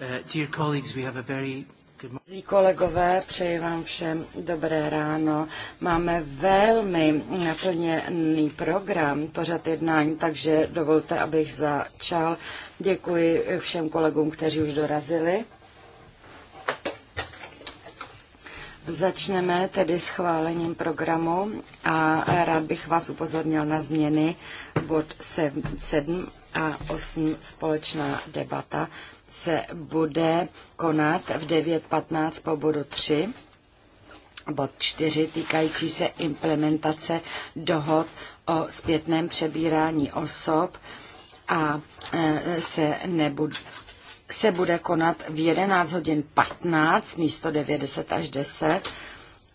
Uh, Zí kolegové, přeji vám všem dobré ráno. Máme velmi naplněný program, pořad jednání, takže dovolte, abych začal. Děkuji všem kolegům, kteří už dorazili. Začneme tedy schválením programu a rád bych vás upozornil na změny bod 7 a 8 společná debata se bude konat v 9.15 po bodu 3 bod 4 týkající se implementace dohod o zpětném přebírání osob a e, se nebude se bude konat v 11 hodin 15 místo 90 až 10.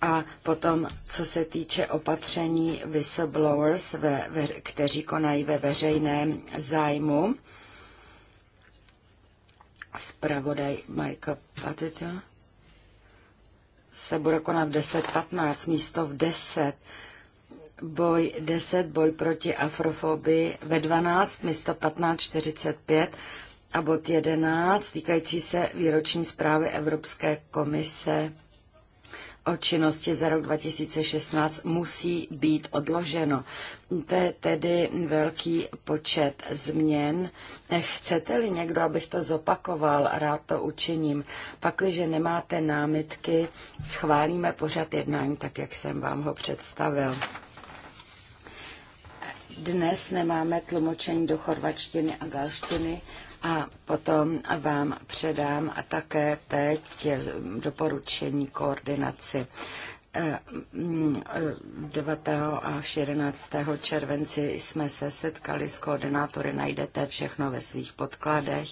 A potom, co se týče opatření whistleblowers, ve, ve, kteří konají ve veřejném zájmu, zpravodaj Michael Patito se bude konat v 10.15 místo v 10. Boj 10, boj proti afrofobii ve 12 místo 15.45 a bod 11 týkající se výroční zprávy Evropské komise o činnosti za rok 2016 musí být odloženo. To je tedy velký počet změn. Chcete-li někdo, abych to zopakoval, rád to učiním. Pakliže nemáte námitky, schválíme pořad jednání tak, jak jsem vám ho představil. Dnes nemáme tlumočení do chorvačtiny a galštiny a potom vám předám a také teď doporučení koordinaci. 9. Eh, mm, eh, až 11. červenci jsme se setkali s koordinátory, najdete všechno ve svých podkladech,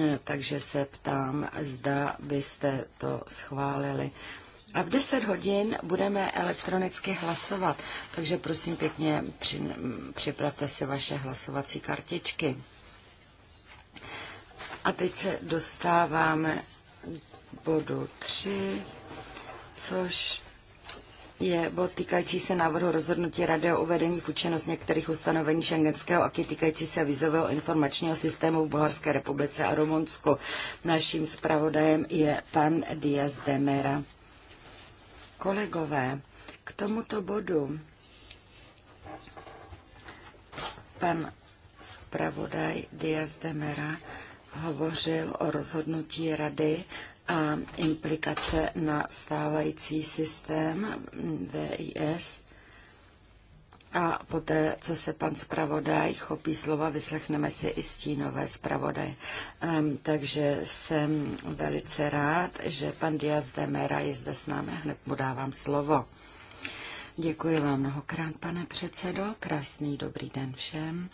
eh, takže se ptám, zda byste to schválili. A v 10 hodin budeme elektronicky hlasovat, takže prosím pěkně připravte si vaše hlasovací kartičky. A teď se dostáváme k bodu 3, což je bod týkající se návrhu rozhodnutí Rady o uvedení v účinnost některých ustanovení šengenského aky týkající se vizového informačního systému v Bulharské republice a Rumunsku. Naším zpravodajem je pan Diaz Demera. Kolegové, k tomuto bodu pan zpravodaj Diaz Demera hovořil o rozhodnutí rady a implikace na stávající systém VIS. A poté, co se pan zpravodaj chopí slova, vyslechneme si i stínové zpravodaje. Um, takže jsem velice rád, že pan Diaz de Mera je zde s námi. Hned mu dávám slovo. Děkuji vám mnohokrát, pane předsedo. Krásný dobrý den všem.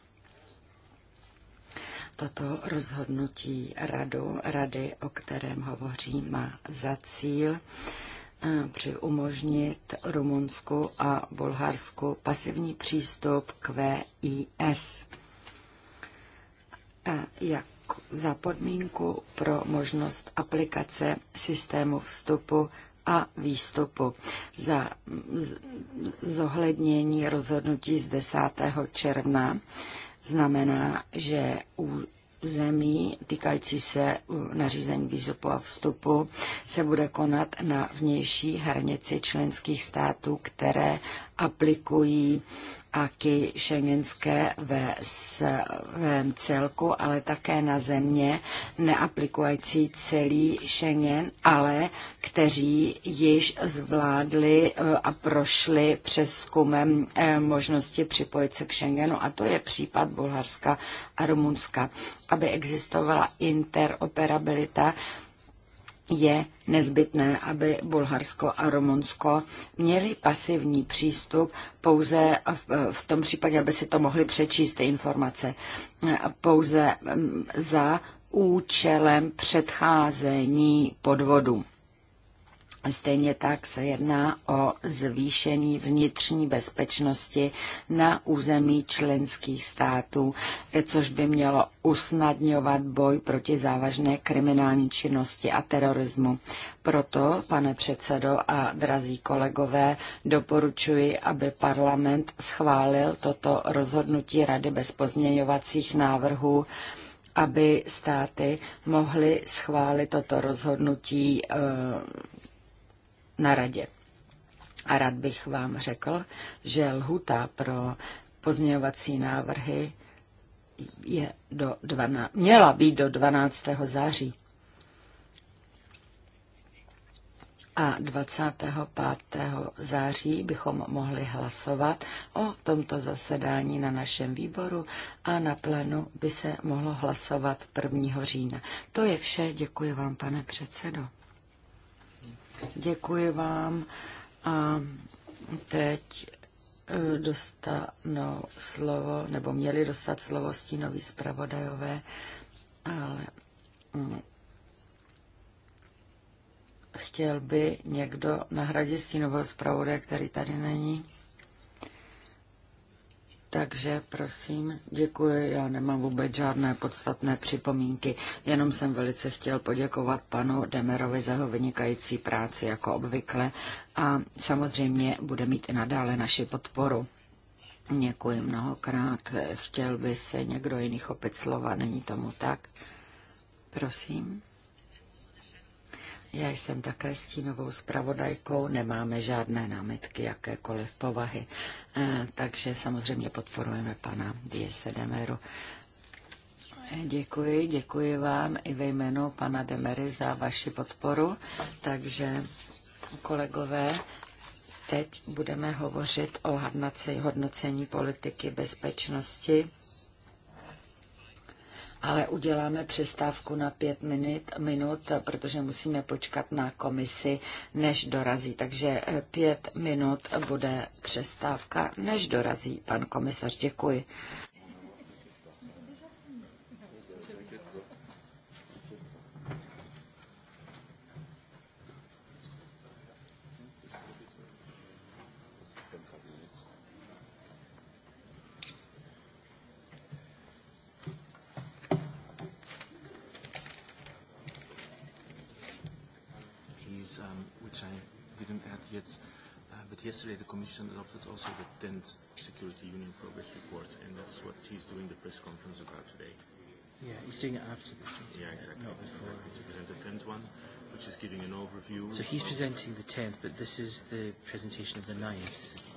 Toto rozhodnutí radu, rady, o kterém hovoří, má za cíl eh, při umožnit Rumunsku a Bulharsku pasivní přístup k VIS jak za podmínku pro možnost aplikace systému vstupu a výstupu za zohlednění rozhodnutí z 10. června znamená, že u zemí týkající se nařízení výzupu a vstupu se bude konat na vnější hranici členských států, které aplikují aky šengenské ve svém celku, ale také na země neaplikující celý Schengen, ale kteří již zvládli eh, a prošli přeskumem eh, možnosti připojit se k Schengenu. A to je případ Bulharska a Rumunska. Aby existovala interoperabilita, je nezbytné, aby Bulharsko a Rumunsko měli pasivní přístup pouze v, v tom případě, aby si to mohli přečíst ty informace, pouze mm, za účelem předcházení podvodu. Stejně tak se jedná o zvýšení vnitřní bezpečnosti na území členských států, což by mělo usnadňovat boj proti závažné kriminální činnosti a terorismu. Proto, pane předsedo a drazí kolegové, doporučuji, aby parlament schválil toto rozhodnutí Rady bez pozměňovacích návrhů aby státy mohly schválit toto rozhodnutí eh, na radě. A rád bych vám řekl, že lhuta pro pozměňovací návrhy je do 12, měla být do 12. září. A 25. září bychom mohli hlasovat o tomto zasedání na našem výboru a na plenu by se mohlo hlasovat 1. října. To je vše. Děkuji vám, pane předsedo. Děkuji vám a teď eh, dostanou slovo, nebo měli dostat slovo stínoví zpravodajové, ale mm, chtěl by někdo nahradit stínového zpravodaje, který tady není? Takže prosím, děkuji, já nemám vůbec žádné podstatné připomínky, jenom jsem velice chtěl poděkovat panu Demerovi za jeho vynikající práci jako obvykle a samozřejmě bude mít i nadále naši podporu. Děkuji mnohokrát, chtěl by se někdo jiný chopit slova, není tomu tak. Prosím. Já jsem také stínovou zpravodajkou, nemáme žádné námitky jakékoliv povahy, eh, takže samozřejmě podporujeme pana Diese Demeru. Eh, děkuji, děkuji vám i ve jménu pana Demery za vaši podporu. Takže kolegové, teď budeme hovořit o hodnocení politiky bezpečnosti ale uděláme přestávku na pět minut, minut, protože musíme počkat na komisi, než dorazí. Takže eh, pět minut bude přestávka, než dorazí pan komisař. Děkuji. Commission adopted also the 10th Security Union Progress Report, and that's what he's doing the press conference about today. Yeah, he's doing it after this meeting. Yeah, exactly. Not before. Exactly. To present the 10th one, which is giving an overview. So he's presenting the 10th, but this is the presentation of the 9th.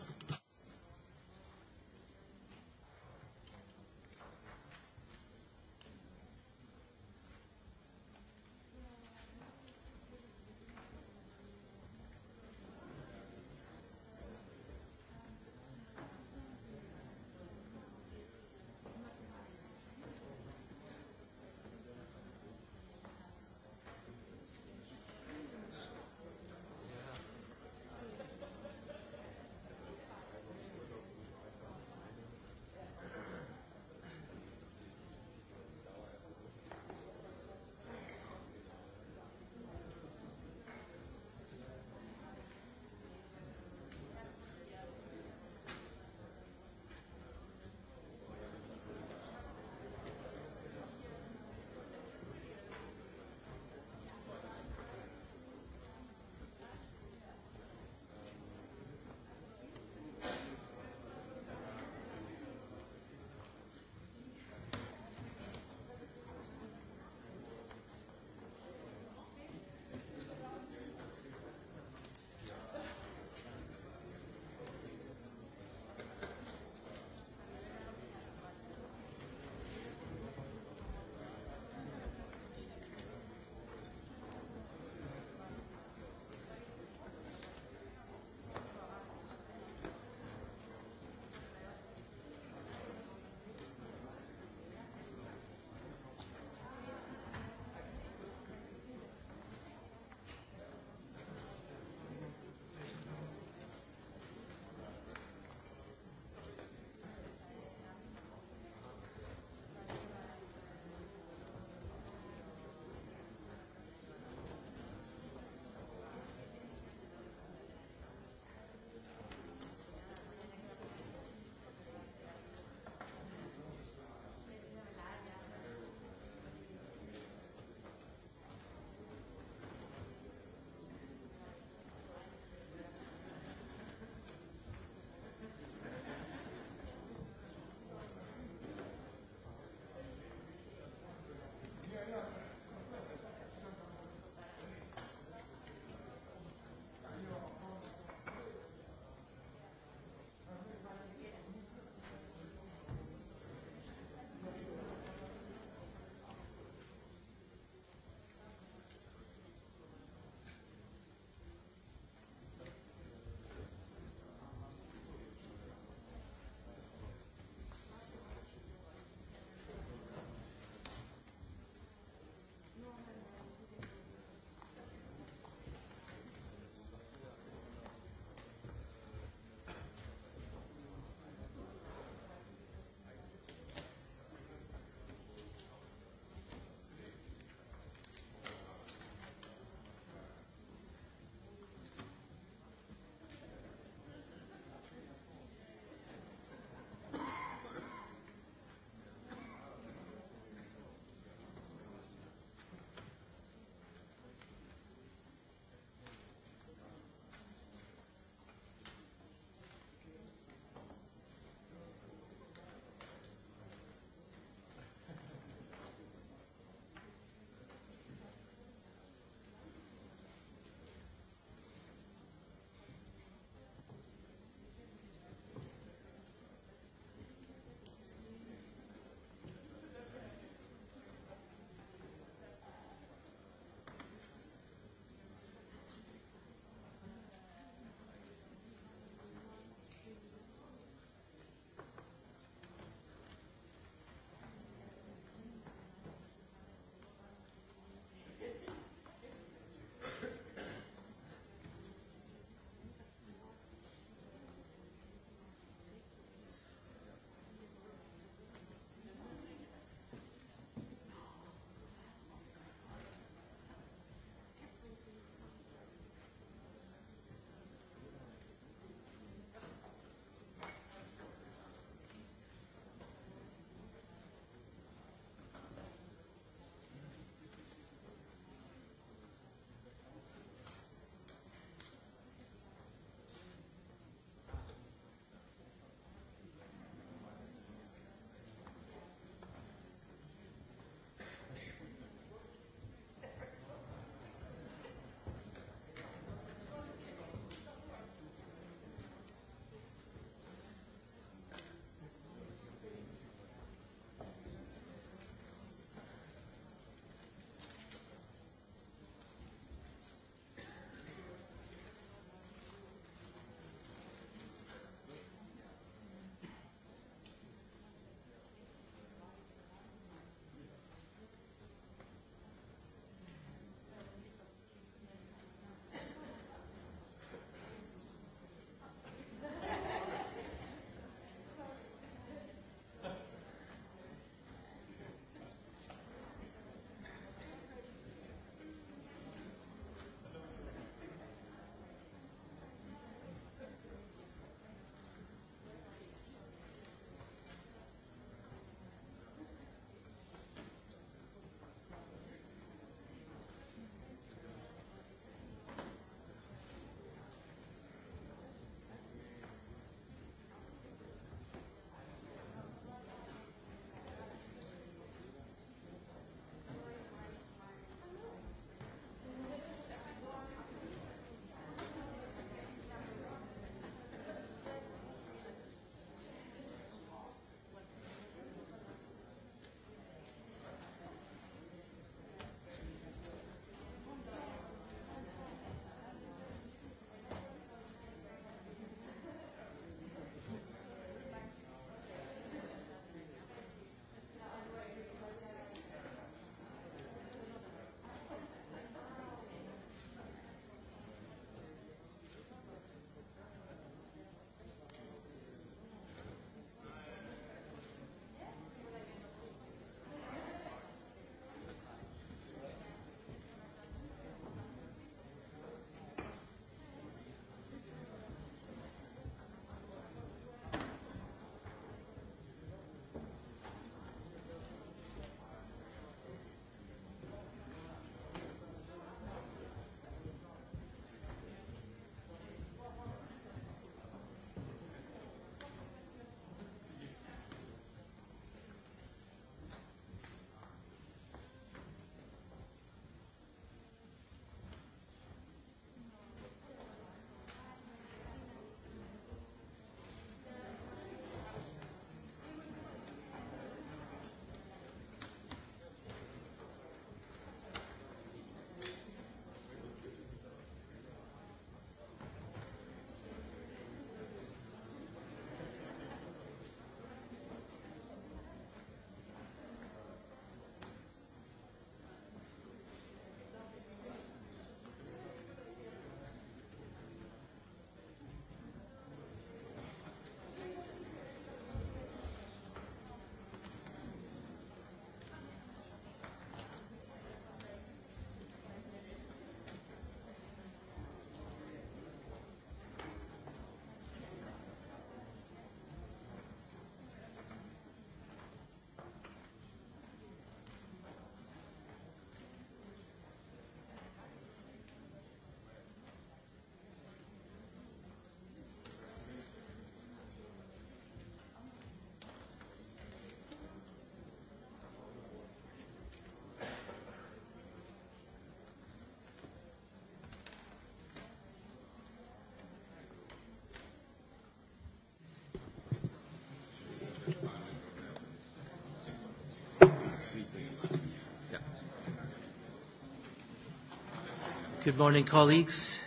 Good morning, colleagues.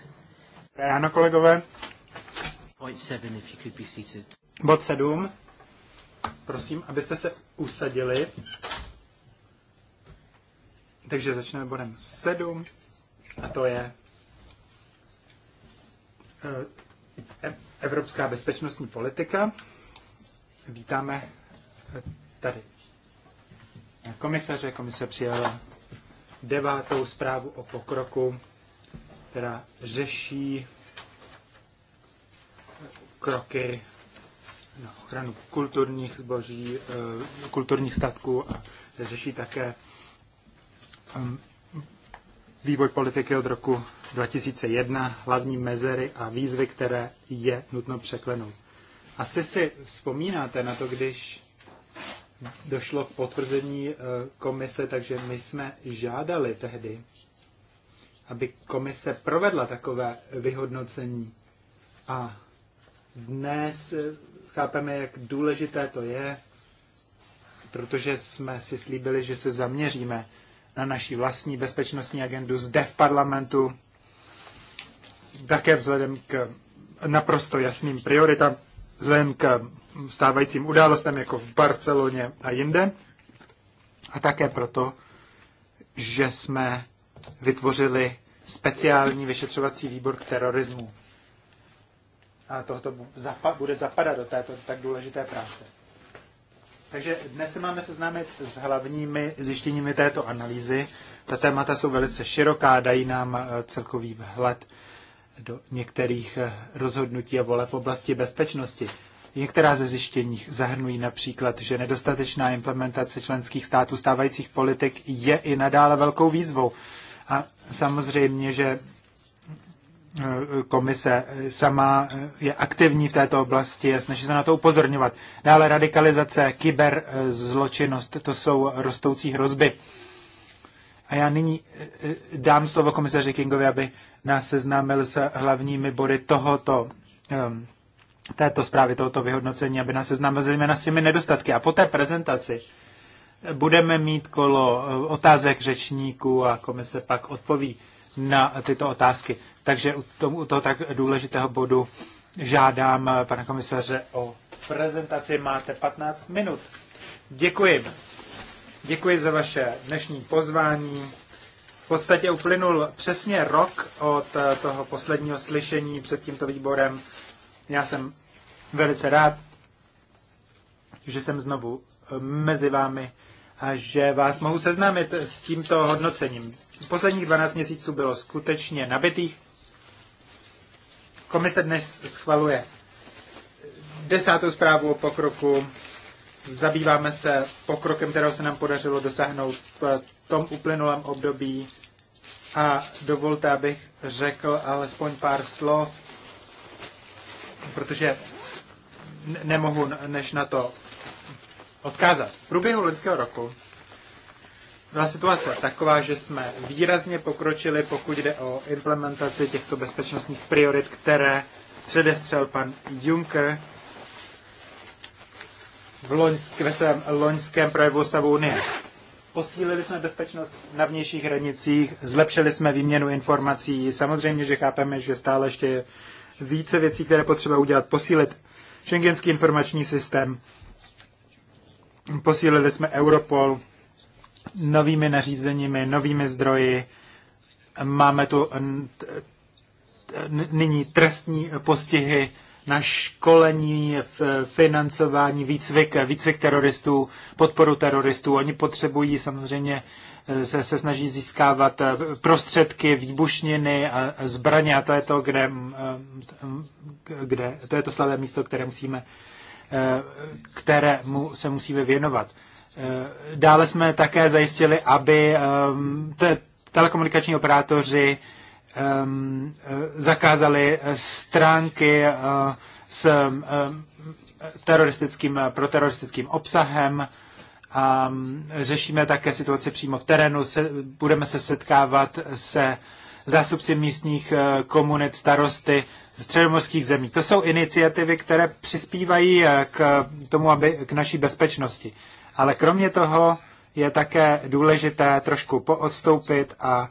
Ráno, kolegové. Point seven, if you could be seated. Bod 7. Prosím, abyste se usadili. Takže začneme bodem 7 a to je eh, Evropská bezpečnostní politika. Vítáme eh, tady komisaře. Komise přijala devátou zprávu o pokroku která řeší kroky na ochranu kulturních zboží, eh, kulturních statků a řeší také ehm, vývoj politiky od roku 2001, hlavní mezery a výzvy, které je nutno překlenout. Asi si vzpomínáte na to, když došlo k potvrzení eh, komise, takže my jsme žádali tehdy aby komise provedla takové vyhodnocení. A dnes chápeme, jak důležité to je, protože jsme si slíbili, že se zaměříme na naší vlastní bezpečnostní agendu zde v parlamentu, také vzhledem k naprosto jasným prioritám, vzhledem k stávajícím událostem jako v Barceloně a jinde, a také proto, že jsme vytvořili speciální vyšetřovací výbor k terorismu. A tohoto bude zapadat do této tak důležité práce. Takže dnes se máme seznámit s hlavními zjištěními této analýzy. Ta témata jsou velice široká, dají nám eh, celkový vhled do některých eh, rozhodnutí a vole v oblasti bezpečnosti. Některá ze zjištěních zahrnují například, že nedostatečná implementace členských států stávajících politik je i nadále velkou výzvou. A samozřejmě, že e, komise sama je aktivní v této oblasti a snaží se na to upozorňovat. Dále radikalizace, kyberzločinnost, e, to jsou rostoucí hrozby. A já nyní e, dám slovo komisaři Kingovi, aby nás seznámil s hlavními body tohoto, této zprávy, tohoto vyhodnocení, aby nás seznámil zejména s těmi nedostatky. A po té prezentaci budeme mít kolo otázek řečníků a komise pak odpoví na tyto otázky. Takže u, tomu, u toho tak důležitého bodu žádám eh, pana komisaře o prezentaci. Máte 15 minut. Děkuji. Děkuji za vaše dnešní pozvání. V podstatě uplynul přesně rok od eh, toho posledního slyšení před tímto výborem. Já jsem velice rád, že jsem znovu eh, mezi vámi a že vás mohu seznámit s tímto hodnocením. Posledních 12 měsíců bylo skutečně nabitých. Komise dnes schvaluje desátou zprávu o pokroku. Zabýváme se pokrokem, kterého se nám podařilo dosáhnout v tom uplynulém období. A dovolte, abych řekl alespoň pár slov, protože nemohu než na to odkázat. V průběhu loňského roku byla situace taková, že jsme výrazně pokročili, pokud jde o implementaci těchto bezpečnostních priorit, které předestřel pan Juncker v loňsk, ve svém loňském projevu stavu Unie. Posílili jsme bezpečnost na vnějších hranicích, zlepšili jsme výměnu informací. Samozřejmě, že chápeme, že stále ještě je více věcí, které potřeba udělat, posílit Schengenský informační systém, Posílili jsme Europol novými nařízeními, novými zdroji. Máme tu nyní trestní postihy na školení, financování, výcvik, výcvik teroristů, podporu teroristů. Oni potřebují samozřejmě, eh, se, se snaží získávat eh, prostředky, výbušniny a zbraně a to je to, kde, kde to je to slavé místo, které musíme Eh, mu se musíme věnovat. Eh, dále jsme také zajistili, aby eh, telekomunikační operátoři zakázali stránky s teroristickým, proteroristickým obsahem. A mm, řešíme také situaci přímo v terénu. Se, budeme se setkávat se zástupci místních komunit, starosty, středomorských zemí. To jsou iniciativy, které přispívají eh, k tomu, aby, k naší bezpečnosti. Ale kromě toho je také důležité trošku poodstoupit a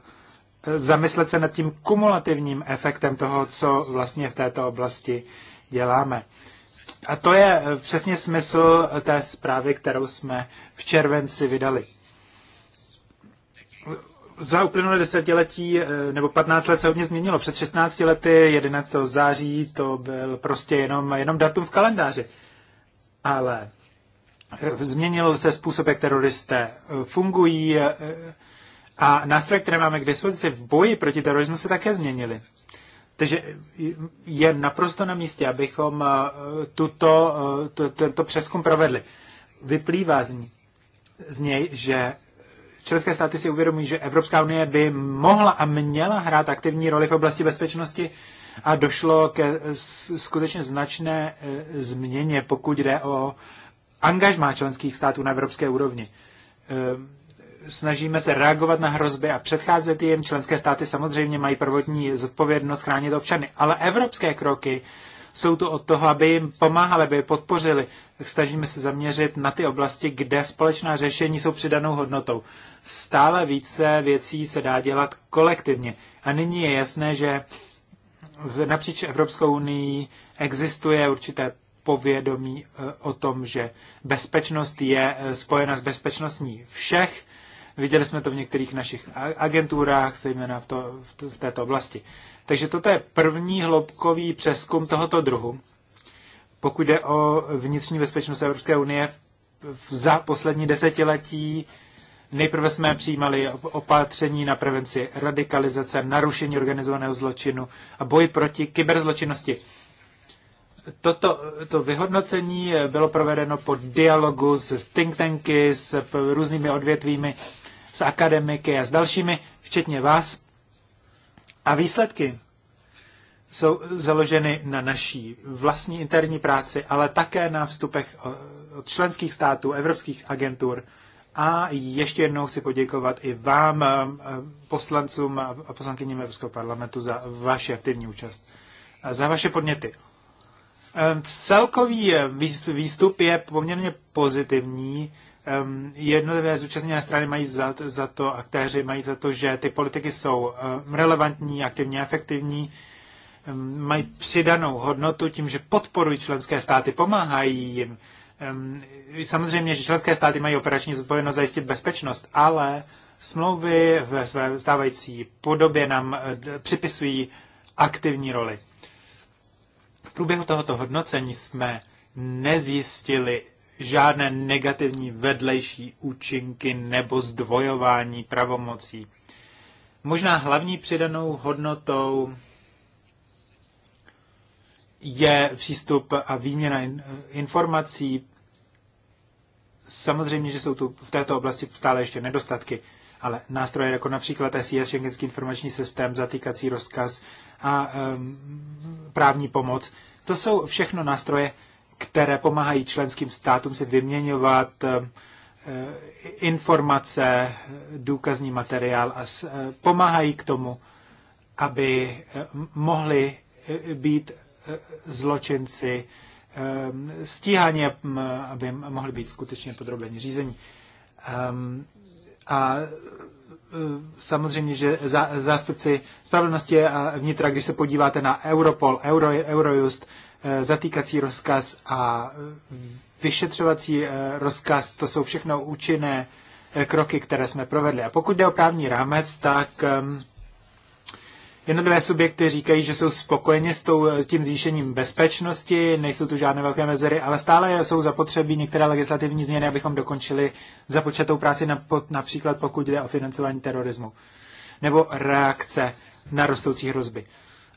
eh, zamyslet se nad tím kumulativním efektem toho, co vlastně v této oblasti děláme. A to je eh, přesně smysl té zprávy, kterou jsme v červenci vydali za uplynulé desetiletí eh, nebo 15 let se hodně změnilo. Před 16 lety, 11. září, to byl prostě jenom, jenom datum v kalendáři. Ale eh, změnil se způsob, jak teroristé eh, fungují a nástroje, které máme k dispozici v boji proti terorismu, se také změnily. Takže je naprosto na místě, abychom tuto, tento přeskum provedli. Vyplývá z ní z něj, že Členské státy si uvědomují, že Evropská unie by mohla a měla hrát aktivní roli v oblasti bezpečnosti a došlo ke skutečně značné e, změně, pokud jde o angažmá členských států na evropské úrovni. E, snažíme se reagovat na hrozby a předcházet jim. Členské státy samozřejmě mají prvotní zodpovědnost chránit občany, ale evropské kroky jsou tu od toho, aby jim pomáhali, aby je podpořili. Snažíme se zaměřit na ty oblasti, kde společná řešení jsou přidanou hodnotou. Stále více věcí se dá dělat kolektivně. A nyní je jasné, že v, napříč Evropskou unii existuje určité povědomí e, o tom, že bezpečnost je e, spojena s bezpečnostní všech. Viděli jsme to v některých našich agenturách, zejména v, to, v této oblasti. Takže toto je první hloubkový přeskum tohoto druhu, pokud jde o vnitřní bezpečnost Evropské unie za poslední desetiletí. Nejprve jsme přijímali opatření na prevenci radikalizace, narušení organizovaného zločinu a boj proti kyberzločinnosti. Toto to vyhodnocení bylo provedeno po dialogu s think tanky, s různými odvětvími, s akademiky a s dalšími, včetně vás. A výsledky jsou založeny na naší vlastní interní práci, ale také na vstupech od členských států, evropských agentur. A ještě jednou chci poděkovat i vám, eh, poslancům a poslankyním Evropského parlamentu, za vaši aktivní účast a za vaše podněty. Eh, celkový eh, výstup je poměrně pozitivní jednotlivé zúčastněné strany mají za, za to, aktéři mají za to, že ty politiky jsou relevantní, aktivně efektivní, mají přidanou hodnotu tím, že podporují členské státy, pomáhají jim. Samozřejmě, že členské státy mají operační zodpovědnost zajistit bezpečnost, ale smlouvy ve své stávající podobě nám eh, připisují aktivní roli. V průběhu tohoto hodnocení jsme nezjistili žádné negativní vedlejší účinky nebo zdvojování pravomocí. Možná hlavní přidanou hodnotou je přístup a výměna informací. Samozřejmě, že jsou tu v této oblasti stále ještě nedostatky, ale nástroje jako například SIS, Schengenský informační systém, zatýkací rozkaz a um, právní pomoc, to jsou všechno nástroje, které pomáhají členským státům si vyměňovat eh, informace, důkazní materiál a eh, pomáhají k tomu, aby eh, mohli být zločinci stíhaně, aby mohli být skutečně podrobeni řízení. Ehm, a samozřejmě, že zástupci spravedlnosti a vnitra, když se podíváte na Europol, Euro, Eurojust, Eh, zatýkací rozkaz a vyšetřovací eh, rozkaz, to jsou všechno účinné eh, kroky, které jsme provedli. A pokud jde o právní rámec, tak ehm, jednotlivé subjekty říkají, že jsou spokojeni s tou, tím zvýšením bezpečnosti, nejsou tu žádné velké mezery, ale stále jsou zapotřebí některé legislativní změny, abychom dokončili započatou práci na, například pokud jde o financování terorismu nebo reakce na rostoucí hrozby.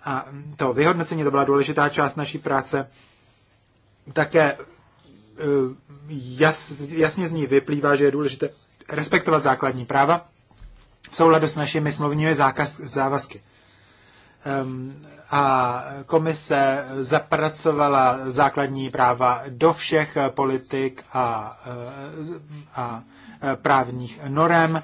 A to vyhodnocení, to byla důležitá část naší práce, také e, jas, jasně z ní vyplývá, že je důležité respektovat základní práva v souladu s našimi smluvními zákaz, závazky. Um, a komise zapracovala základní práva do všech politik a, e, a e, právních norem.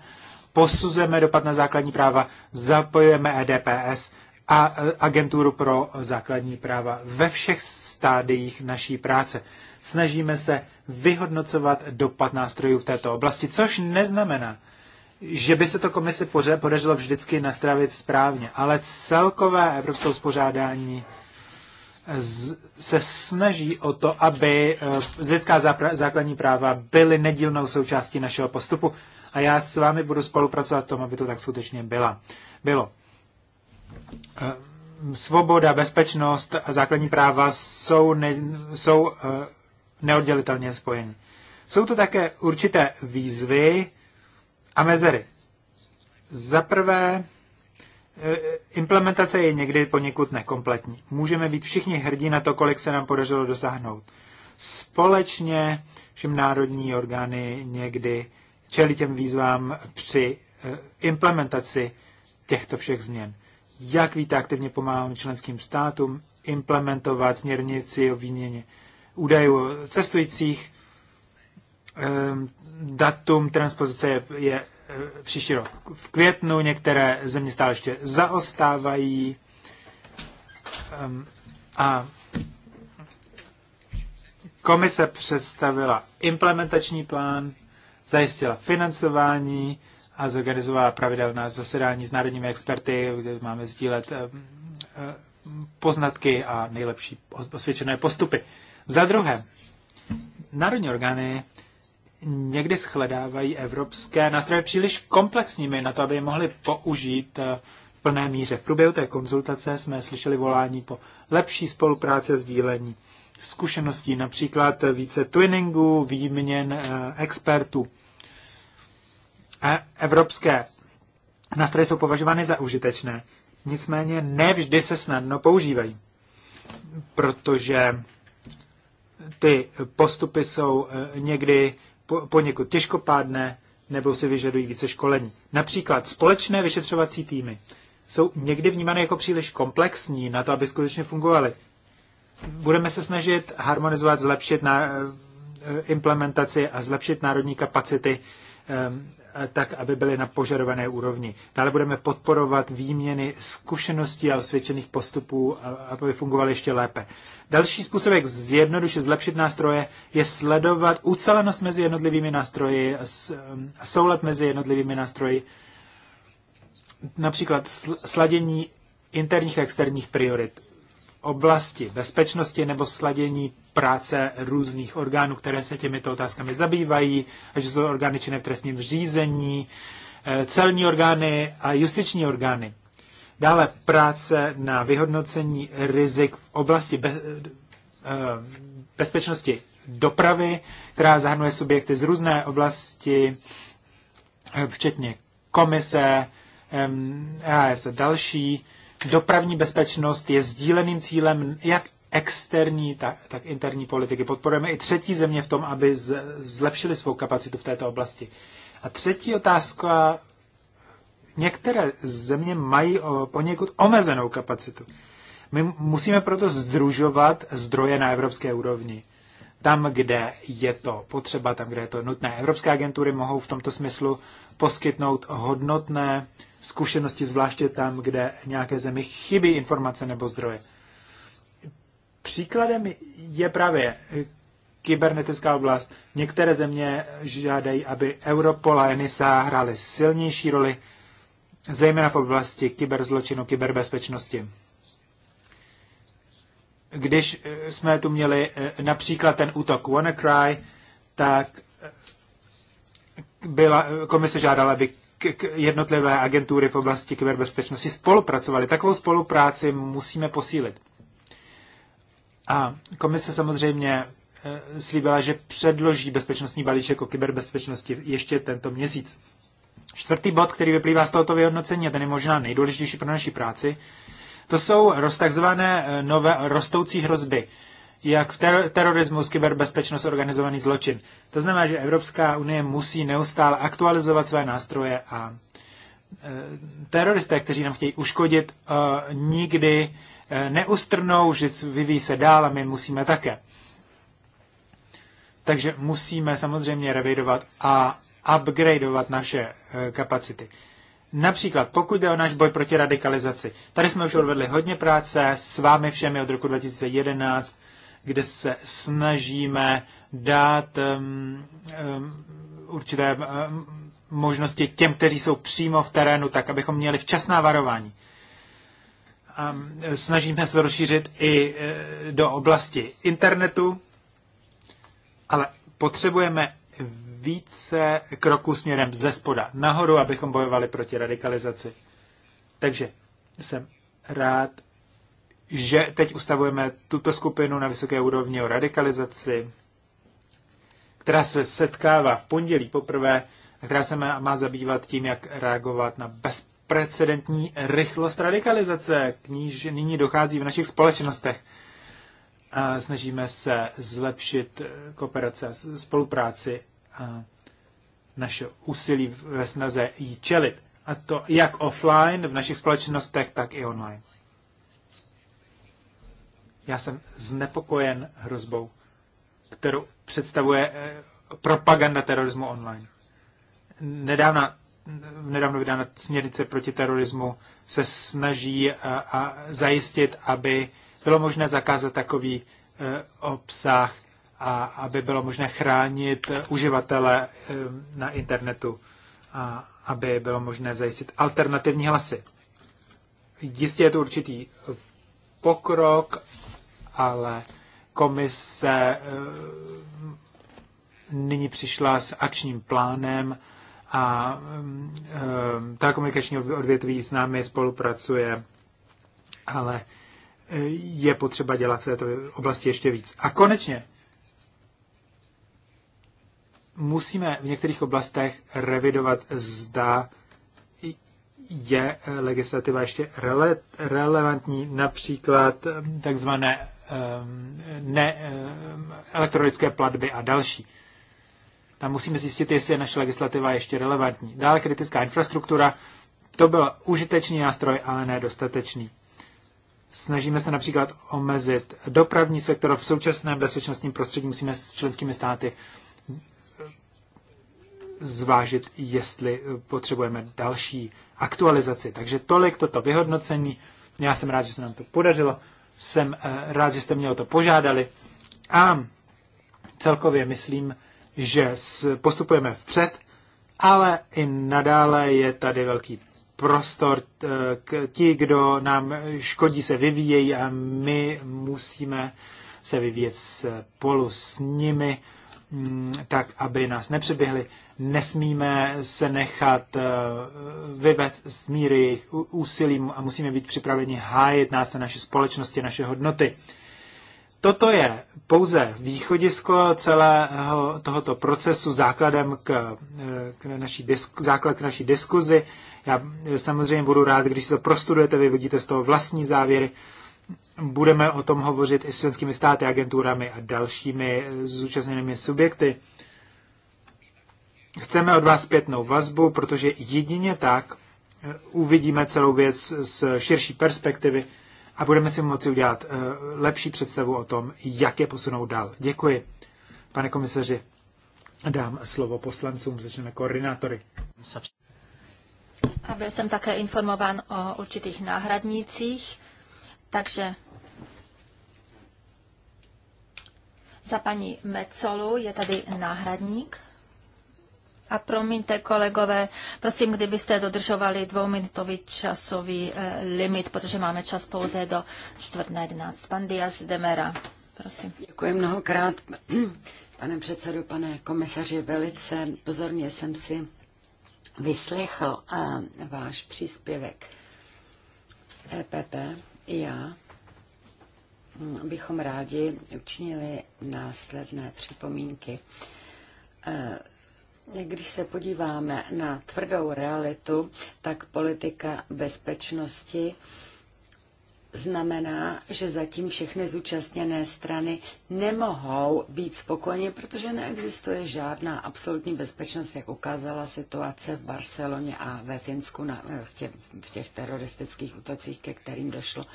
Posuzujeme dopad na základní práva, zapojujeme EDPS a e, agenturu pro základní práva ve všech stádiích naší práce. Snažíme se vyhodnocovat dopad nástrojů v této oblasti, což neznamená, že by se to komisi podařilo vždycky nastavit správně, ale celkové evropské uspořádání e, se snaží o to, aby e, lidská základní práva byly nedílnou součástí našeho postupu a já s vámi budu spolupracovat v tom, aby to tak skutečně byla. bylo. Eh, svoboda, bezpečnost a základní práva jsou, ne, jsou eh, neoddělitelně spojeny. Jsou to také určité výzvy a mezery. Za prvé, eh, implementace je někdy poněkud nekompletní. Můžeme být všichni hrdí na to, kolik se nám podařilo dosáhnout. Společně všem národní orgány někdy čelí těm výzvám při implementaci těchto všech změn jak víte, aktivně pomáháme členským státům implementovat směrnici o výměně údajů cestujících. Ehm, datum transpozice je, je eh, příští rok v květnu, některé země stále ještě zaostávají ehm, a komise představila implementační plán, zajistila financování, a zorganizovala pravidelná zasedání s národními experty, kde máme sdílet eh, eh, poznatky a nejlepší osvědčené postupy. Za druhé, národní orgány někdy shledávají evropské nástroje příliš komplexními na to, aby je mohli použít eh, v plné míře. V průběhu té konzultace jsme slyšeli volání po lepší spolupráce sdílení zkušeností, například více twinningu, výměn expertů. E, evropské nástroje jsou považovány za užitečné, nicméně nevždy se snadno používají, protože ty postupy jsou e, někdy poněkud těžkopádné nebo si vyžadují více školení. Například společné vyšetřovací týmy jsou někdy vnímané jako příliš komplexní na to, aby skutečně fungovaly. Budeme se snažit harmonizovat, zlepšit na e, implementaci a zlepšit národní kapacity tak, aby byly na požadované úrovni. Dále budeme podporovat výměny zkušeností a osvědčených postupů, aby fungovaly ještě lépe. Další způsob, jak zjednoduše zlepšit nástroje, je sledovat ucelenost mezi jednotlivými nástroji a soulad mezi jednotlivými nástroji, například sladění interních a externích priorit oblasti bezpečnosti nebo sladění práce různých orgánů, které se těmito otázkami zabývají, ať jsou orgány činné v trestním řízení, eh, celní orgány a justiční orgány. Dále práce na vyhodnocení rizik v oblasti be, eh, bezpečnosti dopravy, která zahrnuje subjekty z různé oblasti, eh, včetně komise, EAS a další Dopravní bezpečnost je sdíleným cílem jak externí, tak, tak interní politiky. Podporujeme i třetí země v tom, aby z, zlepšili svou kapacitu v této oblasti. A třetí otázka. Některé země mají o, poněkud omezenou kapacitu. My musíme proto združovat zdroje na evropské úrovni. Tam, kde je to potřeba, tam, kde je to nutné. Evropské agentury mohou v tomto smyslu poskytnout hodnotné uh, zkušenosti, zvláště tam, kde nějaké zemi chybí informace nebo zdroje. Příkladem je právě kybernetická oblast. Některé země žádají, aby Europol a NSA hrály silnější roli, zejména v oblasti kyberzločinu, kyberbezpečnosti. Když eh, jsme tu měli eh, například ten útok WannaCry, tak eh, byla, komise žádala, aby jednotlivé agentury v oblasti kyberbezpečnosti spolupracovaly. Takovou spolupráci musíme posílit. A komise samozřejmě eh, slíbila, že předloží bezpečnostní balíček o kyberbezpečnosti ještě tento měsíc. Čtvrtý bod, který vyplývá z tohoto vyhodnocení, a ten je možná nejdůležitější pro naši práci, to jsou takzvané eh, nové rostoucí hrozby jak ter- terorismus, kyberbezpečnost, organizovaný zločin. To znamená, že Evropská unie musí neustále aktualizovat své nástroje a e, teroristé, kteří nám chtějí uškodit, e, nikdy e, neustrnou, že vyvíjí se dál a my musíme také. Takže musíme samozřejmě revidovat a upgradeovat naše kapacity. Například pokud jde o náš boj proti radikalizaci. Tady jsme už odvedli hodně práce s vámi všemi od roku 2011 kde se snažíme dát um, um, určité um, možnosti těm, kteří jsou přímo v terénu, tak abychom měli včasná varování. A snažíme se rozšířit i e, do oblasti internetu, ale potřebujeme více kroků směrem ze spoda nahoru, abychom bojovali proti radikalizaci. Takže jsem rád, že teď ustavujeme tuto skupinu na vysoké úrovni o radikalizaci, která se setkává v pondělí poprvé, a která se má, zabývat tím, jak reagovat na bezprecedentní rychlost radikalizace, k níž nyní dochází v našich společnostech. A snažíme se zlepšit kooperace, spolupráci a naše úsilí ve snaze jí čelit. A to jak offline v našich společnostech, tak i online. Já jsem znepokojen hrozbou, kterou představuje eh, propaganda terorismu online. Nedávna, nedávno vydána směrnice proti terorismu se snaží a, eh, a zajistit, aby bylo možné zakázat takový eh, obsah a aby bylo možné chránit uživatele na internetu a aby bylo možné zajistit alternativní hlasy. Jistě je to určitý pokrok ale komise eh, nyní přišla s akčním plánem a eh, komunikační odvětví s námi spolupracuje, ale eh, je potřeba dělat v této oblasti ještě víc. A konečně musíme v některých oblastech revidovat, zda je legislativa ještě rele, relevantní, například takzvané ne, eh, elektronické platby a další. Tam musíme zjistit, jestli je naše legislativa ještě relevantní. Dále kritická infrastruktura. To byl užitečný nástroj, ale ne dostatečný. Snažíme se například omezit dopravní sektor v současném bezpečnostním prostředí. Musíme s členskými státy zvážit, jestli potřebujeme další aktualizaci. Takže tolik toto vyhodnocení. Já jsem rád, že se nám to podařilo jsem eh, rád, že jste mě o to požádali. A celkově myslím, že postupujeme vpřed, ale i nadále je tady velký prostor. Eh, k ti, kdo nám škodí, se vyvíjejí a my musíme se vyvíjet eh, spolu s nimi. Mm, tak aby nás nepřeběhli. Nesmíme se nechat eh, vyvést z míry jejich úsilím a musíme být připraveni hájit nás na naše společnosti, naše hodnoty. Toto je pouze východisko celého tohoto procesu, základem k, eh, k naší disku, základ k naší diskuzi. Já eh, samozřejmě budu rád, když si to prostudujete, vyvodíte z toho vlastní závěry budeme o tom hovořit i s členskými státy, agenturami a dalšími zúčastněnými subjekty. Chceme od vás zpětnou vazbu, protože jedině tak eh, uvidíme celou věc z širší perspektivy a budeme si moci udělat eh, lepší představu o tom, jak je posunout dál. Děkuji, pane komisaři. Dám slovo poslancům, začneme koordinátory. A byl jsem také informován o určitých náhradnících takže za paní Mecolu je tady náhradník. A promiňte, kolegové, prosím, kdybyste dodržovali dvouminutový časový eh, limit, protože máme čas pouze do čtvrtné na Pan Diaz Demera, prosím. Děkuji mnohokrát, pane předsedu, pane komisaři, velice pozorně jsem si vyslechl eh, váš příspěvek EPP i já hm, bychom rádi učinili následné připomínky. Eh, když se podíváme na tvrdou realitu, tak politika bezpečnosti znamená, že zatím všechny zúčastněné strany nemohou být spokojeni, protože neexistuje žádná absolutní bezpečnost, jak ukázala situace v Barceloně a ve Finsku na, v, tě, v těch teroristických útocích, ke kterým došlo.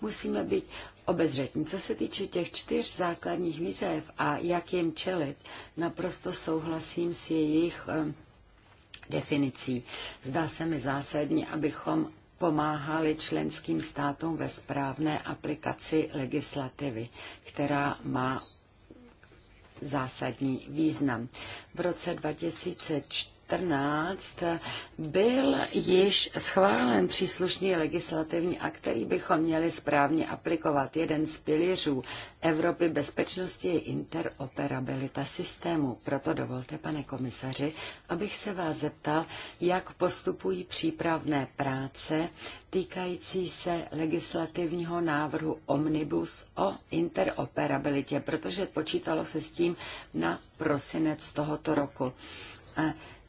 Musíme být obezřetní. Co se týče těch čtyř základních výzev a jak jim čelit, naprosto souhlasím s jejich eh, definicí. Zdá se mi zásadní, abychom pomáhali členským státům ve správné aplikaci legislativy, která má zásadní význam. V roce 2004 2014 byl již schválen příslušný legislativní akt, který bychom měli správně aplikovat. Jeden z pilířů Evropy bezpečnosti je interoperabilita systému. Proto dovolte, pane komisaři, abych se vás zeptal, jak postupují přípravné práce týkající se legislativního návrhu Omnibus o interoperabilitě, protože počítalo se s tím na prosinec tohoto roku.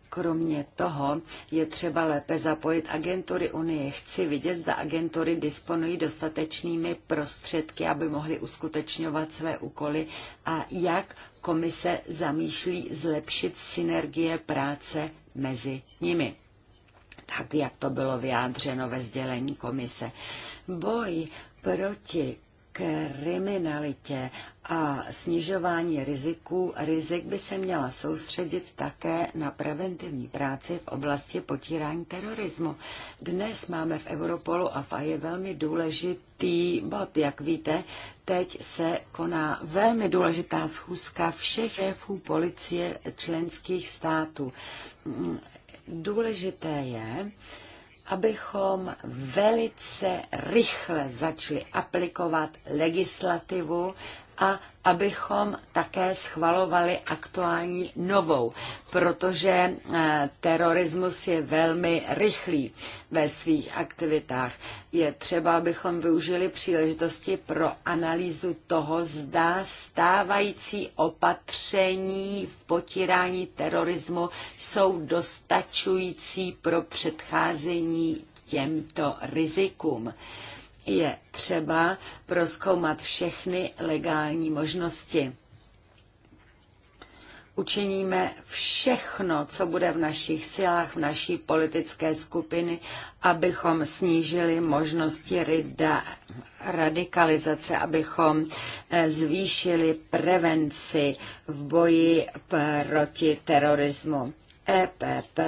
Kromě toho je třeba lépe zapojit agentury Unie. Chci vidět, zda agentury disponují dostatečnými prostředky, aby mohly uskutečňovat své úkoly a jak komise zamýšlí zlepšit synergie práce mezi nimi tak, jak to bylo vyjádřeno ve sdělení komise. Boj proti kriminalitě a snižování riziků, rizik by se měla soustředit také na preventivní práci v oblasti potírání terorismu. Dnes máme v Europolu a FA je velmi důležitý bod, jak víte. Teď se koná velmi důležitá schůzka všech šéfů policie členských států. Důležité je, abychom velice rychle začali aplikovat legislativu a abychom také schvalovali aktuální novou, protože eh, terorismus je velmi rychlý ve svých aktivitách. Je třeba, abychom využili příležitosti pro analýzu toho, zda stávající opatření v potírání terorismu jsou dostačující pro předcházení těmto rizikům je třeba proskoumat všechny legální možnosti. Učiníme všechno, co bude v našich silách, v naší politické skupiny, abychom snížili možnosti rida, radikalizace, abychom eh, zvýšili prevenci v boji proti terorismu. EPP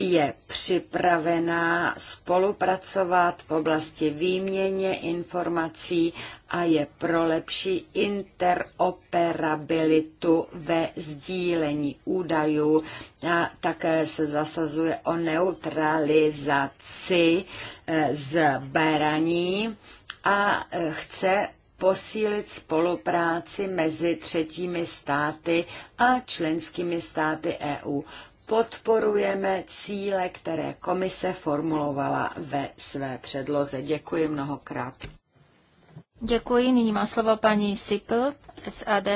je připravená spolupracovat v oblasti výměně informací a je pro lepší interoperabilitu ve sdílení údajů a také se zasazuje o neutralizaci e, zbraní a e, chce posílit spolupráci mezi třetími státy a členskými státy EU podporujeme cíle, které komise formulovala ve své předloze. Děkuji mnohokrát. Děkuji. Nyní má slovo paní Sipl, SAD.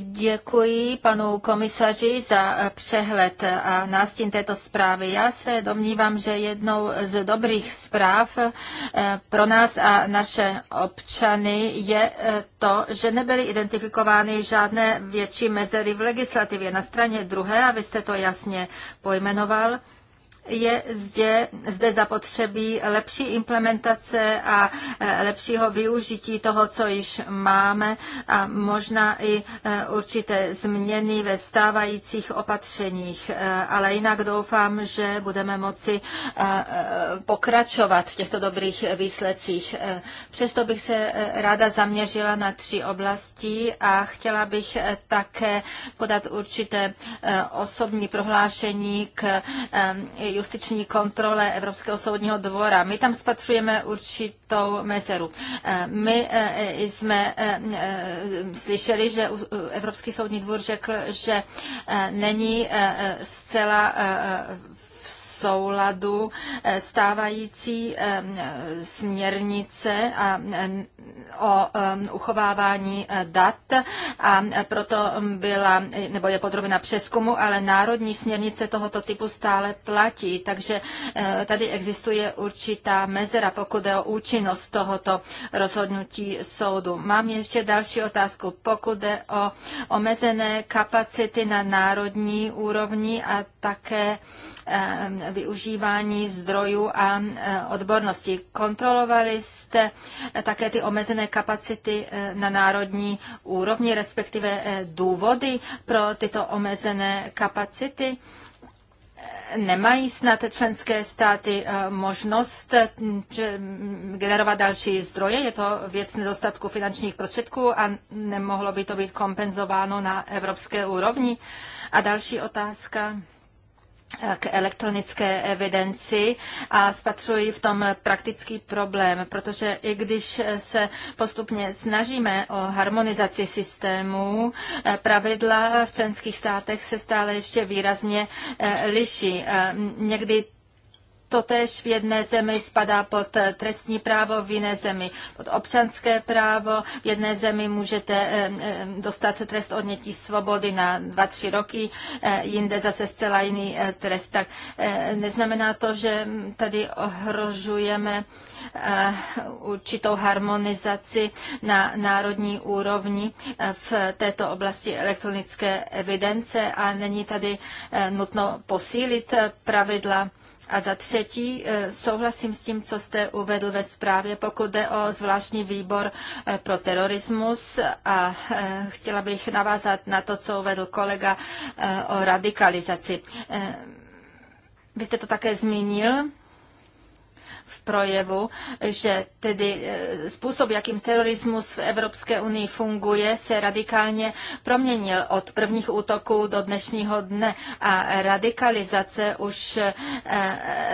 Děkuji panu komisaři za přehled a nástin této zprávy. Já se domnívám, že jednou z dobrých zpráv eh, pro nás a naše občany je eh, to, že nebyly identifikovány žádné větší mezery v legislativě. Na straně druhé, a vy jste to jasně pojmenoval, je zde, zde zapotřebí lepší implementace a e, lepšího využití toho, co již máme a možná i e, určité změny ve stávajících opatřeních. E, ale jinak doufám, že budeme moci pokračovat v těchto dobrých výsledcích. Přesto bych se ráda zaměřila na tři oblasti a chtěla bych také podat určité osobní prohlášení k justiční kontrole Evropského soudního dvora. My tam spatřujeme určitou mezeru. Eh, my eh, jsme eh, slyšeli, že Evropský soudní dvůr řekl, že není zcela souladu eh, stávající eh, směrnice a eh, o uchovávání dat a proto byla, nebo je podrobena přeskumu, ale národní směrnice tohoto typu stále platí, takže tady existuje určitá mezera, pokud jde o účinnost tohoto rozhodnutí soudu. Mám ještě další otázku. Pokud jde o omezené kapacity na národní úrovni a také Eh, využívání zdrojů a eh, odbornosti. Kontrolovali jste eh, také ty omezené kapacity na národní úrovni, respektive důvody pro tyto omezené kapacity? nemají snad členské státy možnost mm, generovat další zdroje? Je to věc nedostatku finančních prostředků a nemohlo by to být kompenzováno na evropské úrovni? A další otázka k elektronické evidenci a spatřuji v tom praktický problém, protože i když se postupně snažíme o harmonizaci systému, eh, pravidla v členských státech se stále ještě výrazně eh, liší. Eh, někdy to v jedné zemi spadá pod trestní právo, v jiné zemi pod občanské právo. V jedné zemi můžete eh, eh, dostat trest odnětí svobody na 2-3 roky, eh, jinde zase zcela jiný trest. Tak neznamená to, že tady ohrožujeme určitou harmonizaci na národní úrovni v této oblasti elektronické evidence a není tady nutno posílit pravidla a za třetí, eh, souhlasím s tím, co jste uvedl ve zprávě, pokud jde o zvláštní výbor eh, pro terorismus a eh, chtěla bych navázat na to, co uvedl kolega o radikalizaci. Vy jste to také zmínil v projevu, že tedy e, způsob, jakým terorismus v Evropské unii funguje, se radikálně proměnil od prvních útoků do dnešního dne a radikalizace už e,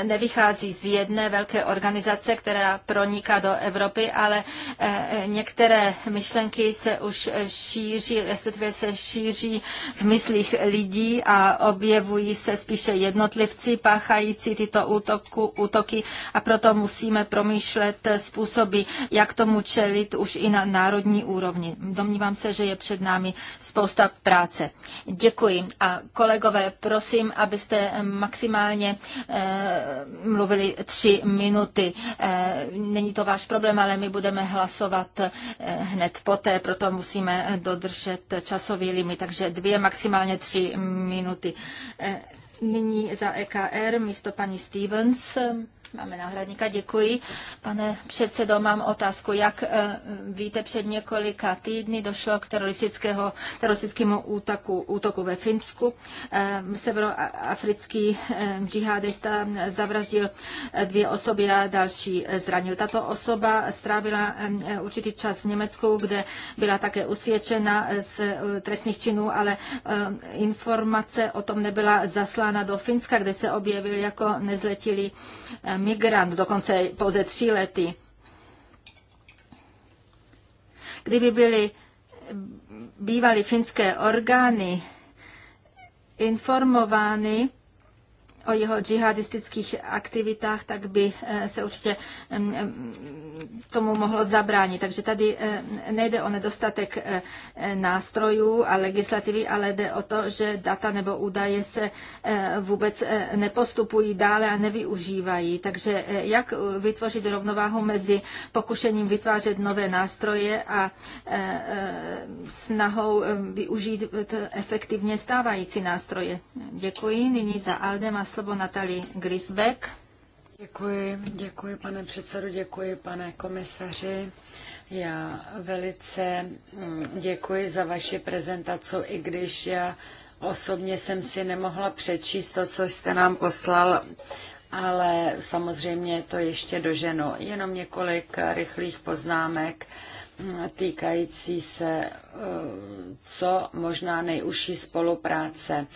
nevychází z jedné velké organizace, která proniká do Evropy, ale e, některé myšlenky se už šíří, respektive se šíří v myslích lidí a objevují se spíše jednotlivci páchající tyto útoku, útoky a proto musíme promýšlet způsoby, jak tomu čelit už i na národní úrovni. Domnívám se, že je před námi spousta práce. Děkuji. A kolegové, prosím, abyste maximálně eh, mluvili tři minuty. Eh, není to váš problém, ale my budeme hlasovat eh, hned poté, proto musíme dodržet časový limit, takže dvě, maximálně tři minuty. Eh, nyní za EKR místo paní Stevens. Eh, Máme náhradníka, děkuji. Pane předsedo, mám otázku. Jak eh, víte, před několika týdny došlo k teroristickému útoku, útoku ve Finsku. Eh, severoafrický eh, džihadista zavraždil dvě osoby a další zranil. Tato osoba strávila určitý čas v Německu, kde byla také usvědčena z trestných činů, ale informace o tom nebyla zaslána do Finska, kde se objevil jako nezletilý migrant, dokonce pouze tří lety. Kdyby byly bývaly finské orgány informovány, o jeho džihadistických aktivitách, tak by eh, se určitě tomu mohlo zabránit. Takže tady eh, nejde o nedostatek eh, nástrojů a legislativy, ale jde o to, že data nebo údaje se vůbec nepostupují dále a nevyužívají. Takže jak vytvořit rovnováhu mezi pokušením vytvářet nové nástroje a snahou využít efektivně stávající nástroje. Děkuji. Nyní za Aldem a slovo Natali Grisbeck. Děkuji, děkuji pane předsedu, děkuji pane komisaři. Já velice mm, děkuji za vaši prezentaci, i když já osobně jsem si nemohla přečíst to, co jste nám poslal, ale samozřejmě to ještě doženo. Jenom několik rychlých poznámek mm, týkající se eh, co možná nejužší spolupráce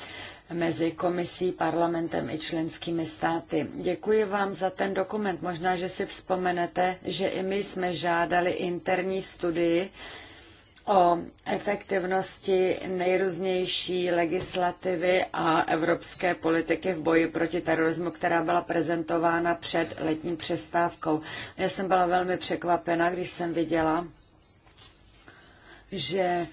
mezi komisí, parlamentem i členskými státy. Děkuji vám za ten dokument. Možná, že si vzpomenete, že i my jsme žádali interní studii o efektivnosti nejrůznější legislativy a evropské politiky v boji proti terorismu, která byla prezentována před letní přestávkou. Já jsem byla velmi překvapena, když jsem viděla, že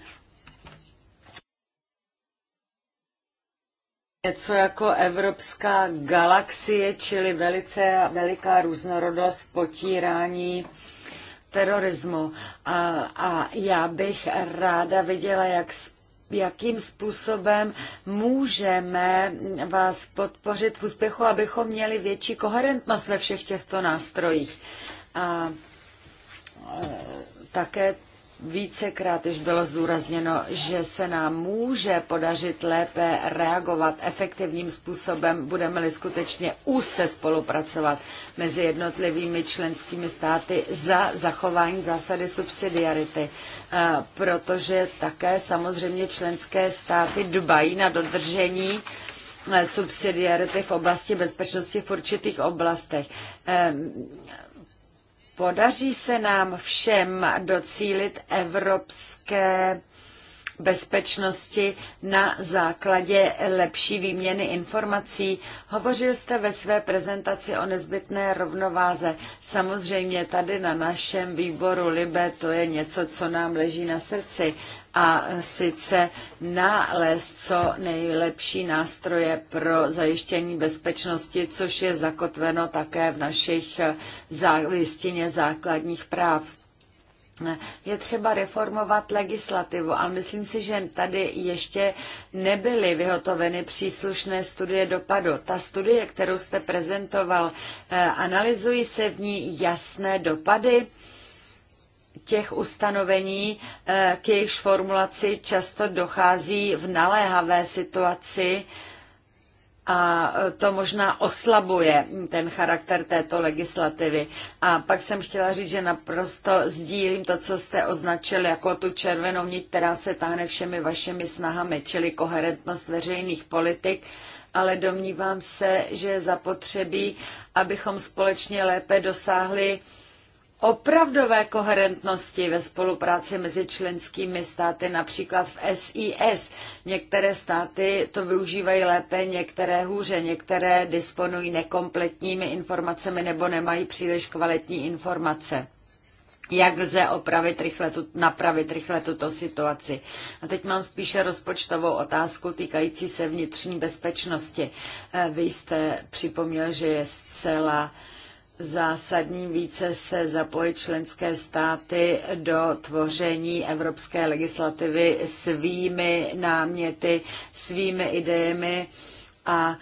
něco jako evropská galaxie, čili velice veliká různorodost potírání terorismu. A, a já bych ráda viděla, jak jakým způsobem můžeme vás podpořit v úspěchu, abychom měli větší koherentnost ve všech těchto nástrojích. A, e, také Vícekrát již bylo zdůrazněno, že se nám může podařit lépe reagovat efektivním způsobem, budeme-li skutečně úzce spolupracovat mezi jednotlivými členskými státy za zachování zásady subsidiarity, eh, protože také samozřejmě členské státy dbají na dodržení eh, subsidiarity v oblasti bezpečnosti v určitých oblastech ehm, Podaří se nám všem docílit evropské bezpečnosti na základě lepší výměny informací. Hovořil jste ve své prezentaci o nezbytné rovnováze. Samozřejmě tady na našem výboru Libe to je něco, co nám leží na srdci, a sice nalézt co nejlepší nástroje pro zajištění bezpečnosti, což je zakotveno také v našich listině základních práv. Je třeba reformovat legislativu, ale myslím si, že tady ještě nebyly vyhotoveny příslušné studie dopadu. Ta studie, kterou jste prezentoval, eh, analyzují se v ní jasné dopady? těch ustanovení, eh, k jejichž formulaci často dochází v naléhavé situaci a eh, to možná oslabuje ten charakter této legislativy. A pak jsem chtěla říct, že naprosto sdílím to, co jste označil jako tu červenou nit, která se táhne všemi vašimi snahami, čili koherentnost veřejných politik, ale domnívám se, že je zapotřebí, abychom společně lépe dosáhli opravdové koherentnosti ve spolupráci mezi členskými státy, například v SIS. Některé státy to využívají lépe, některé hůře, některé disponují nekompletními informacemi nebo nemají příliš kvalitní informace jak lze opravit rychle tu, napravit rychle tuto situaci. A teď mám spíše rozpočtovou otázku týkající se vnitřní bezpečnosti. Eh, vy jste připomněl, že je zcela uh, zásadní více se zapojit členské státy do tvoření evropské legislativy svými náměty, svými idejemi a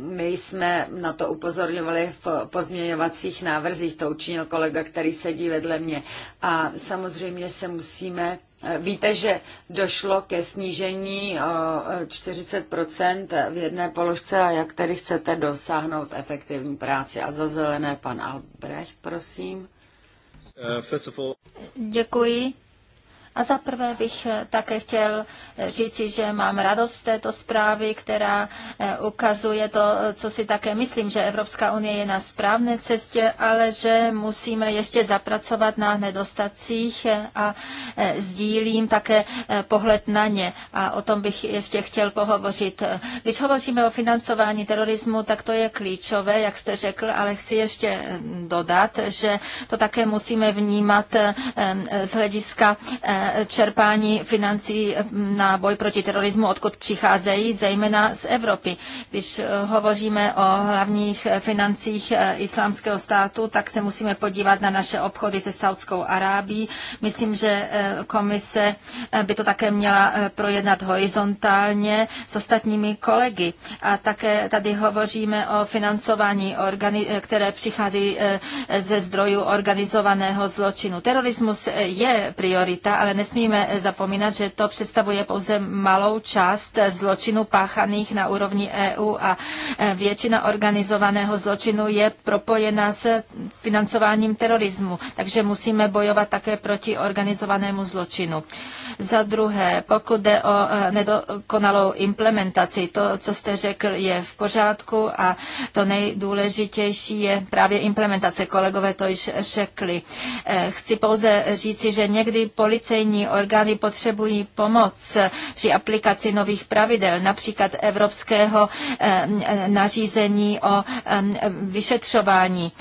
my jsme na to upozorňovali v pozměňovacích návrzích, to učinil kolega, který sedí vedle mě. A samozřejmě se musíme Víte, že došlo ke snížení o 40 v jedné položce a jak tedy chcete dosáhnout efektivní práci? A za zelené pan Albrecht, prosím. Uh, Děkuji. A za prvé bych eh, také chtěl eh, říci, že mám radost z této zprávy, která eh, ukazuje to, co si také myslím, že Evropská unie je na správné cestě, ale že musíme ještě zapracovat na nedostacích a sdílím také pohled na ně. A o tom bych ještě chtěl pohovořit. Když hovoříme o financování terorismu, tak to je klíčové, jak jste řekl, ale chci ještě dodat, že to také musíme vnímat z hlediska čerpání financí eh, na boj proti terorismu, odkud přicházejí, zejména z Evropy. Když eh, hovoříme o hlavních eh, financích islámského státu, tak se musíme podívat na naše obchody se Saudskou Arábí. Myslím, že komise by to také měla projednat horizontálně s ostatními kolegy. A také tady hovoříme o financování, které přichází ze zdrojů organizovaného zločinu. Terorismus je priorita, ale nesmíme zapomínat, že to představuje pouze malou část zločinů páchaných na úrovni EU a e, většina organizovaného zločinu je propojena s financováním terorismu, takže musíme bojovat také proti organizovanému zločinu. Za druhé, pokud jde o e, nedokonalou implementaci, to, co jste řekl, je v pořádku a to nejdůležitější je právě implementace. Kolegové to již řekli. E, chci pouze říci, že někdy policejní policejní orgány potřebují pomoc při aplikaci nových pravidel, například evropského eh, eh, nařízení o eh, vyšetřování.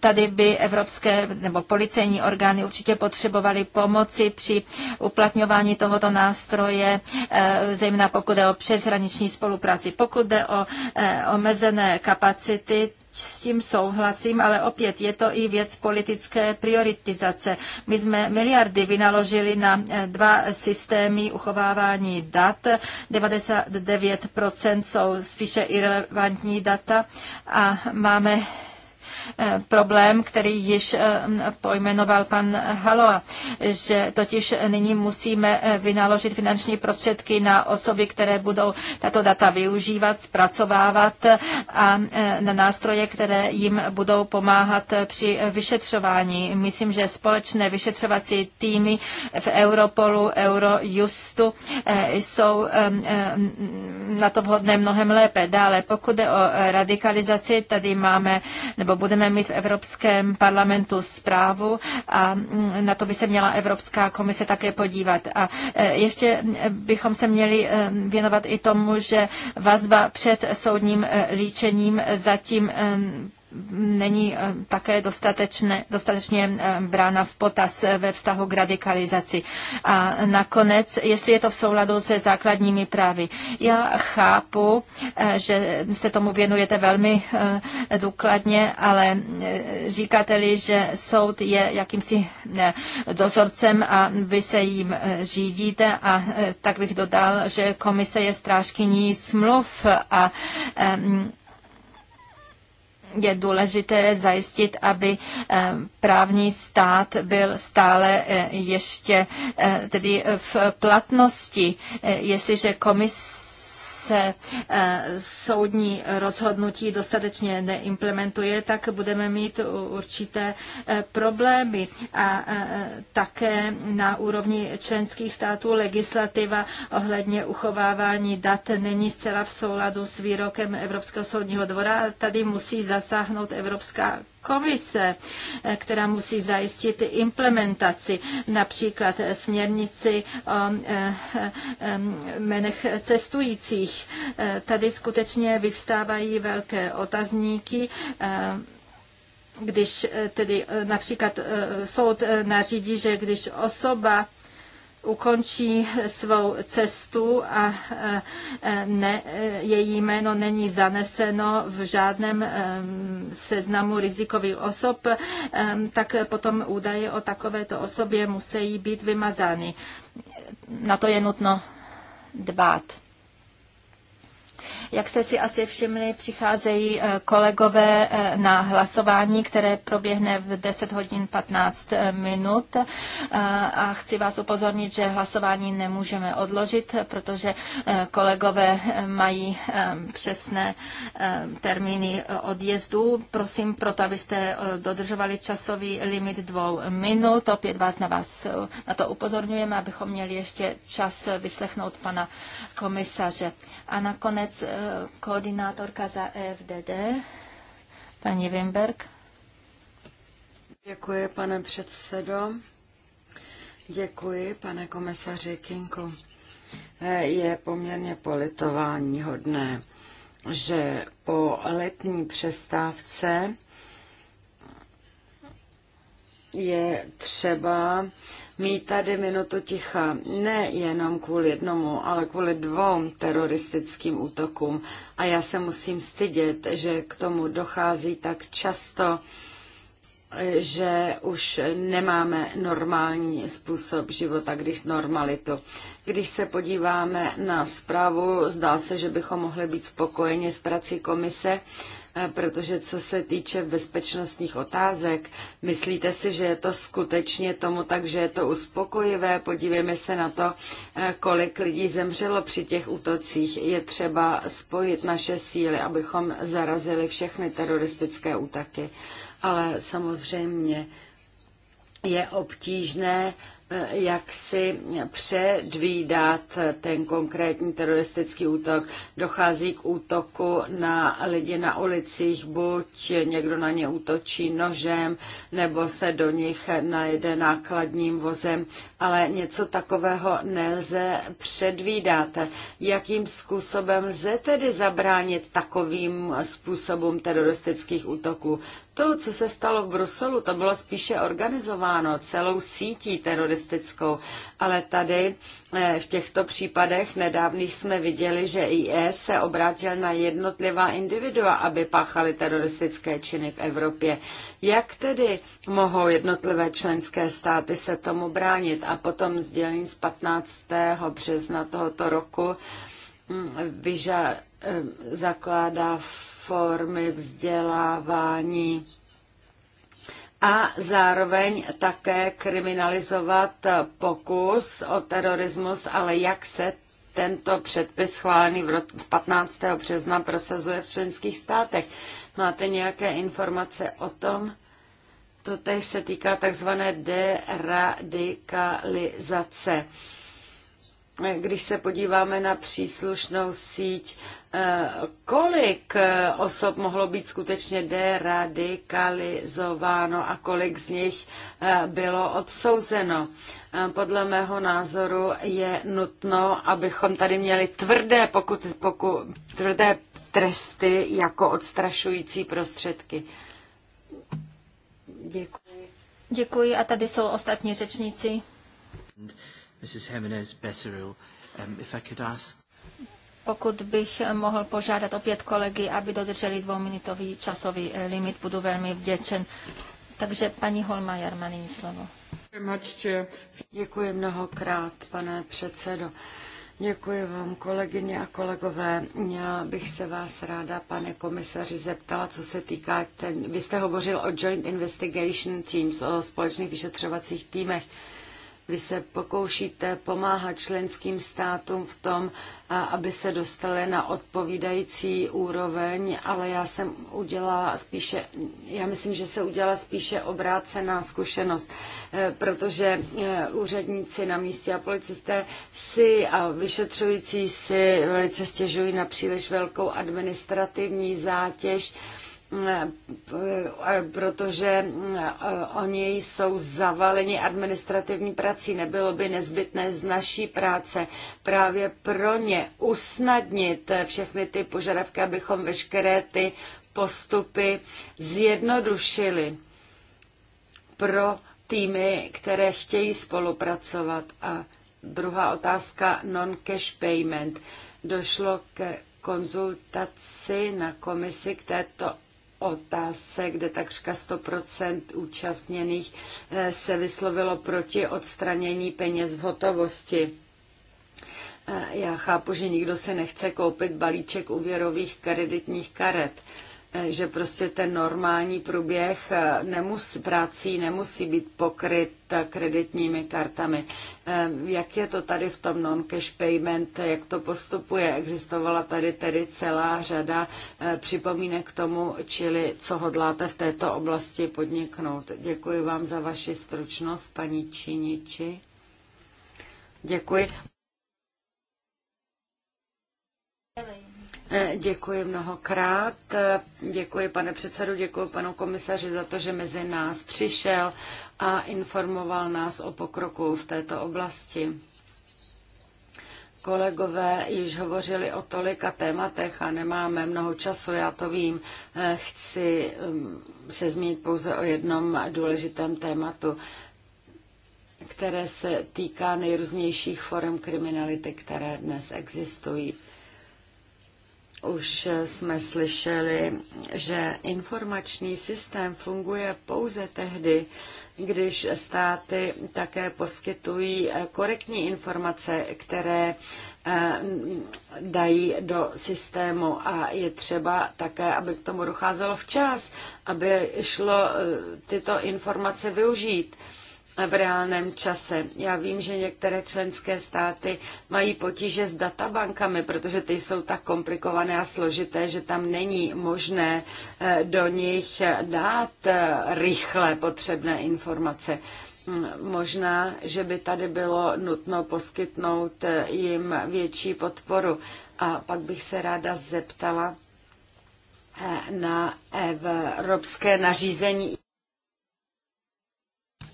Tady by evropské nebo policejní orgány určitě potřebovaly pomoci při uplatňování tohoto nástroje, zejména pokud je o přeshraniční spolupráci. Pokud jde o omezené kapacity, s tím souhlasím, ale opět je to i věc politické prioritizace. My jsme miliardy vynaložili na eh, dva systémy uchovávání dat. 99% jsou spíše irrelevantní data a máme Eh, problém, který již eh, pojmenoval pan Haloa, že totiž nyní musíme eh, vynaložit finanční prostředky na osoby, které budou tato data využívat, zpracovávat a na nástroje, které jim budou pomáhat při vyšetřování. Myslím, že společné vyšetřovací týmy v Europolu, Eurojustu jsou na to vhodné mnohem lépe. Dále, pokud jde o radikalizaci, tady máme, nebo bude budeme mít v Evropském parlamentu zprávu a na to by se měla Evropská komise také podívat. A e, ještě bychom se měli e, věnovat i tomu, že vazba před soudním e, líčením zatím není eh, také dostatečně, dostatečně eh, brána v potaz eh, ve vztahu k radikalizaci. A nakonec, jestli je to v souladu se základními právy. Já chápu, že se tomu věnujete velmi důkladně, ale říkáte-li, že soud je jakýmsi dozorcem a vy se jim řídíte a tak bych dodal, že komise je strážkyní smluv a je důležité zajistit, aby eh, právní stát byl stále eh, ještě eh, tedy v platnosti. Jestliže komise se eh, soudní rozhodnutí dostatečně neimplementuje, tak budeme mít určité eh, problémy. A eh, také na úrovni členských států legislativa ohledně uchovávání dat není zcela v souladu s výrokem Evropského soudního dvora. Tady musí zasáhnout Evropská komise, eh, která musí zajistit implementaci, například eh, směrnici o eh, jménech cestujících. Tady skutečně vyvstávají velké otazníky když tedy například soud nařídí, že když osoba ukončí svou cestu a e, e, ne, e, její jméno není zaneseno v žádném seznamu rizikových osob, tak potom údaje o takovéto osobě musí být vymazány. Na to je nutno dbát. Jak jste si asi všimli, přicházejí eh, kolegové eh, na hlasování, které proběhne v 10 hodin 15 eh, minut a chci vás upozornit, že hlasování nemůžeme odložit, protože kolegové mají přesné termíny odjezdu. Prosím proto, abyste dodržovali časový limit dvou minut. Opět vás na vás na to upozorňujeme, abychom měli ještě čas vyslechnout pana komisaře. A nakonec koordinátorka za EFDD, paní Wimberg. Děkuji, pane předsedo. Děkuji, pane komisaři Kinku. Je poměrně politování hodné, že po letní přestávce je třeba mít tady minutu ticha ne jenom kvůli jednomu, ale kvůli dvou teroristickým útokům. A já se musím stydět, že k tomu dochází tak často, že už nemáme normální způsob života, když normalitu. Když se podíváme na zprávu, zdá se, že bychom mohli být spokojeni s prací komise, Eh, protože co se týče bezpečnostních otázek, myslíte si, že je to skutečně tomu tak, že je to uspokojivé? Podívejme se na to, eh, kolik lidí zemřelo při těch útocích. Je třeba spojit naše síly, abychom zarazili všechny teroristické útaky. Ale samozřejmě je obtížné jak si předvídat ten konkrétní teroristický útok. Dochází k útoku na lidi na ulicích, buď někdo na ně útočí nožem, nebo se do nich najde nákladním vozem, ale něco takového nelze předvídat. Jakým způsobem lze tedy zabránit takovým způsobům teroristických útoků? To, co se stalo v Bruselu, to bylo spíše organizováno celou sítí teroristickou, ale tady eh, v těchto případech nedávných jsme viděli, že IS se obrátil na jednotlivá individua, aby páchali teroristické činy v Evropě. Jak tedy mohou jednotlivé členské státy se tomu bránit? A potom sdělení z 15. března tohoto roku hm, vyža- eh, zakládá v formy vzdělávání a zároveň také kriminalizovat pokus o terorismus, ale jak se tento předpis schválený v 15. března prosazuje v členských státech. Máte nějaké informace o tom? To tež se týká takzvané deradikalizace. Když se podíváme na příslušnou síť kolik eh, osob mohlo být skutečně deradikalizováno a kolik z nich eh, bylo odsouzeno. Eh, podle mého názoru je nutno, abychom tady měli tvrdé, pokud, pokud, tvrdé tresty jako odstrašující prostředky. Děkuji. Děkuji a tady jsou ostatní řečníci. Mrs. Jimenez Becerril, um, if I could ask pokud bych mohl požádat opět kolegy, aby dodrželi dvouminutový časový eh, limit, budu velmi vděčen. Takže paní Holmajer má nyní slovo. Děkuji mnohokrát, pane předsedo. Děkuji vám, kolegyně a kolegové. Já bych se vás ráda, pane komisaři, zeptala, co se týká... Ten, vy jste hovořil o Joint Investigation Teams, o společných vyšetřovacích týmech. Vy se pokoušíte pomáhat členským státům v tom, aby se dostali na odpovídající úroveň, ale já jsem udělala spíše, já myslím, že se udělala spíše obrácená zkušenost, e, protože e, úředníci na místě a policisté si a vyšetřující si velice stěžují na příliš velkou administrativní zátěž, Eh, eh, protože eh, oni jsou zavaleni administrativní prací. Nebylo by nezbytné z naší práce právě pro ně usnadnit všechny ty požadavky, abychom veškeré ty postupy zjednodušili pro týmy, které chtějí spolupracovat. A druhá otázka, non-cash payment. Došlo ke konzultaci na komisi k této otázce, kde takřka 100% účastněných eh, se vyslovilo proti odstranění peněz v hotovosti. Eh, já chápu, že nikdo se nechce koupit balíček úvěrových kreditních karet že prostě ten normální průběh eh, nemusí, prací nemusí být pokryt eh, kreditními kartami. Eh, jak je to tady v tom non-cash payment, jak to postupuje? Existovala tady tedy celá řada připomínek k tomu, čili co hodláte v této oblasti podniknout. Děkuji vám za vaši stručnost, paní Činiči. Děkuji. Děkuji. Eh, děkuji mnohokrát. Eh, děkuji, pane předsedu, děkuji panu komisaři za to, že mezi nás přišel a informoval nás o pokroku v této oblasti. Kolegové již hovořili o tolika tématech a nemáme mnoho času, já to vím. Eh, chci mm, se zmínit pouze o jednom důležitém tématu, které se týká nejrůznějších forem kriminality, které dnes existují. Už jsme slyšeli, že informační systém funguje pouze tehdy, když státy také poskytují korektní informace, které eh, dají do systému a je třeba také, aby k tomu docházelo včas, aby šlo eh, tyto informace využít v reálném čase. Já vím, že některé členské státy mají potíže s databankami, protože ty jsou tak komplikované a složité, že tam není možné eh, do nich dát eh, rychle potřebné informace. Mm, možná, že by tady bylo nutno poskytnout eh, jim větší podporu. A pak bych se ráda zeptala na evropské nařízení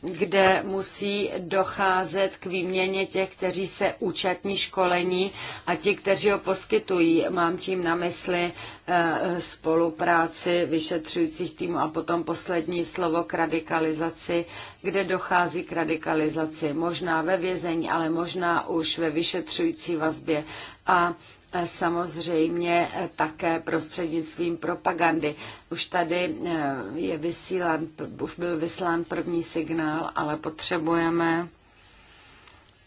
kde musí docházet k výměně těch, kteří se účetní školení a ti, kteří ho poskytují. Mám tím na mysli eh, spolupráci vyšetřujících týmů a potom poslední slovo k radikalizaci, kde dochází k radikalizaci. Možná ve vězení, ale možná už ve vyšetřující vazbě. A E, samozřejmě e, také prostřednictvím propagandy. Už tady e, je vysílán, už byl vyslán první signál, ale potřebujeme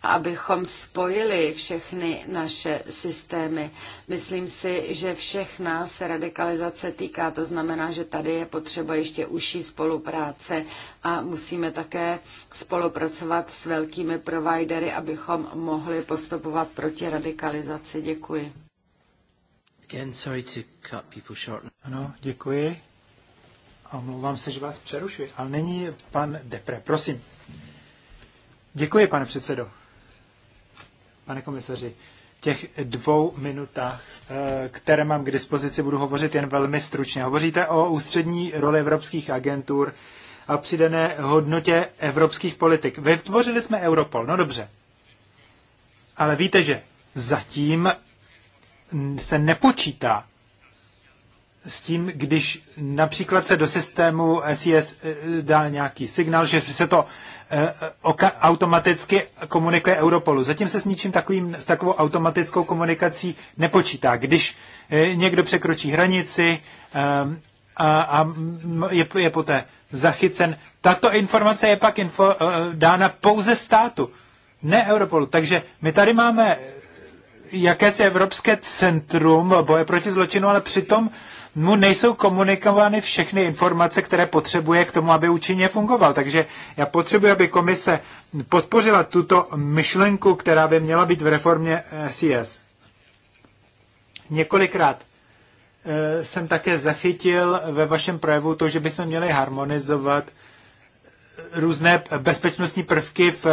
abychom spojili všechny naše systémy. Myslím si, že všechna se radikalizace týká, to znamená, že tady je potřeba ještě užší spolupráce a musíme také spolupracovat s velkými providery, abychom mohli postupovat proti radikalizaci. Děkuji. Again, sorry to cut people short. Ano, děkuji. A omlouvám se, že vás přerušuji, ale není pan Depre, prosím. Děkuji, pane předsedo pane komisaři, těch dvou minutách, eh, které mám k dispozici, budu hovořit jen velmi stručně. Hovoříte o ústřední roli evropských agentur a přidané hodnotě evropských politik. Vytvořili jsme Europol, no dobře. Ale víte, že zatím se nepočítá s tím, když například se do systému SIS eh, dá nějaký signál, že se to eh, automaticky komunikuje Europolu. Zatím se s ničím takovým, s takovou automatickou komunikací nepočítá. Když eh, někdo překročí hranici a, a je, je poté zachycen, tato informace je pak info, dána pouze státu, ne Europolu. Takže my tady máme jakési Evropské centrum boje proti zločinu, ale přitom mu nejsou komunikovány všechny informace, které potřebuje k tomu, aby účinně fungoval. Takže já potřebuji, aby komise podpořila tuto myšlenku, která by měla být v reformě SIS. Eh, Několikrát eh, jsem také zachytil ve vašem projevu to, že bychom měli harmonizovat různé bezpečnostní prvky v,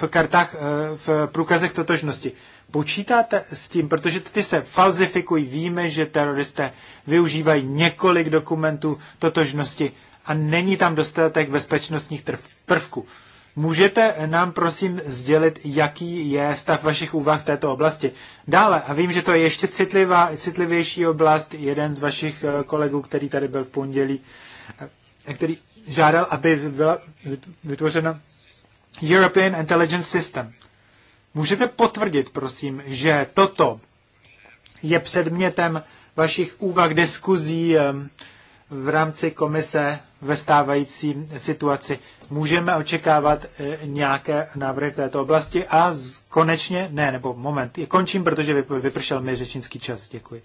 v kartách, eh, v průkazech totožnosti. Počítáte s tím, protože ty se falzifikují, víme, že teroristé využívají několik dokumentů totožnosti a není tam dostatek bezpečnostních prvků. Můžete nám prosím sdělit, jaký je stav vašich úvah v této oblasti? Dále, a vím, že to je ještě citlivá, citlivější oblast, jeden z vašich eh, kolegů, který tady byl v pondělí, eh, který žádal, aby byla vytvořena European Intelligence System. Můžete potvrdit, prosím, že toto je předmětem vašich úvah, diskuzí v rámci komise ve stávající situaci. Můžeme očekávat e, nějaké návrhy v této oblasti a konečně, ne, nebo moment, končím, protože vypršel mi řečnický čas. Děkuji.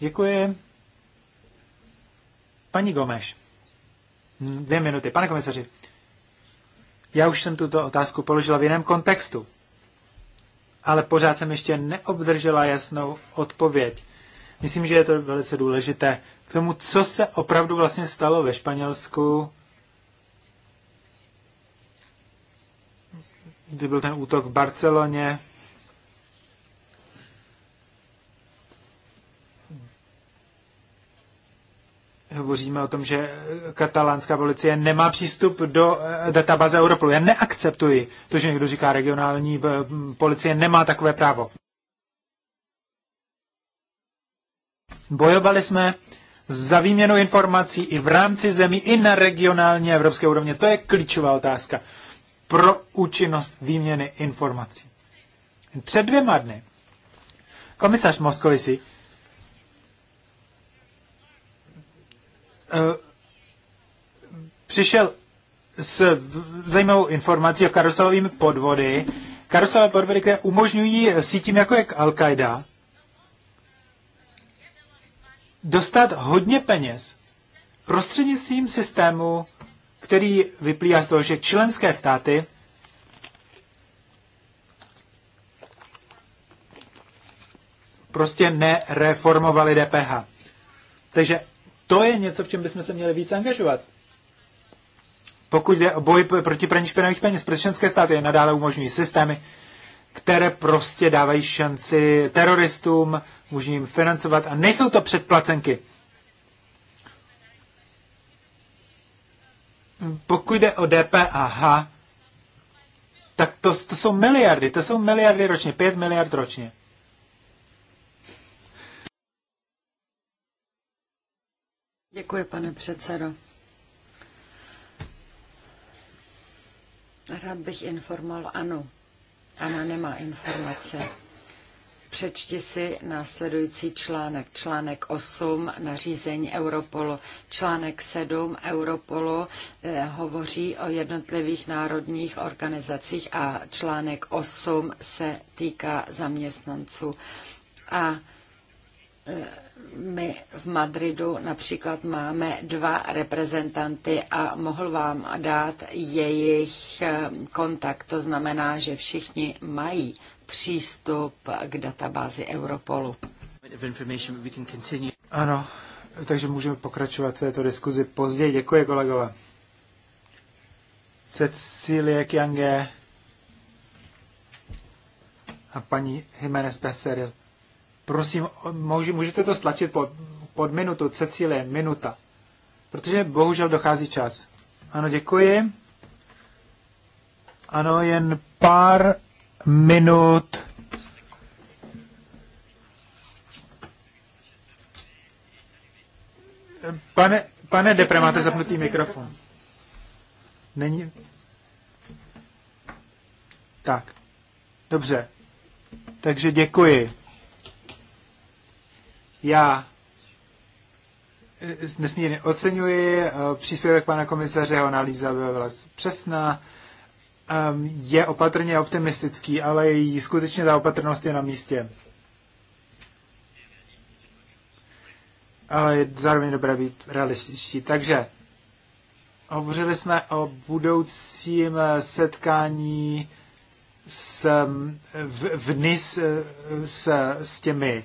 Děkuji. Paní Gomeš. Dvě minuty. Pane komisaři, já už jsem tuto otázku položila v jiném kontextu, ale pořád jsem ještě neobdržela jasnou odpověď. Myslím, že je to velice důležité k tomu, co se opravdu vlastně stalo ve Španělsku, kdy byl ten útok v Barceloně, hovoříme o tom, že katalánská policie nemá přístup do eh, databáze Europolu. Já neakceptuji to, že někdo říká, regionální eh, policie nemá takové právo. Bojovali jsme za výměnu informací i v rámci zemí, i na regionální evropské úrovně. To je klíčová otázka pro účinnost výměny informací. Před dvěma dny komisař Moskovici Eh, přišel s zajímavou informací o karuselovými podvody. Karuselové podvody, které umožňují sítím, jako je Al-Qaida, dostat hodně peněz prostřednictvím systému, který vyplývá z toho, že členské státy prostě nereformovali DPH. Takže to je něco, v čem bychom se měli víc angažovat. Pokud jde o boj proti praní špinavých peněz, protože členské státy je nadále umožňují systémy, které prostě dávají šanci teroristům, můžou jim financovat a nejsou to předplacenky. Pokud jde o DPAH, tak to, to jsou miliardy, to jsou miliardy ročně, pět miliard ročně. Děkuji, pane předsedo. Rád bych informoval Anu. Ana nemá informace. Přečti si následující článek. Článek 8 nařízení Europolu. Článek 7 Europolu eh, hovoří o jednotlivých národních organizacích a článek 8 se týká zaměstnanců. A eh, my v Madridu například máme dva reprezentanty a mohl vám dát jejich eh, kontakt. To znamená, že všichni mají přístup k databázi Europolu. Ano, takže můžeme pokračovat v této diskuzi později. Děkuji, kolegové. Cecilie Kiange a paní Jiménez Becerril. Prosím, můžete to stlačit pod, pod minutu, Cecílie, minuta. Protože bohužel dochází čas. Ano, děkuji. Ano, jen pár minut. Pane, pane Depre, máte zapnutý mikrofon. Není? Tak. Dobře. Takže děkuji. Já eh, nesmírně oceňuji eh, příspěvek pana komisaře, jeho analýza byla přesná, ehm, je opatrně optimistický, ale i skutečně ta opatrnost je na místě. Ale je zároveň dobré být realističtí. Takže hovořili jsme o budoucím eh, setkání s, ehm, v, v NIS s, s těmi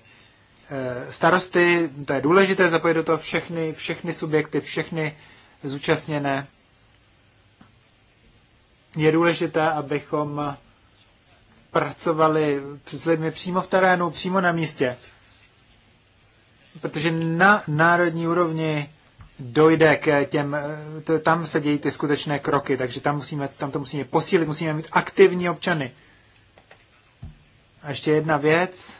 Eh, starosty, to je důležité zapojit do toho všechny, všechny subjekty, všechny zúčastněné. Je důležité, abychom pracovali s lidmi přímo v terénu, přímo na místě. Protože na národní úrovni dojde k těm, to, tam se dějí ty skutečné kroky, takže tam, musíme, tam to musíme posílit, musíme mít aktivní občany. A ještě jedna věc,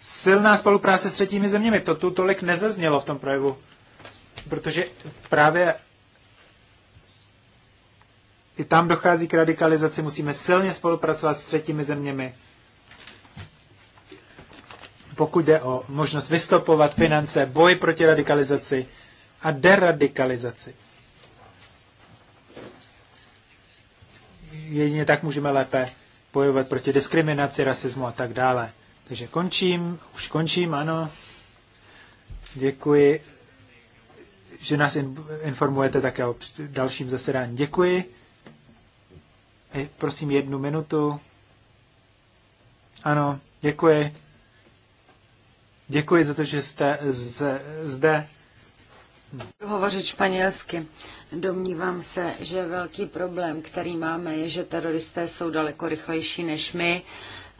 silná spolupráce s třetími zeměmi. To tu tolik nezaznělo v tom projevu, protože právě i tam dochází k radikalizaci, musíme silně spolupracovat s třetími zeměmi. Pokud jde o možnost vystopovat finance, boj proti radikalizaci a deradikalizaci. Jedině tak můžeme lépe bojovat proti diskriminaci, rasismu a tak dále. Takže končím, už končím, ano. Děkuji, že nás informujete také o dalším zasedání. Děkuji. E, prosím jednu minutu. Ano, děkuji. Děkuji za to, že jste zde. Hovořit španělsky. Domnívám se, že velký problém, který máme, je, že teroristé jsou daleko rychlejší než my.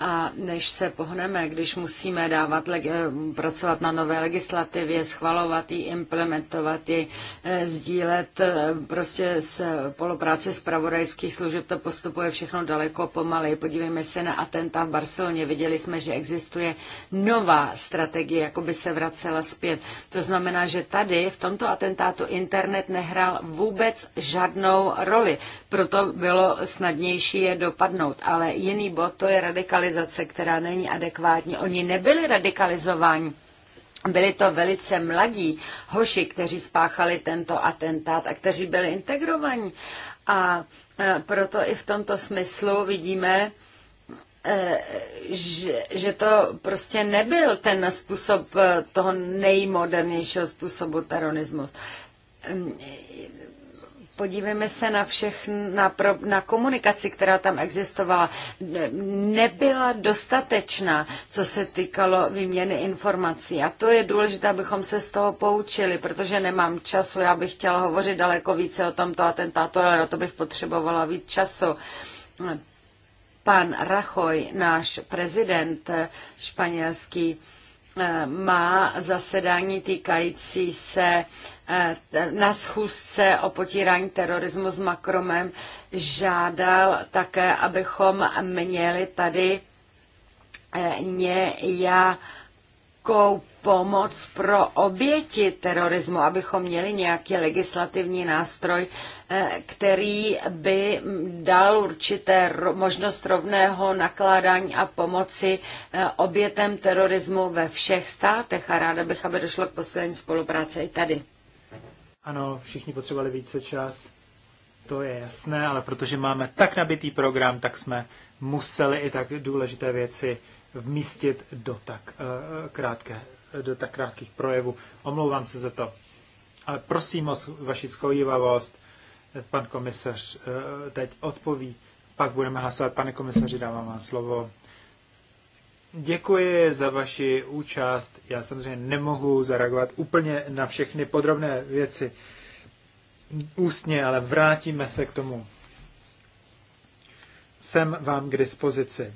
A než se pohneme, když musíme dávat, eh, pracovat na nové legislativě, schvalovat ji, implementovat ji, eh, sdílet eh, prostě s polopráce pravodajských služeb, to postupuje všechno daleko pomaleji. Podívejme se na atenta v Barceloně. Viděli jsme, že existuje nová strategie, jako by se vracela zpět. To znamená, že tady v tomto atentátu internet nehrál vůbec žádnou roli. Proto bylo snadnější je dopadnout. Ale jiný bod, to je radikalizace radikalizace, která není adekvátní. Oni nebyli radikalizováni. Byli to velice mladí hoši, kteří spáchali tento atentát a kteří byli integrovaní. A e, proto i v tomto smyslu vidíme, e, že, že to prostě nebyl ten způsob e, toho nejmodernějšího způsobu terorismu podívejme se na všechny, na, pro, na komunikaci, která tam existovala, nebyla dostatečná, co se týkalo výměny informací. A to je důležité, abychom se z toho poučili, protože nemám času, já bych chtěla hovořit daleko více o tomto atentátu, ale na to bych potřebovala víc času. Pan Rachoj, náš prezident španělský, Eh, má zasedání týkající se eh, na schůzce o potírání terorismu s Makromem žádal také, abychom měli tady eh, nějak nějakou pomoc pro oběti terorismu, abychom měli nějaký legislativní nástroj, eh, který by dal určité možnost rovného nakládání a pomoci eh, obětem terorismu ve všech státech. A ráda bych, aby došlo k posílení spolupráce i tady. Ano, všichni potřebovali více čas. To je jasné, ale protože máme tak nabitý program, tak jsme museli i tak důležité věci vmístit do tak, eh, krátké, do tak krátkých projevů. Omlouvám se za to. Ale prosím o vaši schovývavost. Pan komisař eh, teď odpoví. Pak budeme hlasovat. Pane komisaři, dávám vám slovo. Děkuji za vaši účast. Já samozřejmě nemohu zareagovat úplně na všechny podrobné věci ústně, ale vrátíme se k tomu. Jsem vám k dispozici.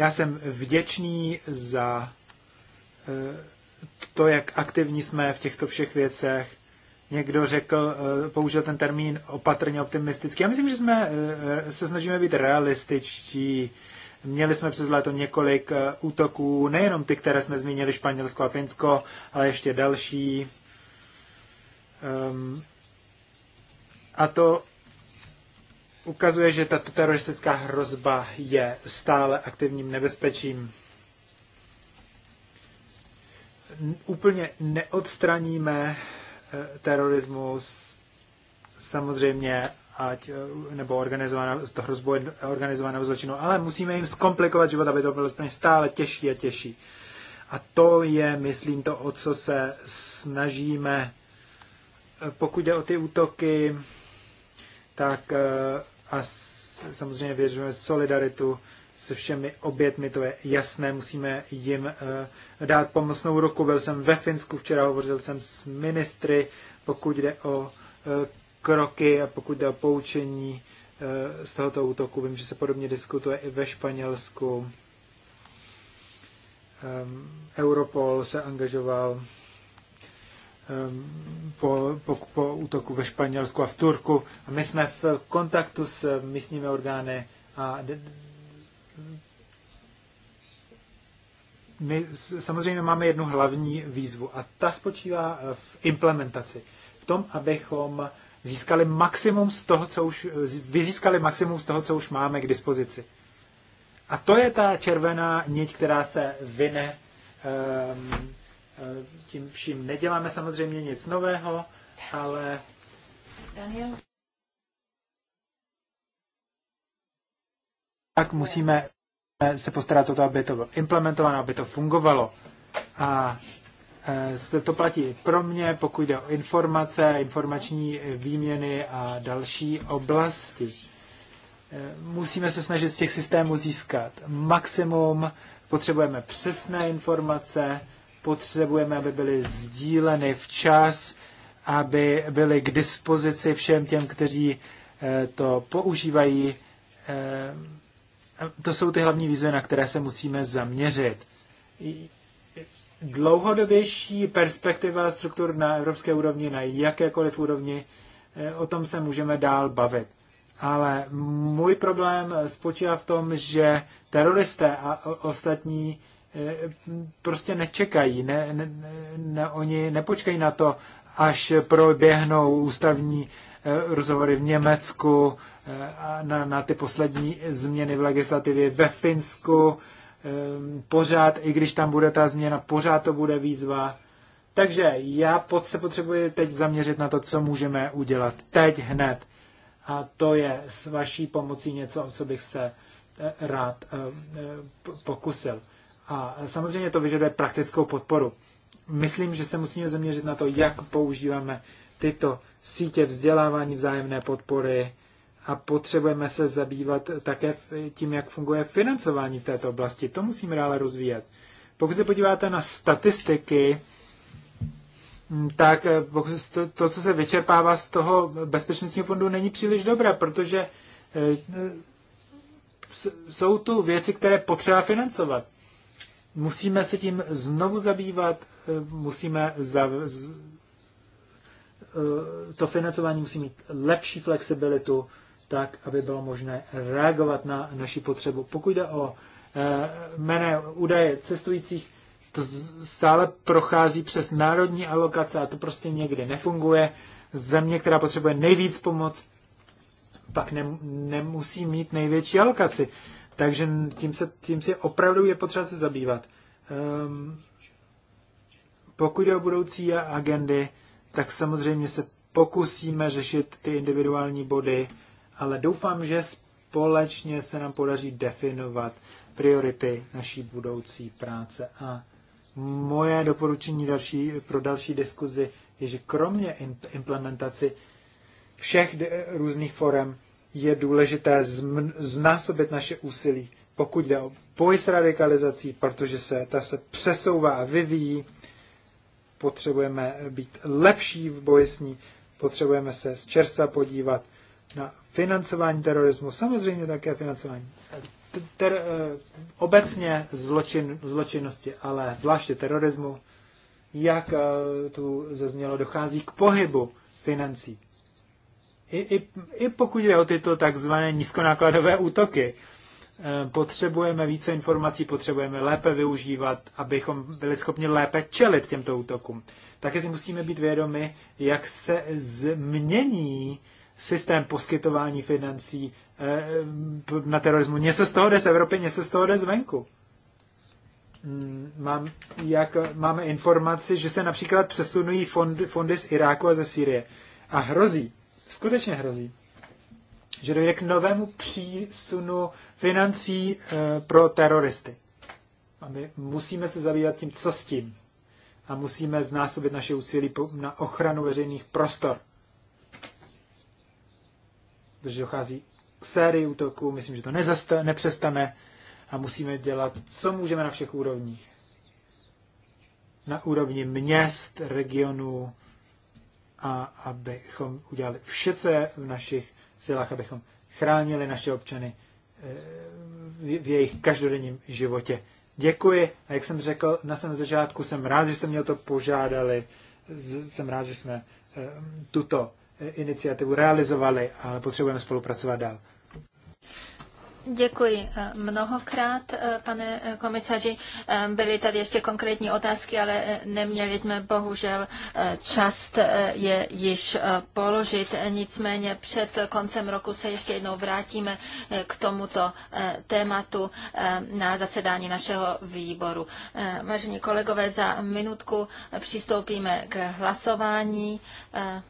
Já jsem vděčný za eh, to, jak aktivní jsme v těchto všech věcech. Někdo řekl, eh, použil ten termín opatrně optimistický. Já myslím, že jsme eh, se snažíme být realističtí. Měli jsme přes léto několik útoků, nejenom ty, které jsme zmínili, Španělsko a Finsko, ale ještě další. Ehm, a to ukazuje, že ta teroristická hrozba je stále aktivním nebezpečím. Úplně neodstraníme eh, terorismus samozřejmě, ať, eh, nebo organizovanou, to hrozbu organizovaného zločinu, ale musíme jim zkomplikovat život, aby to bylo stále těžší a těžší. A to je, myslím, to, o co se snažíme. Eh, pokud jde o ty útoky, tak eh, a samozřejmě věřujeme solidaritu se všemi obětmi, to je jasné, musíme jim eh, dát pomocnou ruku. Byl jsem ve Finsku včera, hovořil jsem s ministry, pokud jde o eh, kroky a pokud jde o poučení z tohoto útoku. Vím, že se podobně diskutuje i ve Španělsku. Ehm, Europol se angažoval Ehm, po, po, po útoku ve Španělsku a v Turku. A my jsme v kontaktu s místními orgány a my samozřejmě máme jednu hlavní výzvu a ta spočívá eh, v implementaci. V tom, abychom získali maximum z toho, co už, vyzískali maximum z toho, co už máme k dispozici. A to je ta červená niť, která se vyne um, tím vším neděláme samozřejmě nic nového, ale... Daniel. Tak musíme se postarat o to, aby to bylo implementováno, aby to fungovalo. A e, to platí pro mě, pokud jde o informace, informační výměny a další oblasti. E, musíme se snažit z těch systémů získat maximum, potřebujeme přesné informace, potřebujeme, aby byly sdíleny včas, aby byly k dispozici všem těm, kteří eh, to používají. Eh, to jsou ty hlavní výzvy, na které se musíme zaměřit. Dlouhodobější perspektiva struktur na evropské úrovni, na jakékoliv úrovni, eh, o tom se můžeme dál bavit. Ale můj problém spočívá v tom, že teroristé a ostatní Eh, prostě nečekají, ne, ne, ne, oni nepočkají na to, až proběhnou ústavní eh, rozhovory v Německu, eh, na, na ty poslední změny v legislativě ve Finsku, pořád, i když tam bude ta změna, pořád to bude výzva. Takže já se potřebuji teď zaměřit na to, co můžeme udělat teď hned. A to je s vaší pomocí něco, o co bych se rád pokusil. A samozřejmě to vyžaduje praktickou podporu. Myslím, že se musíme zaměřit na to, jak používáme tyto sítě vzdělávání vzájemné podpory a potřebujeme se zabývat také tím, jak funguje financování v této oblasti. To musíme dále rozvíjet. Pokud se podíváte na statistiky, mm, tak eh, to, co se vyčerpává z toho bezpečnostního fondu, není příliš dobré, protože eh, jsou tu věci, které potřeba financovat. Musíme se tím znovu zabývat, eh, musíme za, z, eh, to financování musí mít lepší flexibilitu, tak, aby bylo možné reagovat na naši potřebu. Pokud jde o jmené eh, údaje cestujících, to stále prochází přes národní alokace a to prostě někdy nefunguje. Země, která potřebuje nejvíc pomoc, pak ne, nemusí mít největší alokaci. Takže tím se, tím se opravdu je potřeba se zabývat. Um, pokud jde o budoucí agendy, tak samozřejmě se pokusíme řešit ty individuální body, ale doufám, že společně se nám podaří definovat priority naší budoucí práce. A moje doporučení další, pro další diskuzi je, že kromě implementaci všech různých forem je důležité znásobit naše úsilí, pokud jde o boj s radikalizací, protože se ta se přesouvá a vyvíjí. Potřebujeme být lepší v boji s ní, potřebujeme se z čerstva podívat na financování terorismu, samozřejmě také financování eh, ter, eh, obecně zločin, zločinnosti, ale zvláště terorismu, jak eh, tu zaznělo, dochází k pohybu financí i, i, i pokud jde o tyto takzvané nízkonákladové útoky, eh, potřebujeme více informací, potřebujeme lépe využívat, abychom byli schopni lépe čelit těmto útokům. Také si musíme být vědomi, jak se změní systém poskytování financí eh, na terorismu. Něco z toho jde z Evropy, něco z toho jde zvenku. Mm, mám, jak, máme informaci, že se například přesunují fondy, fondy z Iráku a ze Sýrie. A hrozí, skutečně hrozí, že dojde k novému přísunu financí eh, pro teroristy. A my musíme se zabývat tím, co s tím. A musíme znásobit naše úsilí na ochranu veřejných prostor. Protože dochází k sérii útoků, myslím, že to nezasta- nepřestane a musíme dělat, co můžeme na všech úrovních. Na úrovni měst, regionů, a abychom udělali vše, co je v našich silách, abychom chránili naše občany eh, v jejich každodenním životě. Děkuji a jak jsem řekl na samém začátku, jsem rád, že jste mě o to požádali, jsem rád, že jsme eh, tuto eh, iniciativu realizovali, ale potřebujeme spolupracovat dál. Děkuji eh, mnohokrát, eh, pane eh, komisaři. Byly tady ještě konkrétní otázky, ale neměli jsme bohužel čas je již položit. Nicméně před koncem roku se ještě jednou vrátíme k tomuto tématu na zasedání našeho výboru. Vážení kolegové, za minutku přistoupíme k hlasování.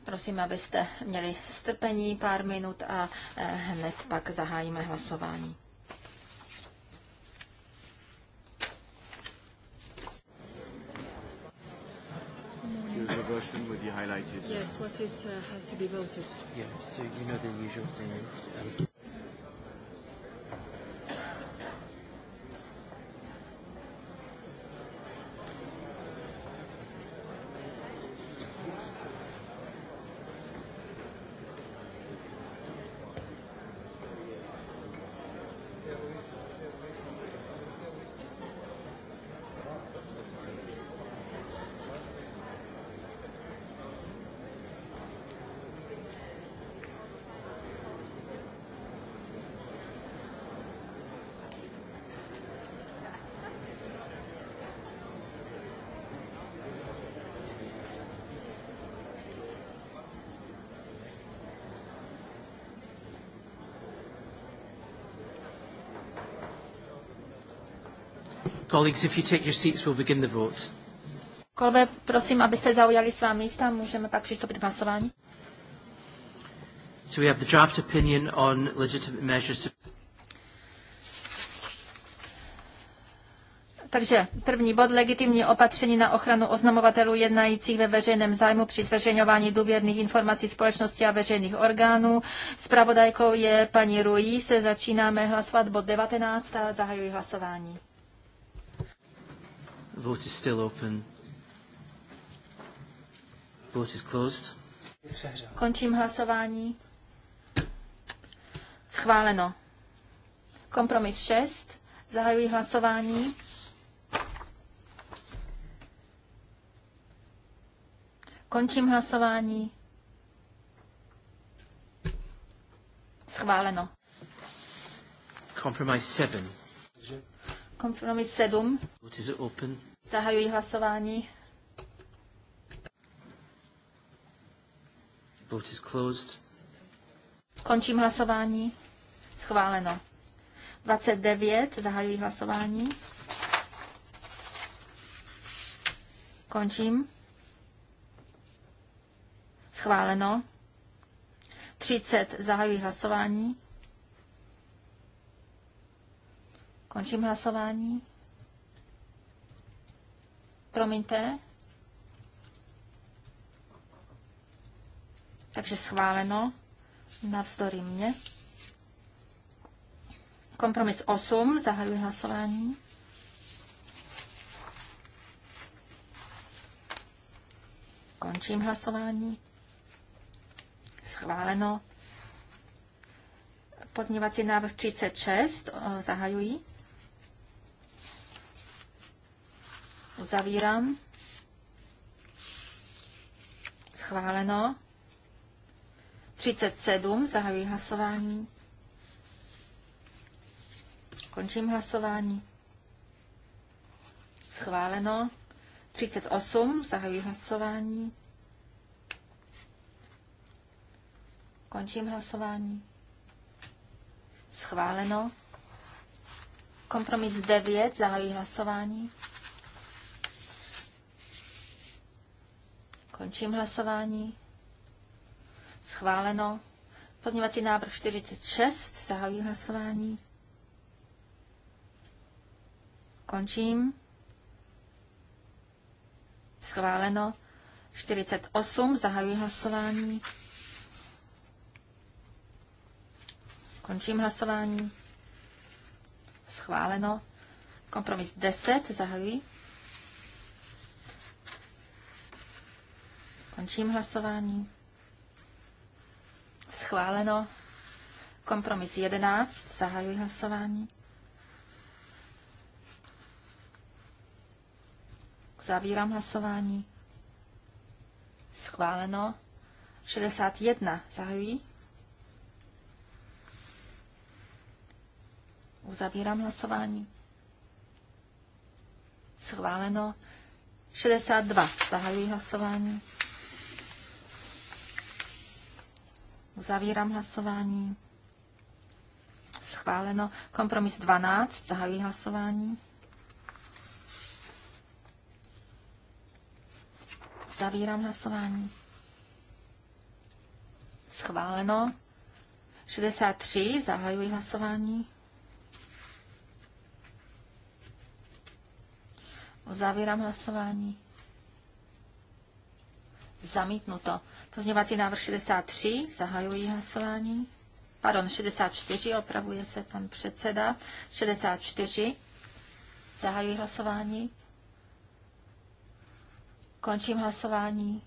Prosím, abyste měli strpení pár minut a hned pak zahájíme hlasování. the, the version with the highlighted. Yes, what is, uh, has to be voted. Yeah, so you know the usual thing. Um, Colleagues, if you take your seats, we'll begin the vote. Kolegové, prosím, abyste zaujali svá místa, můžeme pak přistoupit k hlasování. So we have the draft opinion on legitimate measures to... Takže první bod, legitimní opatření na ochranu oznamovatelů jednajících ve veřejném zájmu při zveřejňování důvěrných informací společnosti a veřejných orgánů. Spravodajkou je paní Ruiz. Začínáme hlasovat bod 19 a zahajuji hlasování. The Vote is still open. The Vote is closed. Končím hlasování. Schváleno. Kompromis 6. Zahajuji hlasování. Končím hlasování. Schváleno. Kompromis 7. Kompromis 7. Vote is open. Zahajuji hlasování. Vote is closed. Končím hlasování. Schváleno. 29. Zahajuji hlasování. Končím. Schváleno. 30. Zahajuji hlasování. Končím hlasování. Promiňte. Takže schváleno navzdory mě. Kompromis 8, zahajuji hlasování. Končím hlasování. Schváleno. Podněvací návrh 36 zahajuji. Uzavírám. Schváleno. 37. Zahajuji hlasování. Končím hlasování. Schváleno. 38. Zahajuji hlasování. Končím hlasování. Schváleno. Kompromis 9. Zahajuji hlasování. Končím hlasování. Schváleno. Pozměňovací návrh 46. Zahajuji hlasování. Končím. Schváleno. 48. Zahajuji hlasování. Končím hlasování. Schváleno. Kompromis 10. Zahajuji. Končím hlasování. Schváleno. Kompromis 11. Zahajuji hlasování. Zavírám hlasování. Schváleno. 61. Zahajuji. Uzavírám hlasování. Schváleno. 62. Zahajuji hlasování. Uzavírám hlasování. Schváleno. Kompromis 12. Zahajuji hlasování. Zavírám hlasování. Schváleno. 63. Zahajuji hlasování. Uzavírám hlasování. Zamítnuto. Pozměňovací návrh 63, zahajuji hlasování. Pardon, 64, opravuje se pan předseda. 64, zahajuji hlasování. Končím hlasování.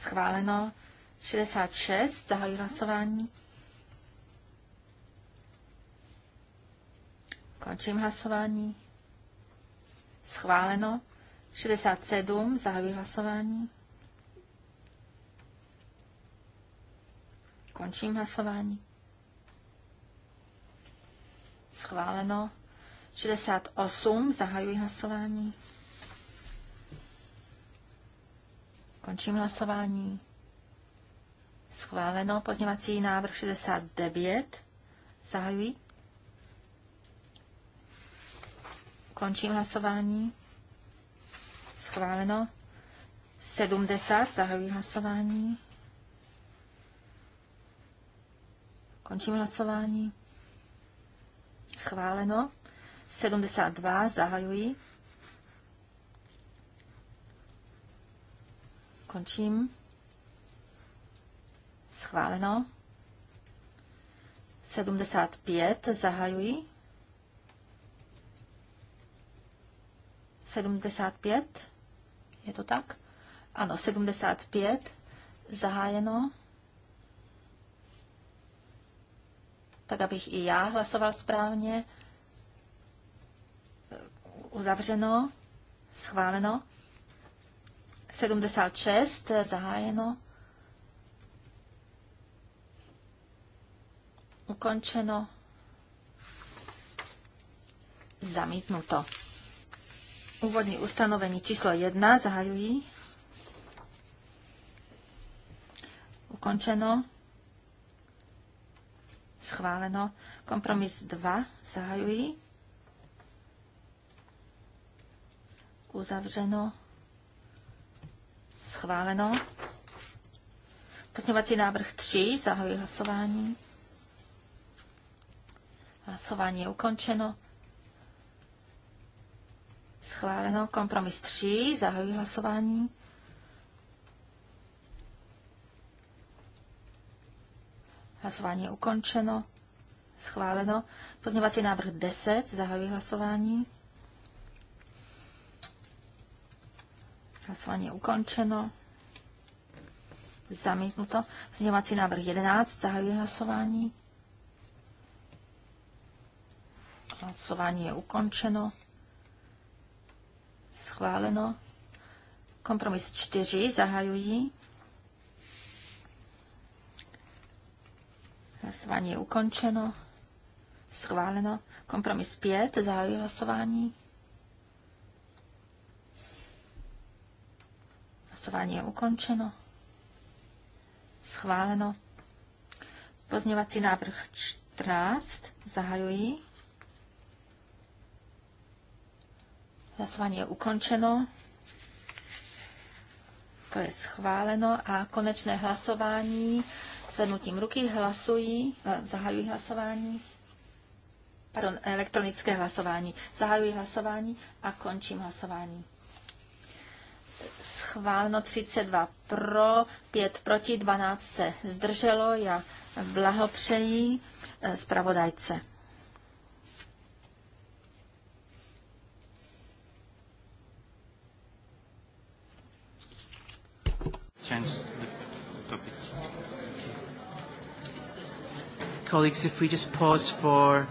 Schváleno. 66, zahajuji hlasování. Končím hlasování. Schváleno. 67, zahajuji hlasování. Končím hlasování. Schváleno. 68. Zahajuji hlasování. Končím hlasování. Schváleno. Pozněvací návrh 69. Zahajuji. Končím hlasování. Schváleno. 70. Zahajuji hlasování. Končím hlasování. Schváleno. 72 zahajuji. Končím. Schváleno. 75 zahajuji. 75. Je to tak? Ano, 75. Zahájeno. tak abych i já hlasoval správně. Uzavřeno, schváleno. 76, zahájeno. Ukončeno. Zamítnuto. Úvodní ustanovení číslo 1 zahajují. Ukončeno. Schváleno. Kompromis 2. Zahajuji. Uzavřeno. Schváleno. Pozměňovací návrh 3. Zahajuji hlasování. Hlasování je ukončeno. Schváleno. Kompromis 3. Zahajuji hlasování. Hlasování je ukončeno. Schváleno. Pozměňovací návrh 10. Zahajuji hlasování. Hlasování je ukončeno. Zamítnuto. Pozměňovací návrh 11. Zahajuji hlasování. Hlasování je ukončeno. Schváleno. Kompromis 4. Zahajuji. Hlasování je ukončeno. Schváleno. Kompromis 5. Zahajuji hlasování. Hlasování je ukončeno. Schváleno. Pozměňovací návrh 14. Zahajuji. Hlasování je ukončeno. To je schváleno a konečné hlasování zvednutím ruky hlasují, eh, zahajují hlasování, pardon, elektronické hlasování. Zahajují hlasování a končím hlasování. Schválno 32 pro, 5 proti, 12 se zdrželo. Já blahopřeji eh, zpravodajce. Chance. colleagues, if we just pause for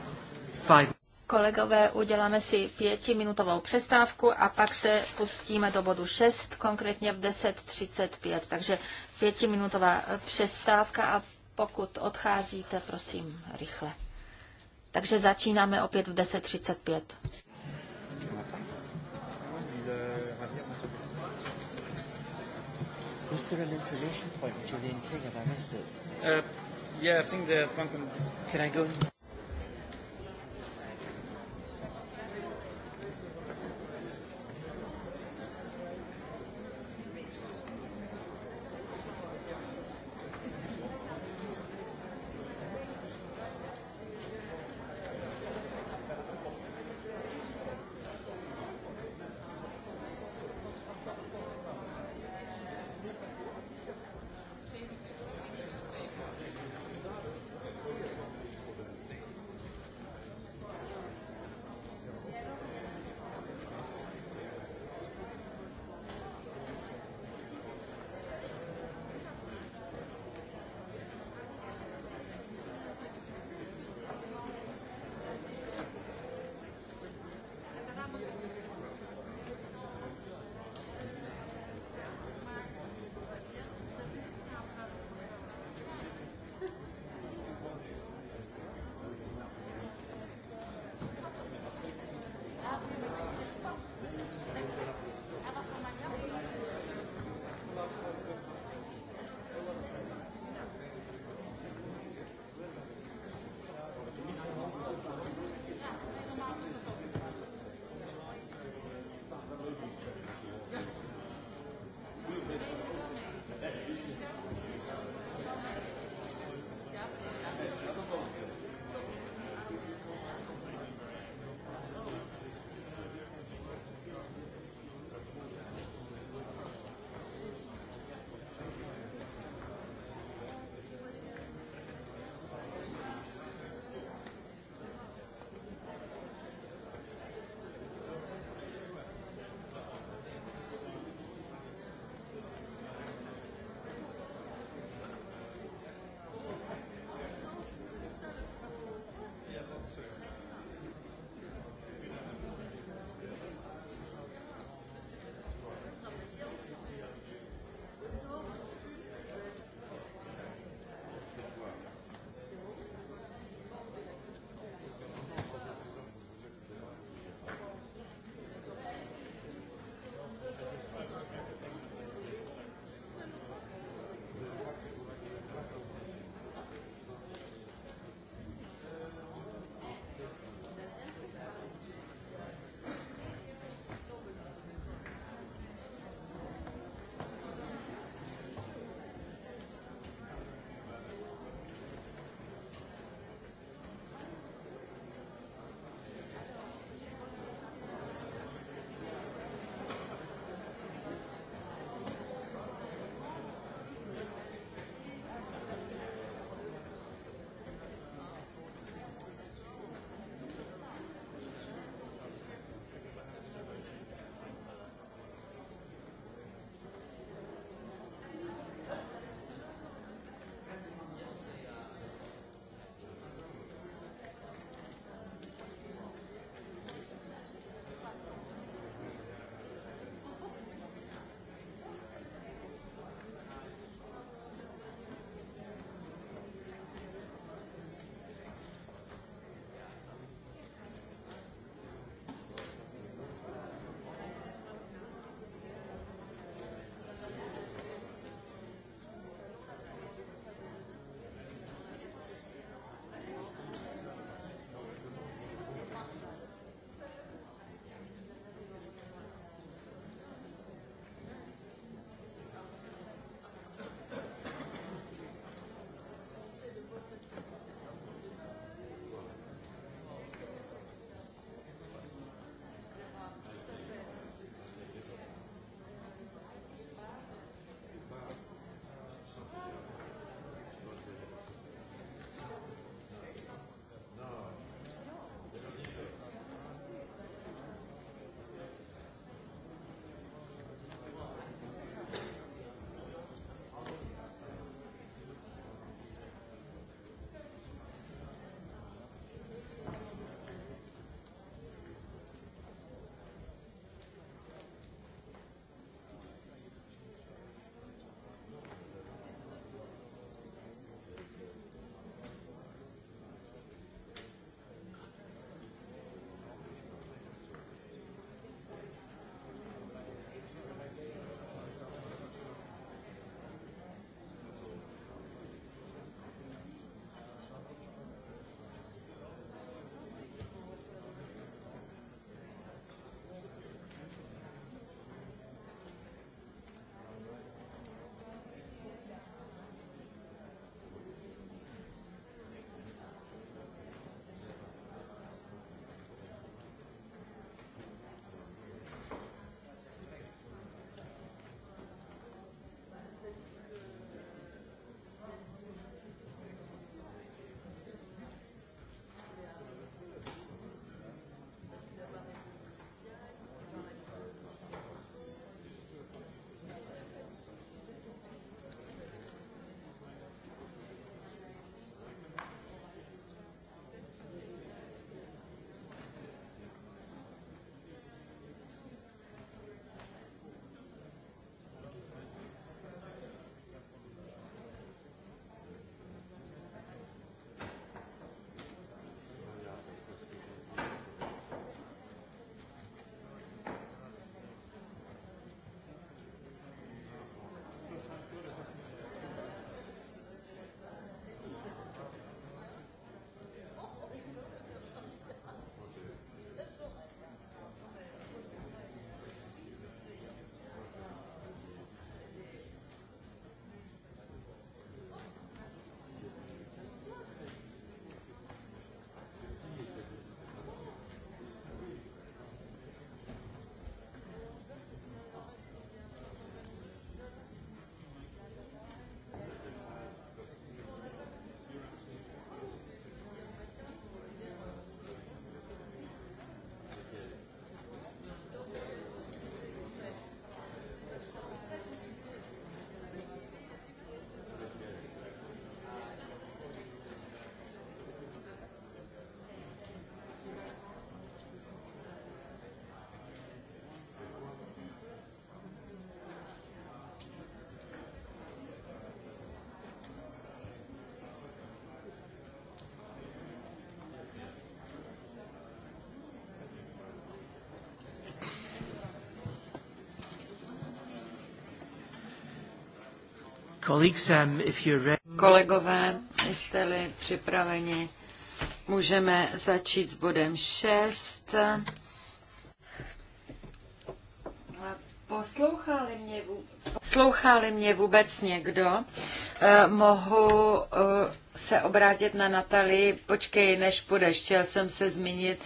five Kolegové, uděláme si pětiminutovou přestávku a pak se pustíme do bodu 6, konkrétně v 10.35. Takže pětiminutová přestávka a pokud odcházíte, prosím, rychle. Takže začínáme opět v 10.35. Uh, Yeah, I think the can I go? Um, Kolegové, jste-li připraveni, můžeme začít s bodem 6. Poslouchali mě, mě vůbec někdo? Eh, mohu eh, se obrátit na Natalii. Počkej, než půjdeš, chtěl jsem se zmínit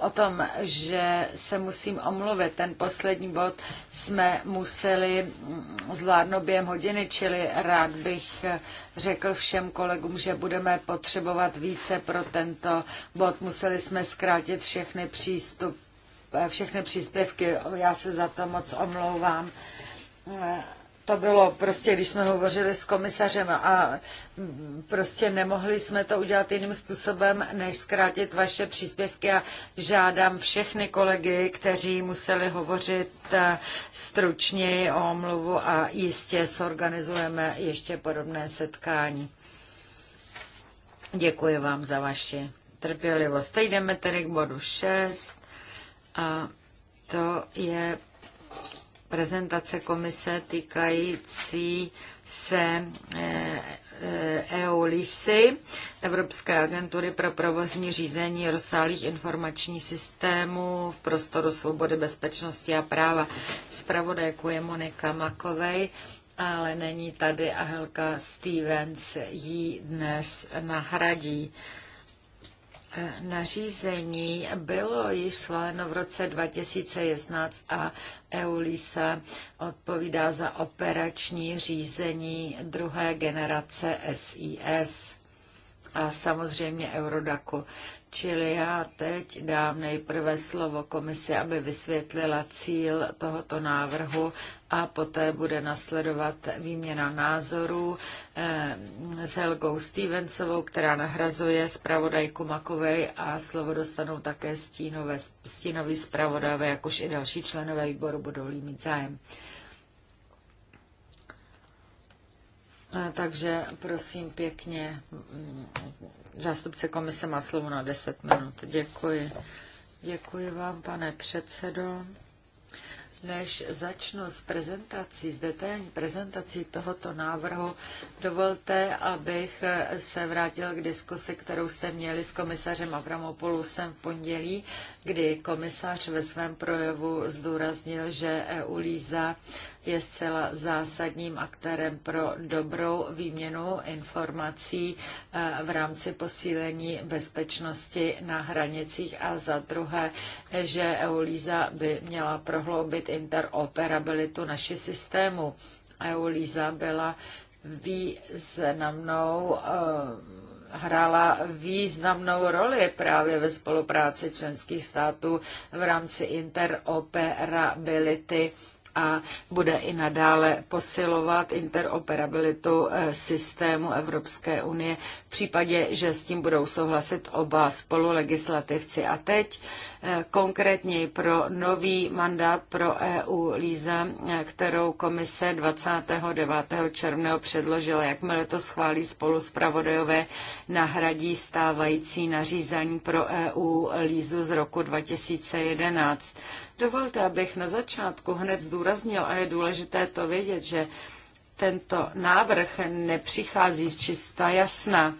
o tom, že se musím omluvit. Ten poslední bod jsme museli zvládnout během hodiny, čili rád bych řekl všem kolegům, že budeme potřebovat více pro tento bod. Museli jsme zkrátit všechny přístup, eh, všechny příspěvky. Já se za to moc omlouvám to bylo prostě, když jsme hovořili s komisařem a prostě nemohli jsme to udělat jiným způsobem, než zkrátit vaše příspěvky a žádám všechny kolegy, kteří museli hovořit eh, stručněji o omluvu a jistě sorganizujeme ještě podobné setkání. Děkuji vám za vaši trpělivost. Teď jdeme tedy k bodu 6 a to je prezentace komise týkající se eh, eh, EOLISy, Evropské agentury pro provozní řízení rozsáhlých informačních systémů v prostoru svobody, bezpečnosti a práva. Zpravodajku je Monika Makovej, ale není tady a Helka Stevens ji dnes nahradí nařízení bylo již schváleno v roce 2011 a EULISA odpovídá za operační řízení druhé generace SIS a samozřejmě Eurodaku. Čili já teď dám nejprve slovo komisi, aby vysvětlila cíl tohoto návrhu a poté bude nasledovat výměna názorů eh, s Helgou Stevensovou, která nahrazuje zpravodajku Makovej a slovo dostanou také stínové, stínoví zpravodajové, jakož i další členové výboru budou mít zájem. Takže prosím pěkně, zástupce komise má slovo na 10 minut. Děkuji. Děkuji vám, pane předsedo. Než začnu s prezentací, s detailní prezentací tohoto návrhu, dovolte, abych se vrátil k diskusi, kterou jste měli s komisařem Avramopoulosem v pondělí, kdy komisař ve svém projevu zdůraznil, že EU Líza je zcela zásadním aktérem pro dobrou výměnu informací eh, v rámci posílení bezpečnosti na hranicích a za druhé, že EULISA by měla prohloubit interoperabilitu naši systémů. EULISA byla významnou eh, hrála významnou roli právě ve spolupráci členských států v rámci interoperability a bude i nadále posilovat interoperabilitu eh, systému Evropské unie v případě, že s tím budou souhlasit oba spolulegislativci. A teď eh, konkrétně pro nový mandát pro EU Líza, eh, kterou komise 29. června předložila, jakmile to schválí spolu pravodajové, nahradí stávající nařízení pro EU Lízu z roku 2011. Dovolte, abych na začátku hned zdůraznil, a je důležité to vědět, že tento návrh nepřichází z čista jasna,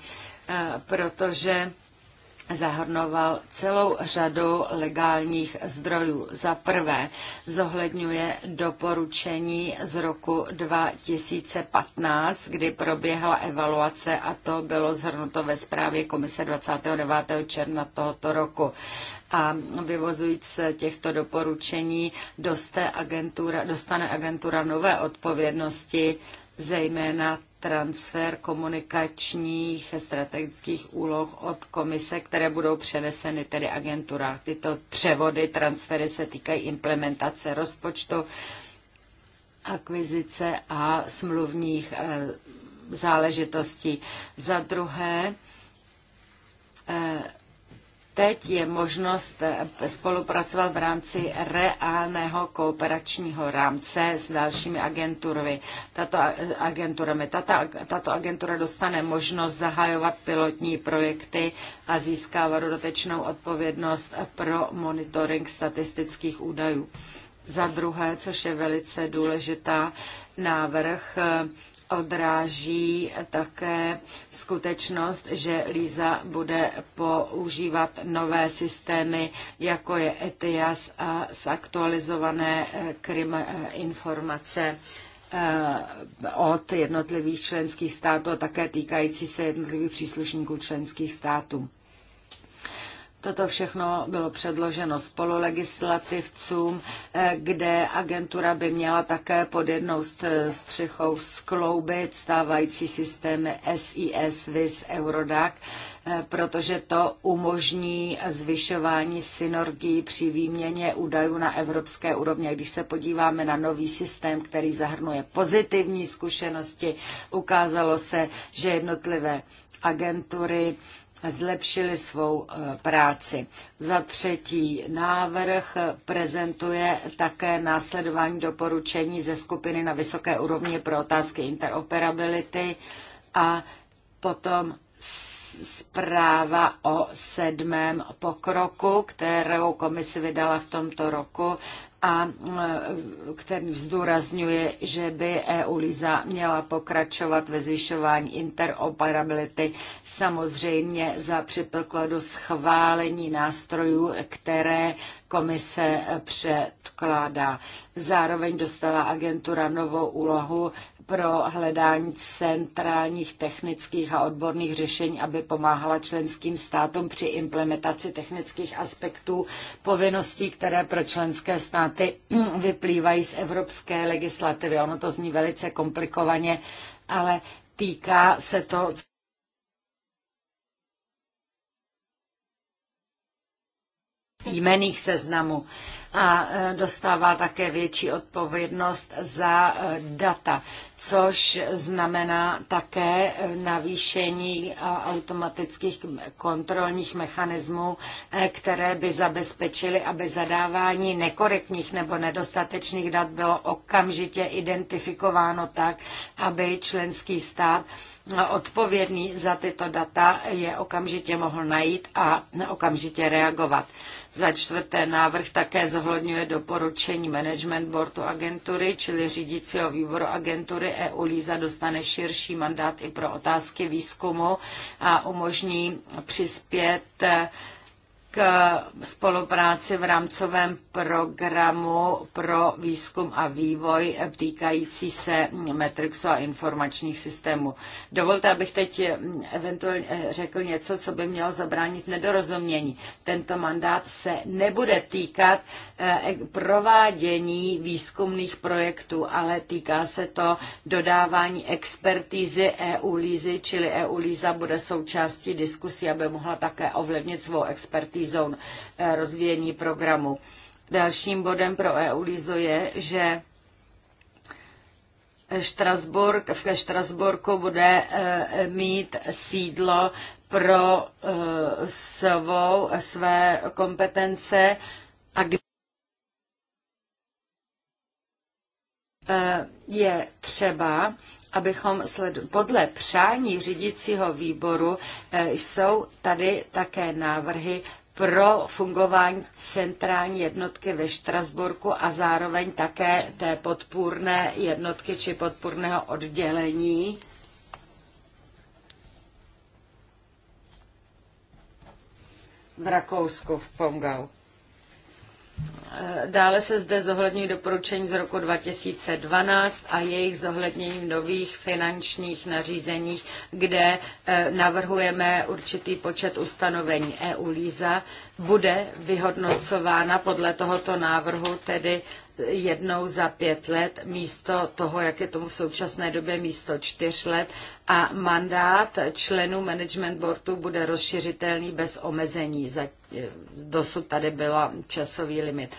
eh, protože zahrnoval celou řadu legálních zdrojů. Za prvé zohledňuje doporučení z roku 2015, kdy proběhla evaluace a to bylo zhrnuto ve zprávě komise 29. června tohoto roku. A vyvozujíc z těchto doporučení dostane agentura, dostane agentura nové odpovědnosti, zejména transfer komunikačních strategických úloh od komise, které budou přeneseny tedy agentura. Tyto převody, transfery se týkají implementace rozpočtu, akvizice a smluvních eh, záležitostí. Za druhé, eh, Teď je možnost eh, spolupracovat v rámci reálného kooperačního rámce s dalšími eh, agenturami. Tato, agenturami. Tato, tato agentura dostane možnost zahajovat pilotní projekty a získává dodatečnou odpovědnost pro monitoring statistických údajů. Za druhé, což je velice důležitá návrh, eh, odráží také skutečnost, že Líza bude používat nové systémy, jako je ETIAS a zaktualizované eh, eh, informace eh, od jednotlivých členských států a také týkající se jednotlivých příslušníků členských států. Toto všechno bylo předloženo spolulegislativcům, eh, kde agentura by měla také pod jednou střechou skloubit stávající systémy SIS, VIS, Eurodac, eh, protože to umožní zvyšování synergii při výměně údajů na evropské úrovni. Když se podíváme na nový systém, který zahrnuje pozitivní zkušenosti, ukázalo se, že jednotlivé agentury zlepšili svou eh, práci. Za třetí návrh prezentuje také následování doporučení ze skupiny na vysoké úrovni pro otázky interoperability a potom zpráva o sedmém pokroku, kterou komise vydala v tomto roku a e, který zdůrazňuje, že by EU Liza měla pokračovat ve zvyšování interoperability, samozřejmě za předpokladu schválení nástrojů, které komise předkládá. Zároveň dostala agentura novou úlohu pro hledání centrálních technických a odborných řešení, aby pomáhala členským státům při implementaci technických aspektů povinností, které pro členské státy vyplývají z evropské legislativy. Ono to zní velice komplikovaně, ale týká se to jmených seznamů a e, dostává také větší odpovědnost za e, data, což znamená také e, navýšení automatických kontrolních mechanismů, které by zabezpečily, aby zadávání nekorektních nebo nedostatečných dat bylo okamžitě identifikováno tak, aby členský stát odpovědný za tyto data je okamžitě mohl najít a okamžitě reagovat. Za čtvrté návrh také zohledňuje zohledňuje doporučení management boardu agentury, čili řídícího výboru agentury EU Líza dostane širší mandát i pro otázky výzkumu a umožní přispět k spolupráci v rámcovém programu pro výzkum a vývoj týkající se Metrixu a informačních systémů. Dovolte, abych teď eventuálně eh, řekl něco, co by mělo zabránit nedorozumění. Tento mandát se nebude týkat eh, provádění výzkumných projektů, ale týká se to dodávání expertízy EU-lízy, čili EU-líza bude součástí diskusí, aby mohla také ovlivnit svou expertízu Zone eh, rozvíjení programu. Dalším bodem pro EU LISO je, že Štrasburg, v Štrasburku bude eh, mít sídlo pro eh, svou, své kompetence a je třeba, abychom sled... podle přání řídícího výboru jsou tady také návrhy pro fungování centrální jednotky ve Štrasburku a zároveň také té podpůrné jednotky či podpůrného oddělení. v Rakousku v Pongau. Dále se zde zohledňují doporučení z roku 2012 a jejich zohlednění v nových finančních nařízeních, kde eh, navrhujeme určitý počet ustanovení EU LISA, bude vyhodnocována podle tohoto návrhu, tedy jednou za pět let místo toho, jak je tomu v současné době místo čtyř let a mandát členů management boardu bude rozšiřitelný bez omezení. Dosud tady byl časový limit.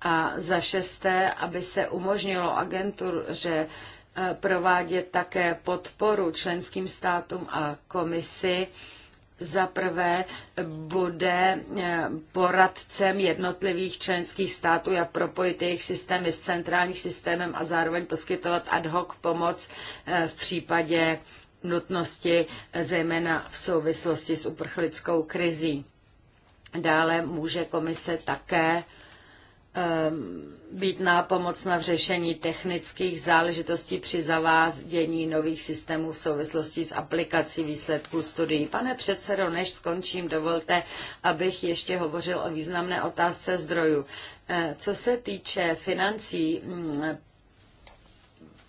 A za šesté, aby se umožnilo agentuře eh, provádět také podporu členským státům a komisi, za prvé bude eh, poradcem jednotlivých členských států a propojit jejich systémy s centrálním systémem a zároveň poskytovat ad hoc pomoc eh, v případě nutnosti, eh, zejména v souvislosti s uprchlickou krizí. Dále může komise také Ehm, být nápomocna v řešení technických záležitostí při zavádění nových systémů v souvislosti s aplikací výsledků studií. Pane předsedo, než skončím, dovolte, abych ještě hovořil o významné otázce zdrojů. Eh, co se týče financí mm,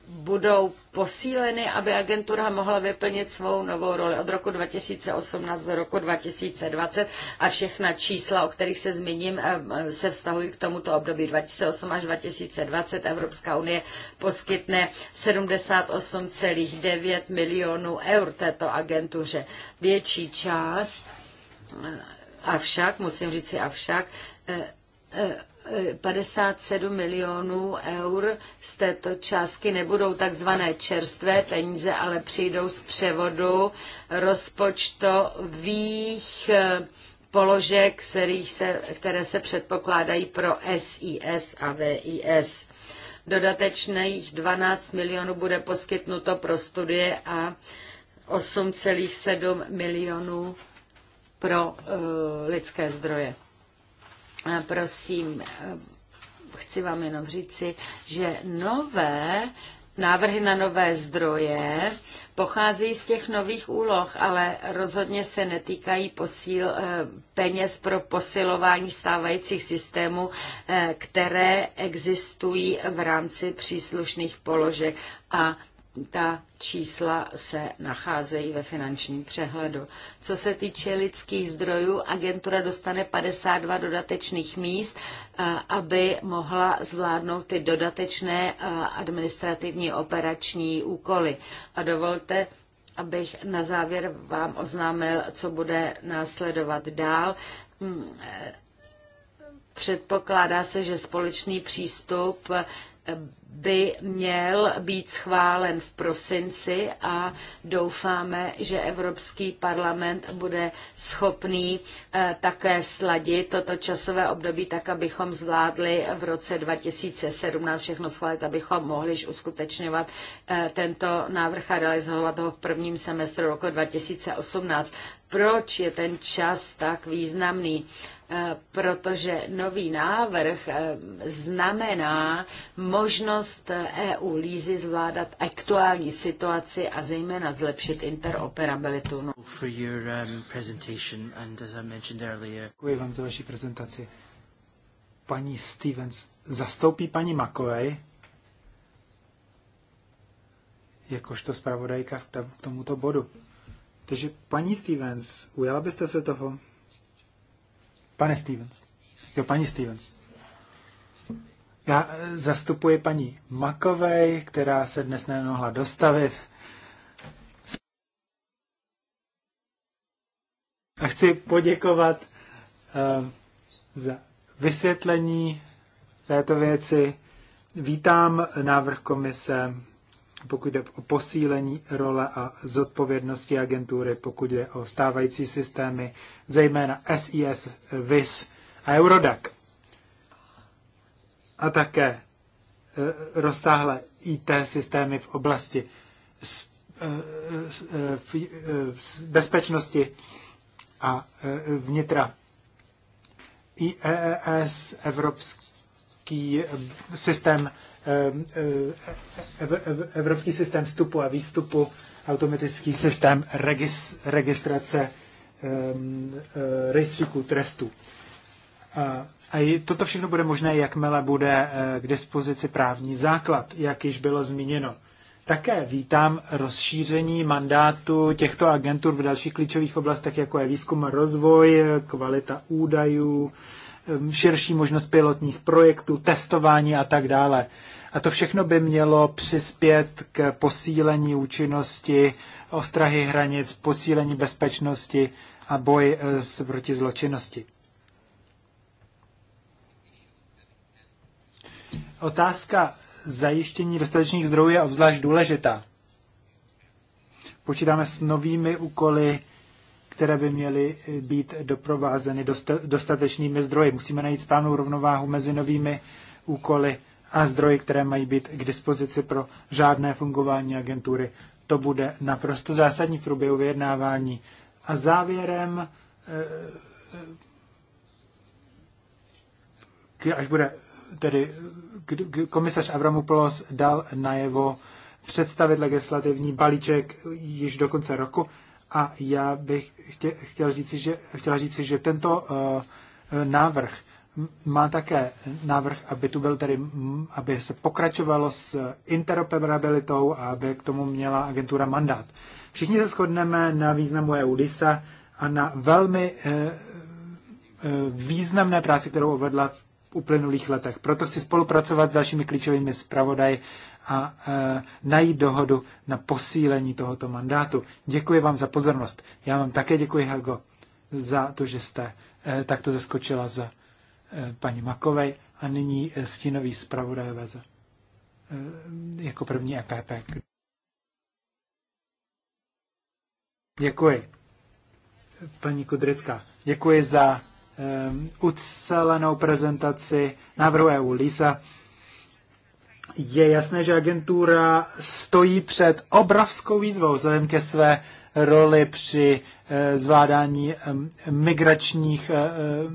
budou posíleny, aby agentura mohla vyplnit svou novou roli od roku 2018 do roku 2020 a všechna čísla, o kterých se zmíním, eh, se vztahují k tomuto období 2008 až 2020. Evropská unie poskytne 78,9 milionů eur této agentuře. Větší část, eh, avšak, musím říct si avšak, eh, 57 milionů eur z této částky nebudou takzvané čerstvé peníze, ale přijdou z převodu rozpočtových eh, položek, se, které se předpokládají pro SIS a VIS. Dodatečných 12 milionů bude poskytnuto pro studie a 8,7 milionů pro uh, lidské zdroje. Prosím, eh, chci vám jenom říci, že nové návrhy na nové zdroje pocházejí z těch nových úloh, ale rozhodně se netýkají posíl, eh, peněz pro posilování stávajících systémů, eh, které existují v rámci příslušných položek a ta čísla se nacházejí ve finančním přehledu. Co se týče lidských zdrojů, agentura dostane 52 dodatečných míst, eh, aby mohla zvládnout ty dodatečné eh, administrativní operační úkoly. A dovolte, abych na závěr vám oznámil, co bude následovat dál. Mm, eh, předpokládá se, že společný přístup by měl být schválen v prosinci a doufáme, že Evropský parlament bude schopný eh, také sladit toto časové období tak, abychom zvládli v roce 2017 všechno schválit, abychom mohli již uskutečňovat eh, tento návrh a realizovat ho v prvním semestru roku 2018. Proč je ten čas tak významný? Eh, protože nový návrh eh, znamená možnost EU eh, e lízy zvládat aktuální situaci a zejména zlepšit interoperabilitu. No. Um, Děkuji vám za vaši prezentaci. Paní Stevens zastoupí paní Makovej jakožto zpravodajka k tomuto bodu. Takže paní Stevens, ujala byste se toho? Pane Stevens. Jo, paní Stevens. Já eh, zastupuji paní Makovej, která se dnes nemohla dostavit. A chci poděkovat uh, za vysvětlení této věci. Vítám návrh komise pokud jde o posílení role a zodpovědnosti agentury, pokud jde o stávající systémy, zejména SIS, VIS a Eurodac. A také e, rozsáhlé IT systémy v oblasti e, e, bezpečnosti a vnitra. IEES, Evropský systém Ehm, ehm, ehm, evropský systém vstupu a výstupu, automatický systém registrace eh, rejstříků trestů. A toto všechno bude možné, jakmile bude eh, k dispozici právní základ, jak již bylo zmíněno. Také vítám rozšíření mandátu těchto agentur v dalších klíčových oblastech, jako je výzkum a rozvoj, kvalita údajů, širší možnost pilotních projektů, testování a tak dále. A to všechno by mělo přispět k posílení účinnosti, ostrahy hranic, posílení bezpečnosti a boj eh, s proti zločinnosti. Otázka zajištění dostatečných zdrojů je obzvlášť důležitá. Počítáme s novými úkoly, které by měly eh, být doprovázeny dostatečnými zdroji. Musíme najít správnou rovnováhu mezi novými úkoly a zdroje, které mají být k dispozici pro řádné fungování agentury. To bude naprosto zásadní v průběhu vyjednávání. A závěrem, eh, eh, až bude tedy komisař Avramopoulos dal najevo představit legislativní balíček již do konce roku a já bych chtěl, říci, že, chtěla říci, že tento eh, návrh má také návrh, aby tu byl tedy, aby se pokračovalo s interoperabilitou a aby k tomu měla agentura mandát. Všichni se shodneme na významu EUDISA a na velmi eh, eh, významné práci, kterou uvedla v uplynulých letech. Proto chci spolupracovat s dalšími klíčovými zpravodaji a eh, najít dohodu na posílení tohoto mandátu. Děkuji vám za pozornost. Já vám také děkuji, Helgo, za to, že jste takto zaskočila za paní Makovej a nyní stínový zpravodajové eh, jako první EPP. Děkuji, paní Kudrická. Děkuji za um, ucelenou prezentaci návrhu EU LISA. Je jasné, že agentura stojí před obrovskou výzvou vzhledem ke své roli při eh, zvládání migračních, eh, eh,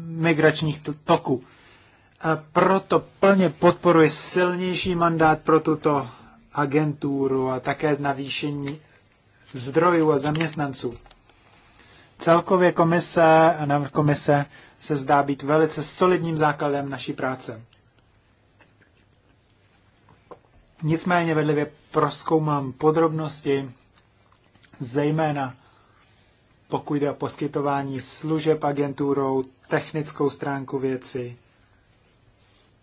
migračních toků. A proto plně podporuji silnější mandát pro tuto agenturu a také navýšení zdrojů a zaměstnanců. Celkově komise a návrh komise se zdá být velice solidním základem naší práce. Nicméně vedlivě proskoumám podrobnosti zejména pokud jde o poskytování služeb agenturou, technickou stránku věci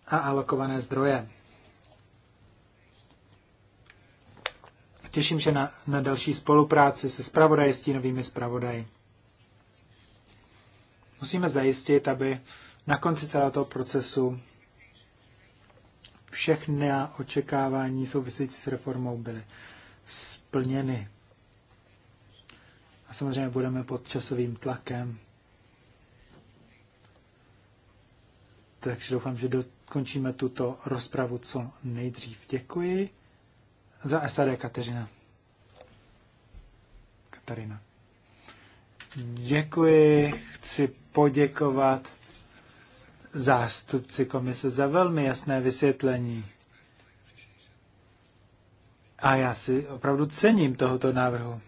a alokované zdroje. Těším se na, na další spolupráci se spravodaji, s novými spravodají. Musíme zajistit, aby na konci celého toho procesu všechny očekávání související s reformou byly splněny. A samozřejmě budeme pod časovým tlakem. Takže doufám, že dokončíme tuto rozpravu co nejdřív. Děkuji. Za SAD Kateřina. Katarina. Děkuji. Chci poděkovat zástupci komise za velmi jasné vysvětlení. A já si opravdu cením tohoto návrhu.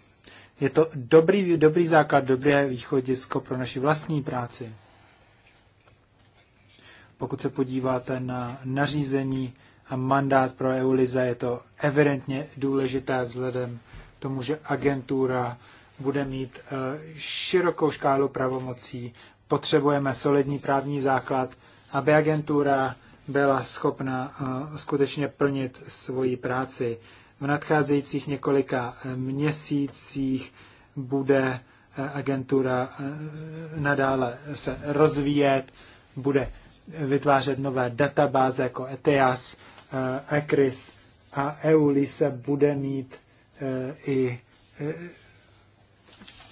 Je to dobrý, dobrý základ, dobré východisko pro naši vlastní práci. Pokud se podíváte na nařízení a mandát pro EULIZE, je to evidentně důležité vzhledem tomu, že agentura bude mít eh, širokou škálu pravomocí. Potřebujeme solidní právní základ, aby agentura byla schopna eh, skutečně plnit svoji práci v nadcházejících několika eh, měsících bude eh, agentura eh, nadále se rozvíjet, bude vytvářet nové databáze jako ETIAS, ECRIS a se bude mít i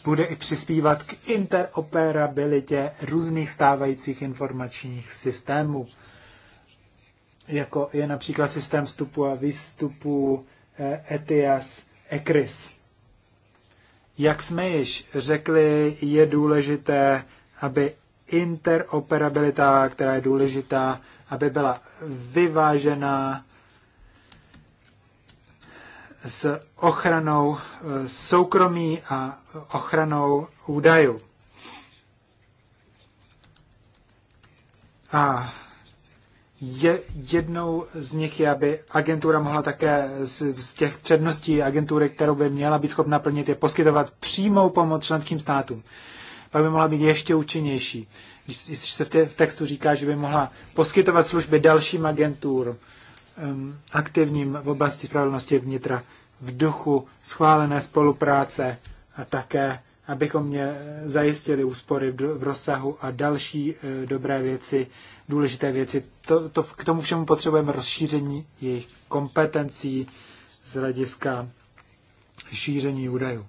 bude i přispívat k interoperabilitě různých stávajících informačních systémů, jako je například systém vstupu a výstupu Eh, ETIAS, ekris Jak jsme již řekli, je důležité, aby interoperabilita, která je důležitá, aby byla vyvážená s ochranou eh, soukromí a ochranou údajů. A je, jednou z nich je, aby agentura mohla také z, z těch předností agentury, kterou by měla být schopna plnit, je poskytovat přímou pomoc členským státům. Pak by mohla být ještě účinnější. Když, když se v, te, v textu říká, že by mohla poskytovat služby dalším agenturům um, aktivním v oblasti spravedlnosti vnitra v duchu schválené spolupráce a také abychom mě zajistili úspory v rozsahu a další eh, dobré věci, důležité věci. To, to, k tomu všemu potřebujeme rozšíření jejich kompetencí z hlediska šíření údajů.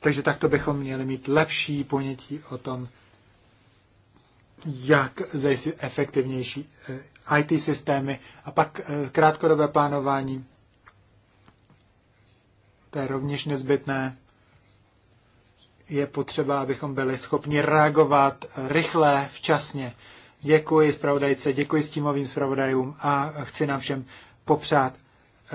Takže takto bychom měli mít lepší ponětí o tom, jak zajistit efektivnější eh, IT systémy a pak eh, krátkodobé plánování. To je rovněž nezbytné je potřeba, abychom byli schopni reagovat rychle, včasně. Děkuji zpravodajce, děkuji tímovým zpravodajům a chci nám všem popřát eh,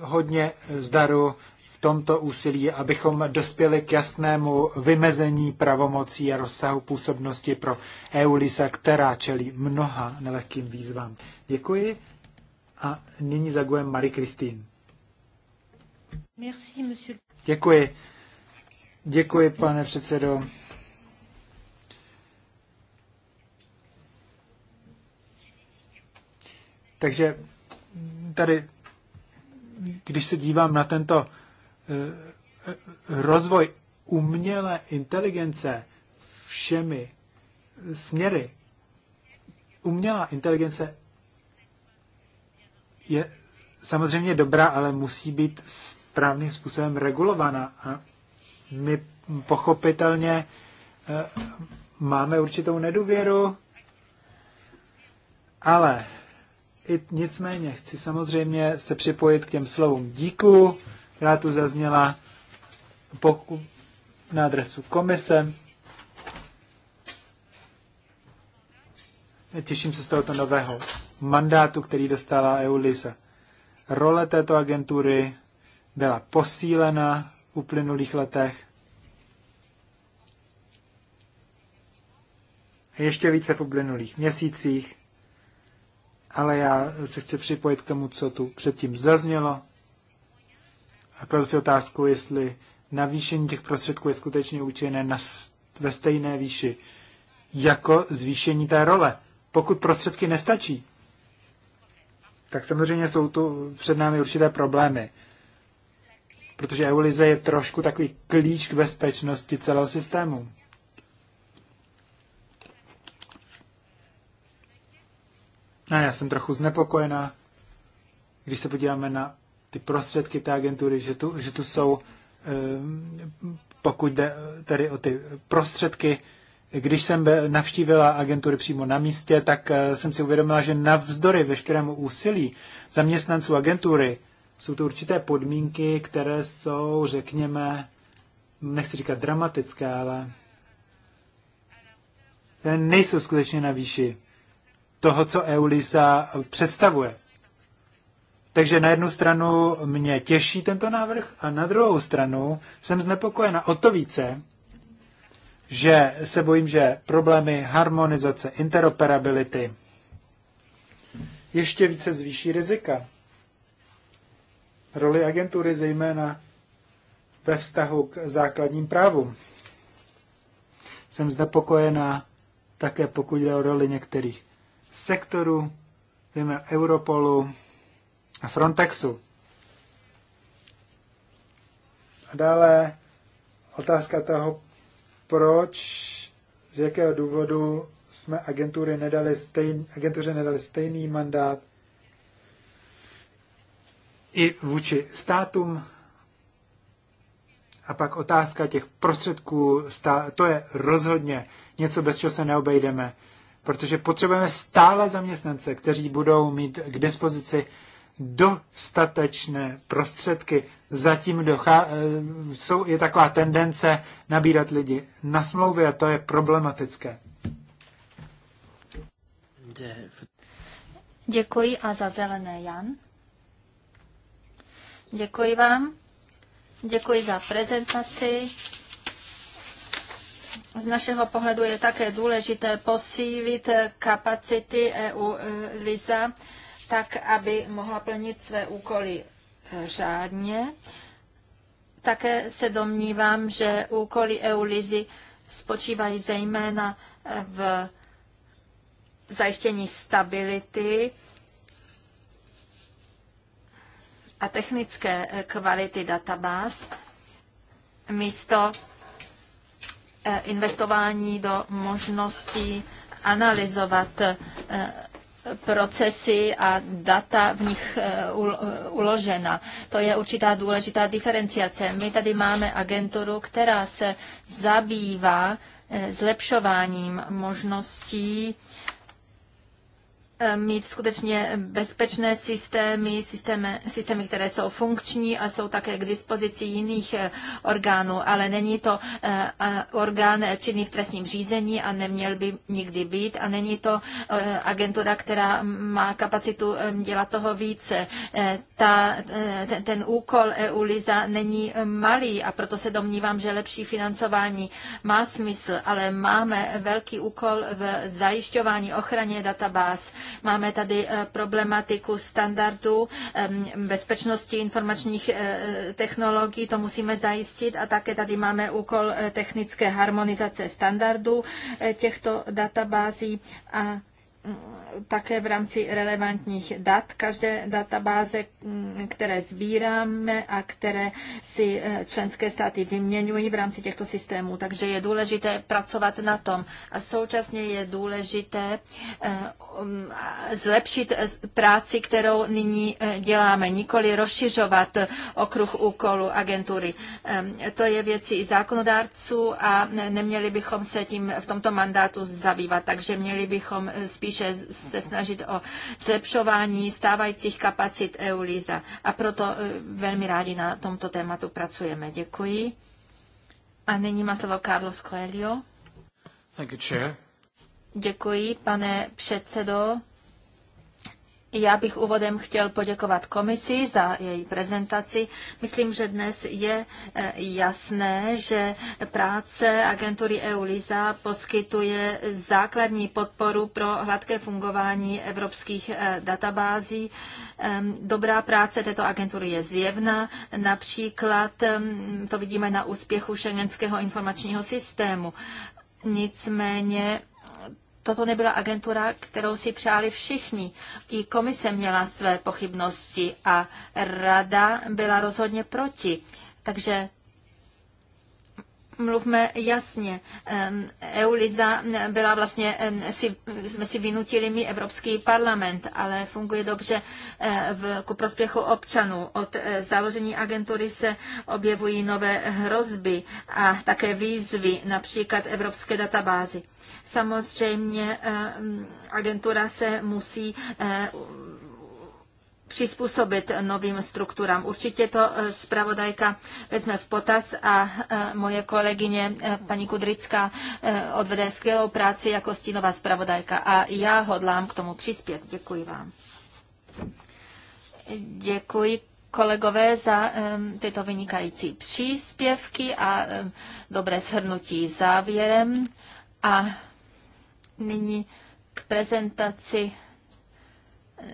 hodně zdaru v tomto úsilí, abychom dospěli k jasnému vymezení pravomocí a rozsahu působnosti pro EULISA, která čelí mnoha nelehkým výzvám. Děkuji a nyní zagujem Marie Christine. Děkuji. Děkuji, pane předsedo. Takže tady, když se dívám na tento eh, rozvoj umělé inteligence všemi směry, umělá inteligence je samozřejmě dobrá, ale musí být správným způsobem regulovaná a my pochopitelně eh, máme určitou nedůvěru, ale i nicméně chci samozřejmě se připojit k těm slovům díku, která tu zazněla poku, na adresu komise. Těším se z tohoto nového mandátu, který dostala EULISA. Role této agentury byla posílena uplynulých letech. Ještě více v uplynulých měsících, ale já se chci připojit k tomu, co tu předtím zaznělo. A kladu si otázku, jestli navýšení těch prostředků je skutečně účinné na, ve stejné výši jako zvýšení té role. Pokud prostředky nestačí, tak samozřejmě jsou tu před námi určité problémy protože EULIZE je trošku takový klíč k bezpečnosti celého systému. A já jsem trochu znepokojená, když se podíváme na ty prostředky té agentury, že tu, že tu jsou, ehm, pokud jde tedy o ty prostředky, když jsem navštívila agentury přímo na místě, tak eh, jsem si uvědomila, že navzdory veškerému úsilí zaměstnanců agentury jsou to určité podmínky, které jsou, řekněme, nechci říkat dramatické, ale které nejsou skutečně na výši toho, co Eulisa představuje. Takže na jednu stranu mě těší tento návrh a na druhou stranu jsem znepokojena o to více, že se bojím, že problémy harmonizace, interoperability ještě více zvýší rizika roli agentury zejména ve vztahu k základním právům. Jsem znepokojená také pokud jde o roli některých sektorů, zejména Europolu a Frontexu. A dále otázka toho, proč, z jakého důvodu jsme agentury nedali stejný, agentuře nedali stejný mandát i vůči státům. A pak otázka těch prostředků, to je rozhodně něco, bez čeho se neobejdeme, protože potřebujeme stále zaměstnance, kteří budou mít k dispozici dostatečné prostředky. Zatím dochá, eh, jsou, je taková tendence nabírat lidi na smlouvy a to je problematické. Děkuji a za zelené Jan. Děkuji vám. Děkuji za prezentaci. Z našeho pohledu je také důležité posílit kapacity EU e, LISA tak, aby mohla plnit své úkoly řádně. Také se domnívám, že úkoly EU LISA spočívají zejména v zajištění stability a technické eh, kvality databáz místo eh, investování do možností analyzovat eh, procesy a data v nich uložena. To je určitá důležitá diferenciace. My tady máme agenturu, která se zabývá zlepšováním možností mít skutečně bezpečné systémy, systémy, systémy, které jsou funkční a jsou také k dispozici jiných eh, orgánů, ale není to eh, eh, orgán činný v trestním řízení a neměl by nikdy být a není to agentura, která má kapacitu dělat toho více. Ta, ten, ten úkol EULISA není malý a proto se domnívám, že lepší financování má smysl, ale máme velký úkol v zajišťování ochraně databáz Máme tady eh, problematiku standardů bezpečnosti informačních eh, technologií, to musíme zajistit a také tady máme úkol eh, technické harmonizace standardů těchto databází a také v rámci relevantních dat, každé databáze, mm, které sbíráme a které si eh, členské státy vyměňují v rámci těchto systémů. Takže je důležité pracovat na tom. A současně je důležité eh, um, zlepšit práci, kterou nyní eh, děláme, nikoli rozšiřovat okruh úkolu agentury. Ehm, to je věci i zákonodárců a neměli bychom se tím v tomto mandátu zabývat, takže měli bychom spíš spíše se snažit o zlepšování stávajících kapacit EULISA. A proto e, velmi rádi na tomto tématu pracujeme. Děkuji. A nyní má slovo Carlos Coelho. Thank you, chair. Děkuji, pane předsedo. Já bych úvodem chtěl poděkovat komisi za její prezentaci. Myslím, že dnes je eh, jasné, že práce agentury EULISA poskytuje základní podporu pro hladké fungování evropských eh, databází. Ehm, dobrá práce této agentury je zjevná, například ehm, to vidíme na úspěchu šengenského informačního systému. Nicméně toto nebyla agentura, kterou si přáli všichni. I komise měla své pochybnosti a rada byla rozhodně proti. Takže mluvme jasně. EULISA byla vlastně, si, jsme si vynutili my Evropský parlament, ale funguje dobře eh, v, ku prospěchu občanů. Od eh, založení agentury se objevují nové hrozby a také výzvy, například evropské databázy. Samozřejmě agentura se musí eh, přizpůsobit novým strukturám. Určitě to eh, zpravodajka vezme v potaz a eh, moje kolegyně eh, paní Kudrická odvede skvělou práci jako stínová zpravodajka a já hodlám k tomu přispět. Děkuji vám. Děkuji kolegové za um, tyto vynikající příspěvky a um, dobré shrnutí závěrem. A nyní k prezentaci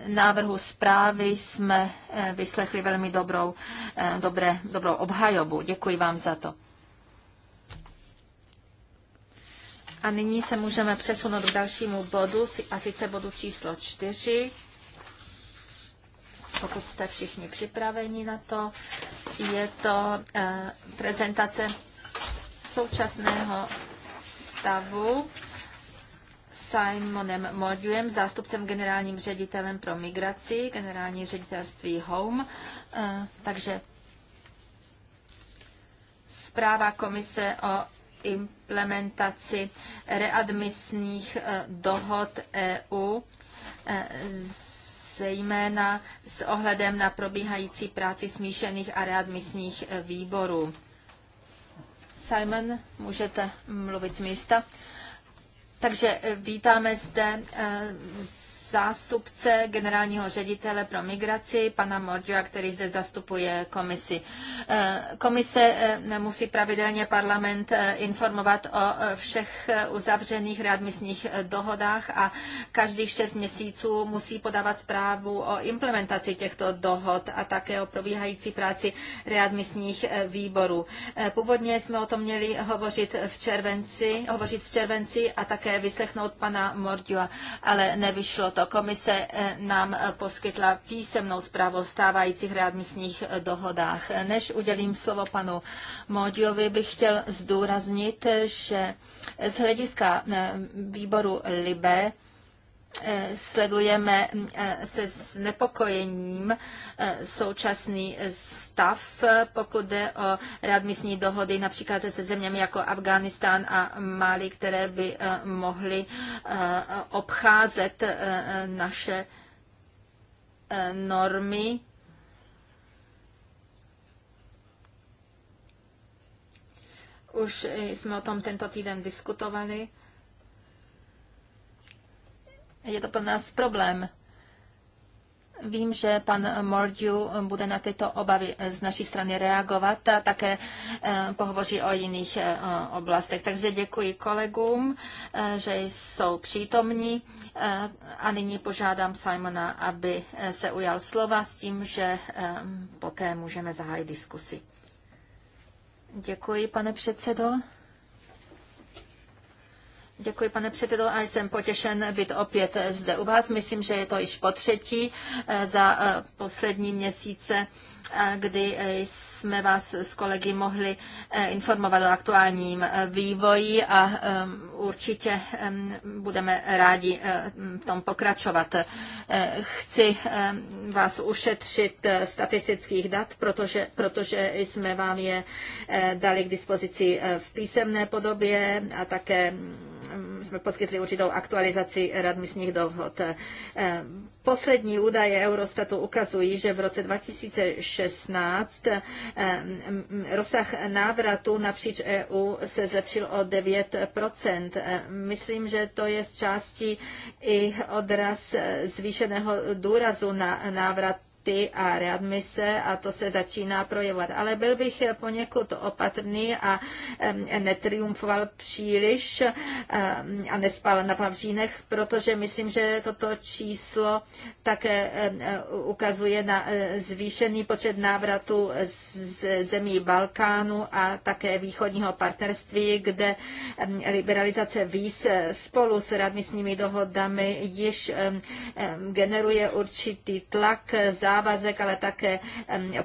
návrhu zprávy jsme eh, vyslechli velmi dobrou, eh, dobré, dobrou obhajobu. Děkuji vám za to. A nyní se můžeme přesunout k dalšímu bodu, a sice bodu číslo čtyři. Pokud jste všichni připraveni na to, je to eh, prezentace současného stavu Simonem Modlem, zástupcem generálním ředitelem pro migraci, generální ředitelství Home. Eh, takže zpráva komise o implementaci readmisních eh, dohod EU eh, zejména s ohledem na probíhající práci smíšených a readmisních výborů. Simon, můžete mluvit z místa. Takže eh, vítáme zde eh, zástupce generálního ředitele pro migraci, pana Mordua, který zde zastupuje komisi. Eh, komise eh, musí pravidelně parlament eh, informovat o všech uzavřených readmisních dohodách a každých šest měsíců musí podávat zprávu o implementaci těchto dohod a také o probíhající práci readmisních výborů. Původně jsme o tom měli hovořit v červenci, hovořit v červenci a také vyslechnout pana Mordua, ale nevyšlo toto. Komise eh, nám eh, poskytla písemnou zprávu o stávajících readmisních eh, dohodách. Než udělím slovo panu Modiovi, bych chtěl zdůraznit, že z hlediska výboru LIBE Eh, sledujeme eh, se znepokojením eh, současný stav, pokud jde o readmisní dohody například se zeměmi jako Afganistán a Mali, které by mohly obcházet naše normy. Už jsme o tom tento týden diskutovali. Je to pro nás problém. Vím, že pan Mordiu bude na tyto obavy z naší strany reagovat a také eh, pohovoří o jiných eh, oblastech. Takže děkuji kolegům, eh, že jsou přítomní a nyní požádám Simona, aby se ujal slova s tím, že poté můžeme zahájit diskusi. Děkuji, pane předsedo. Děkuji, pane předsedo, a jsem potěšen být opět zde u vás. Myslím, že je to již po třetí eh, za eh, poslední měsíce kdy e, jsme vás s kolegy mohli e, informovat o aktuálním e, vývoji a určitě budeme rádi v tom pokračovat. Chci vás ušetřit statistických dat, protože, protože jsme vám je dali k dispozici v písemné podobě a také jsme poskytli určitou aktualizaci radmisních dohod. Poslední údaje Eurostatu ukazují, že v roce 2006 16. Eh, rozsah návratu napříč EU se zlepšil o 9 eh, Myslím, že to je z části i odraz eh, zvýšeného důrazu na návrat kvóty a readmise a to se začíná projevovat. Ale byl bych poněkud opatrný a netriumfoval příliš a nespal na pavřínech, protože myslím, že toto číslo také ukazuje na e, zvýšený počet návratů z zemí Balkánu a také východního partnerství, kde liberalizace víz e, spolu s readmisními dohodami již generuje určitý tlak za závazek, ale také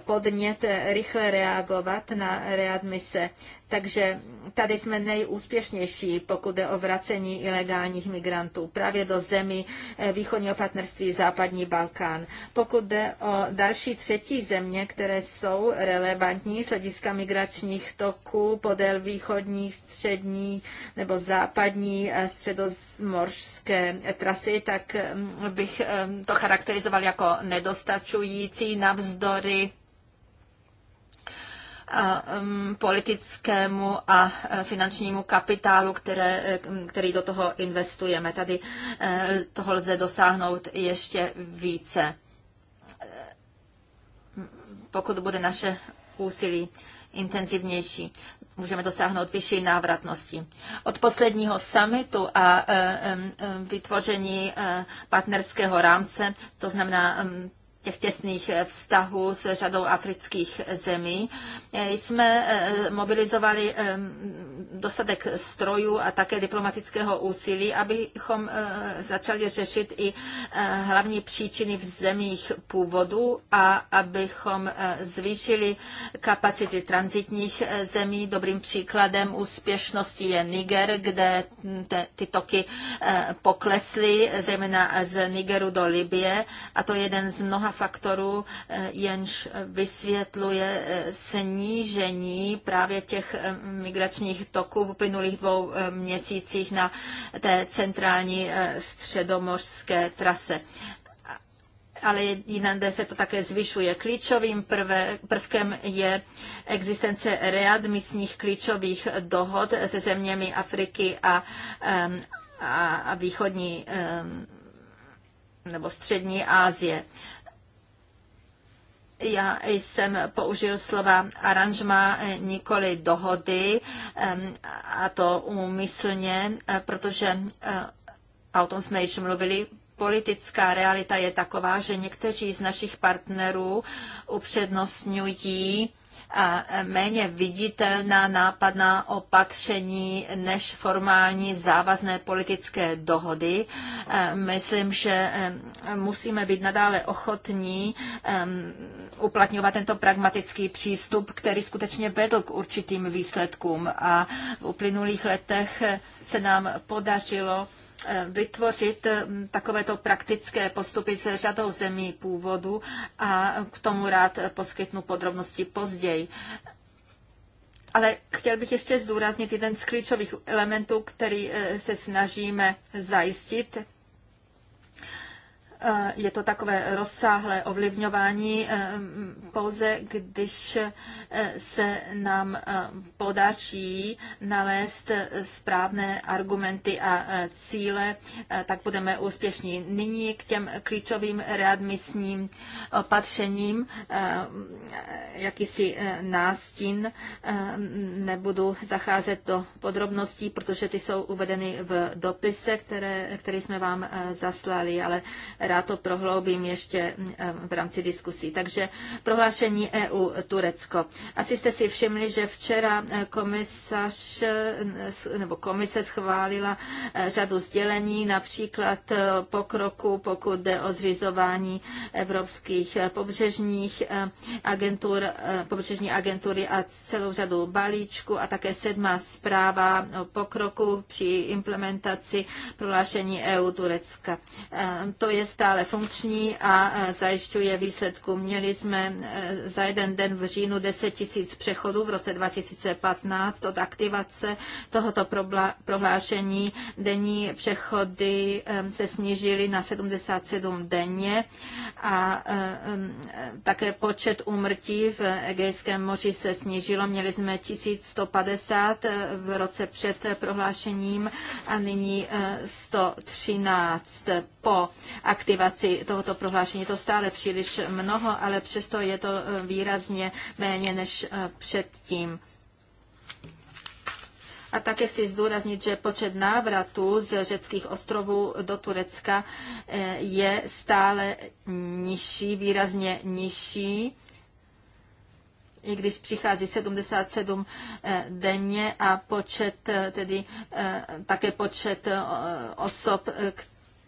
podnět eh, rychle reagovat na readmise. Takže tady jsme nejúspěšnější, pokud jde o vracení ilegálních migrantů právě do zemí eh, východního partnerství Západní Balkán. Pokud jde o další třetí země, které jsou relevantní z hlediska migračních toků podél východní, střední nebo západní eh, středozmořské trasy, tak mm, bych eh, to charakterizoval jako nedostačující navzdory politickému a e, finančnímu kapitálu, které, e, který do toho investujeme. Tady e, toho lze dosáhnout ještě více, pokud bude naše úsilí intenzivnější můžeme dosáhnout vyšší návratnosti. Od posledního summitu a vytvoření partnerského rámce, to znamená těch těsných eh, vztahů s řadou afrických zemí. Eh, jsme eh, mobilizovali ehm, dostatek strojů a také diplomatického úsilí, abychom začali řešit i hlavní příčiny v zemích původu a abychom zvýšili kapacity transitních zemí. Dobrým příkladem úspěšnosti je Niger, kde ty toky poklesly, zejména z Nigeru do Libie a to je jeden z mnoha faktorů, eh, jenž vysvětluje eh, snížení právě těch eh, migračních toků v uplynulých dvou měsících na té centrální středomořské trase ale jinde se to také zvyšuje. Klíčovým prve, prvkem je existence readmisních klíčových dohod se zeměmi Afriky a, a, a východní nebo střední Asie. Já jsem použil slova aranžma, eh, nikoli dohody, a to úmyslně, eh, protože, eh, a o tom jsme již mluvili, politická realita je taková, že někteří z našich partnerů upřednostňují méně viditelná nápadná opatření než formální závazné politické dohody. Myslím, že e, musíme být nadále ochotní e, uplatňovat tento pragmatický přístup, který skutečně vedl k určitým výsledkům a v uplynulých letech se nám podařilo Eh, vytvořit mm, takovéto praktické postupy s řadou zemí původu a k tomu rád poskytnu podrobnosti později. Ale chtěl bych ještě zdůraznit jeden z klíčových elementů, který eh, se snažíme zajistit je to takové rozsáhlé ovlivňování eh, pouze, když eh, se nám eh, podaří nalézt správné argumenty a cíle, tak budeme úspěšní. Nyní k těm klíčovým readmisním opatřením jakýsi nástin. Nebudu zacházet do podrobností, protože ty jsou uvedeny v dopise, které, který jsme vám zaslali, ale rád to prohloubím ještě mm, v rámci diskusí. Takže prohlášení EU Turecko. Asi jste si všimli, že včera e, komisař e, nebo komise schválila e, řadu sdělení, například pokroku, pokud jde o zřizování evropských pobřežních agentur, pobřežní agentury a celou řadu balíčku a také sedmá zpráva o pokroku při implementaci prohlášení EU Turecka. To je stále funkční a e, zajišťuje výsledku. Měli jsme e, za jeden den v říjnu 10 tisíc přechodů v roce 2015 od aktivace tohoto prohlášení. Denní přechody e, se snížily na 77 denně a také počet úmrtí v Egejském moři se snížilo. Měli jsme 1150 v roce před prohlášením a nyní 113 po aktivaci motivaci tohoto prohlášení. To stále příliš mnoho, ale přesto je to eh, výrazně méně než eh, předtím. A také chci zdůraznit, že počet návratů z řeckých ostrovů do Turecka eh, je stále nižší, výrazně nižší i když přichází 77 denně a počet, tedy také počet osob,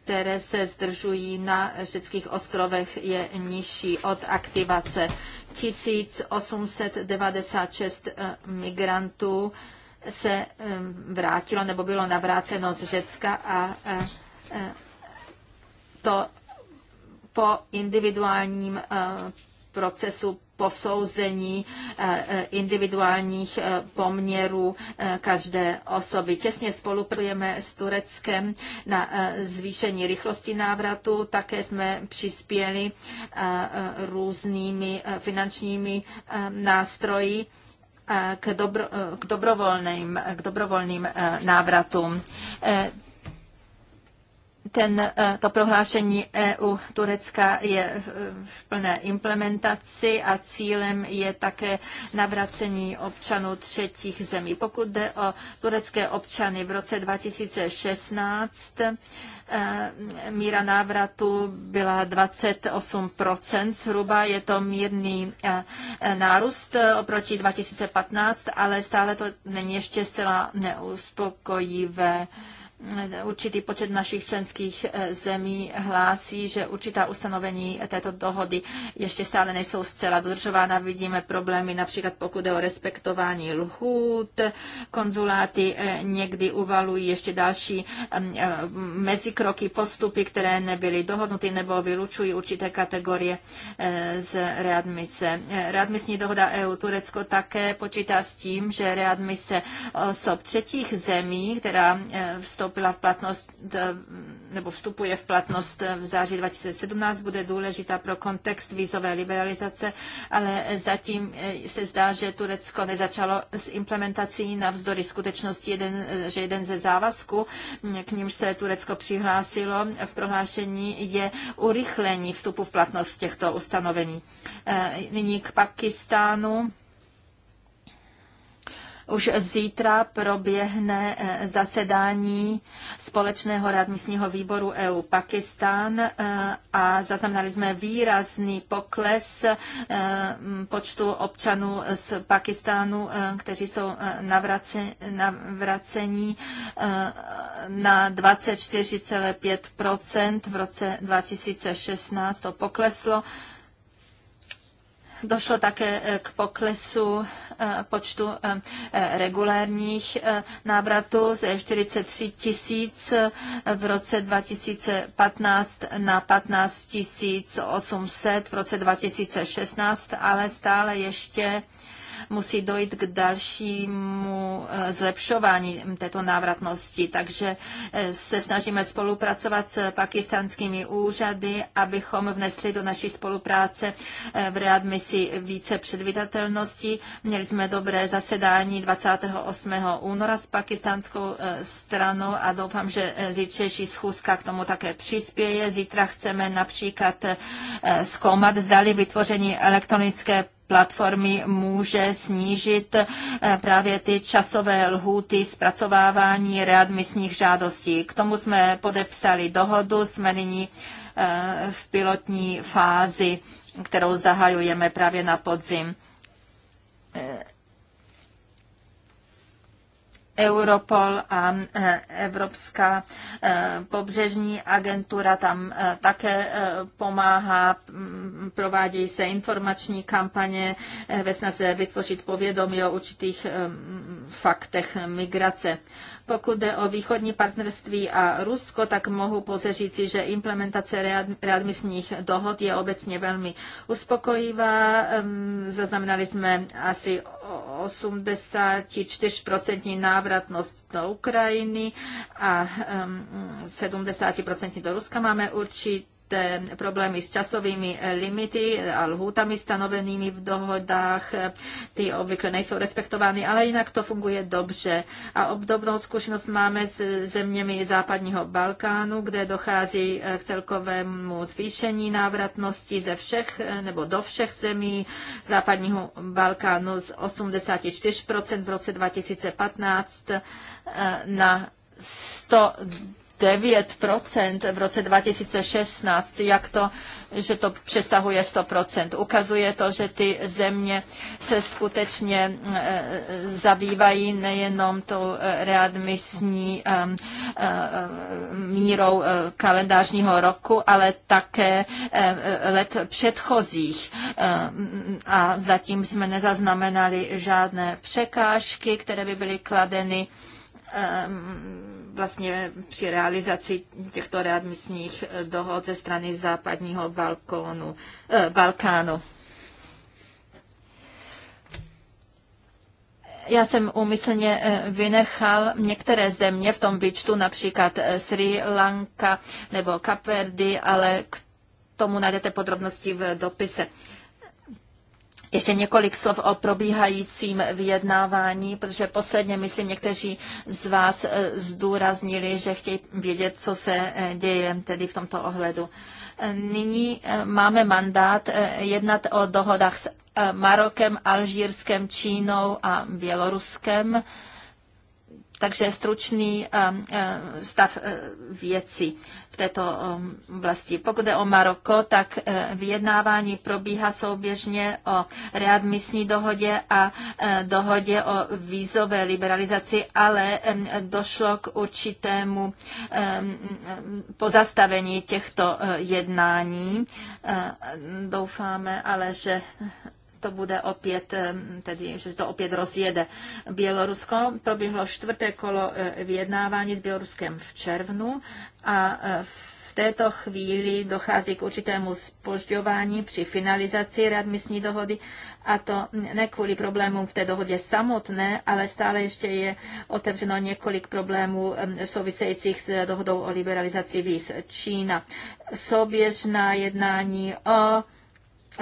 které se zdržují na řeckých ostrovech, je nižší od aktivace. 1896 eh, migrantů se eh, vrátilo nebo bylo navráceno z Řecka a eh, to po individuálním procesu posouzení eh, eh, individuálních eh, poměrů každé osoby. Těsně spolupracujeme s Tureckem na zvýšení rychlosti návratu, také jsme přispěli různými finančními nástroji k, dobro, k, dobrovolným, k dobrovolným návratům ten, eh, to prohlášení EU Turecka je v plné implementaci a cílem je také navracení občanů třetích zemí. Pokud jde o turecké občany v roce 2016, eh, míra návratu byla 28% zhruba, je to mírný eh, nárůst oproti 2015, ale stále to není ještě zcela neuspokojivé určitý počet našich členských e, zemí hlásí, že určitá ustanovení této dohody ještě stále nejsou zcela dodržována. Vidíme problémy například pokud je o respektování lhůt, konzuláty e, někdy uvalují ještě další e, mezikroky, postupy, které nebyly dohodnuty nebo vylučují určité kategorie z readmise. Readmisní dohoda EU-Turecko také počítá s tím, že readmise osob třetích zemí, která vstoupí vstoupila v platnost eh, nebo vstupuje v platnost eh, v září 2017, bude důležitá pro kontext vízové liberalizace, ale zatím eh, se zdá, že Turecko nezačalo s implementací navzdory skutečnosti, jeden, že jeden ze závazků, mm, k nímž se Turecko přihlásilo v prohlášení, je urychlení vstupu v platnost těchto ustanovení. Nyní k Pakistánu. Už zítra proběhne eh, zasedání společného radnicního výboru EU Pakistán eh, a zaznamenali jsme výrazný pokles eh, počtu občanů z Pakistánu, kteří jsou navracení na 24,5 v roce 2016. To pokleslo Došlo také eh, k poklesu eh, počtu eh, regulérních návratů ze 43 tisíc v roce 2015 na 15 800 v roce 2016, ale stále ještě musí dojít k dalšímu eh, zlepšování této návratnosti. Takže eh, se snažíme spolupracovat s pakistanskými úřady, abychom vnesli do naší spolupráce eh, v readmisi více předvydatelnosti. Měli jsme dobré zasedání 28. února s pakistánskou stranou a doufám, že zítřejší schůzka k tomu také přispěje. Zítra chceme například zkoumat, zdali vytvoření elektronické platformy může snížit eh, právě ty časové lhůty zpracovávání readmisních žádostí. K tomu jsme podepsali dohodu, jsme nyní eh, v pilotní fázi, kterou zahajujeme právě na podzim eh, Europol a e, Evropská e, pobřežní agentura tam e, také pomáhá. Provádějí se informační kampaně ve snaze vytvořit povědomí o určitých faktech migrace. Pokud jde o východní partnerství a Rusko, tak mohu pouze říci, že implementace readmisních dohod je obecně velmi uspokojivá. Zaznamenali jsme asi 84% návratnost do Ukrajiny a 70% do Ruska. Máme určitě té problémy s časovými eh, limity a lhůtami stanovenými v dohodách. Eh, Ty obvykle nejsou respektovány, ale jinak to funguje dobře. A obdobnou zkušenost máme s zeměmi západního Balkánu, kde dochází eh, k celkovému zvýšení návratnosti ze všech nebo do všech zemí západního Balkánu z 84% v roce 2015 na 100 9% v roce 2016, jak to, že to přesahuje 100%. Ukazuje to, že ty země se skutečně eh, zabývají nejenom tou eh, readmisní eh, mírou kalendářního roku, ale také let předchozích. A zatím jsme nezaznamenali žádné překážky, které by byly kladeny vlastně při realizaci těchto readmisních eh, dohod ze strany západního balkónu, eh, Balkánu. Já jsem úmyslně eh, vynechal některé země v tom výčtu, například eh, Sri Lanka nebo Kapverdy, ale k tomu najdete podrobnosti v dopise. Eh, ještě několik slov o probíhajícím vyjednávání, protože posledně, myslím, někteří z vás eh, zdůraznili, že chtějí vědět, co se eh, děje tedy v tomto ohledu. Eh, nyní máme mandát jednat o dohodách s Marokem, Alžírskem, Čínou a Běloruskem takže stručný eh, eh, stav eh, věcí v této oblasti. Pokud je o Maroko, tak vyjednávání probíhá souběžně o readmisní dohodě a dohodě o vízové liberalizaci, ale došlo k určitému pozastavení těchto jednání. Doufáme ale, že to bude opět, tedy, že to opět rozjede. Bělorusko proběhlo čtvrté kolo e, vyjednávání s Běloruskem v červnu a v e, v této chvíli dochází k určitému spožďování při finalizaci readmisní dohody a to ne kvůli problémům v té dohodě samotné, ale stále ještě je otevřeno několik problémů souvisejících s dohodou o liberalizaci víz. Čína. Souběžná jednání o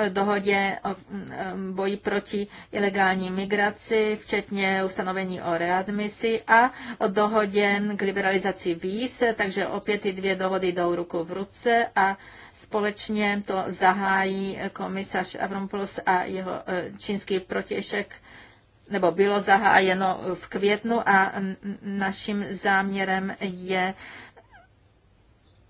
dohodě o mm, um, boji proti ilegální migraci, včetně ustanovení o readmisi a o dohodě k liberalizaci víz, takže opět ty dvě dohody jdou ruku v ruce a společně to zahájí komisař Avramopoulos a jeho eh, čínský protěšek, nebo bylo zahájeno v květnu a naším záměrem je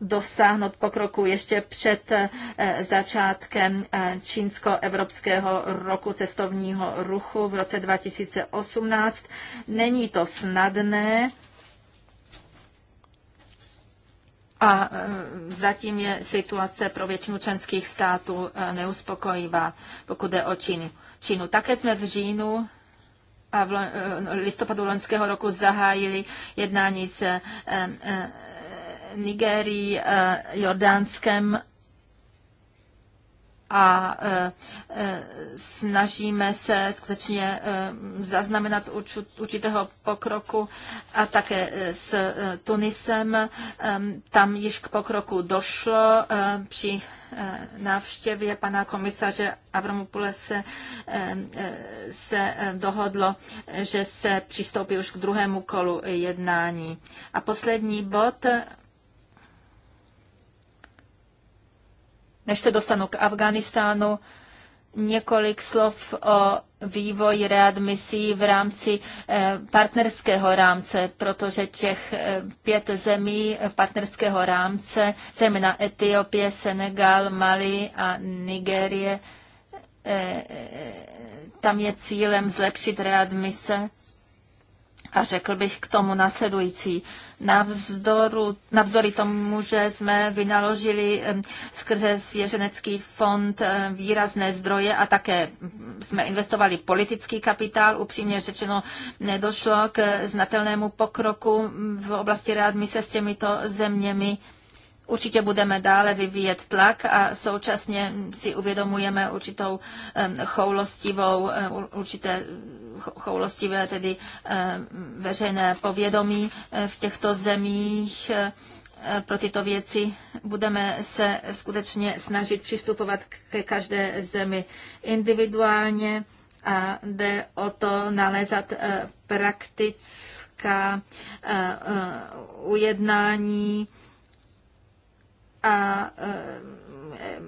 dosáhnout pokroku ještě před eh, začátkem eh, čínsko-evropského roku cestovního ruchu v roce 2018. Není to snadné a eh, zatím je situace pro většinu členských států neuspokojivá, pokud jde o Čínu. Čínu. Také jsme v říjnu a v listopadu loňského roku zahájili jednání s Nigérií, eh, Jordánskem a eh, eh, snažíme se skutečně zaznamenat určitého pokroku a také s Tunisem. Tam již k pokroku došlo při návštěvě pana komisaře Avramopule se, se dohodlo, že se přistoupí už k druhému kolu jednání. A poslední bod než se dostanu k Afganistánu, několik slov o vývoji readmisí v rámci eh, partnerského rámce, protože těch eh, pět zemí partnerského rámce, zejména Etiopie, Senegal, Mali a Nigérie, eh, tam je cílem zlepšit readmise a řekl bych k tomu nasledující. Navzdoru, navzdory tomu, že jsme vynaložili skrze svěřenecký fond výrazné zdroje a také jsme investovali politický kapitál, upřímně řečeno nedošlo k znatelnému pokroku v oblasti readmise s těmito zeměmi. Určitě budeme dále vyvíjet tlak a současně si uvědomujeme určitou choulostivou, určité choulostivé tedy veřejné povědomí eh, v těchto zemích eh, pro tyto věci. Budeme se skutečně snažit přistupovat ke každé zemi individuálně a jde o to nalézat eh, praktická ujednání a e,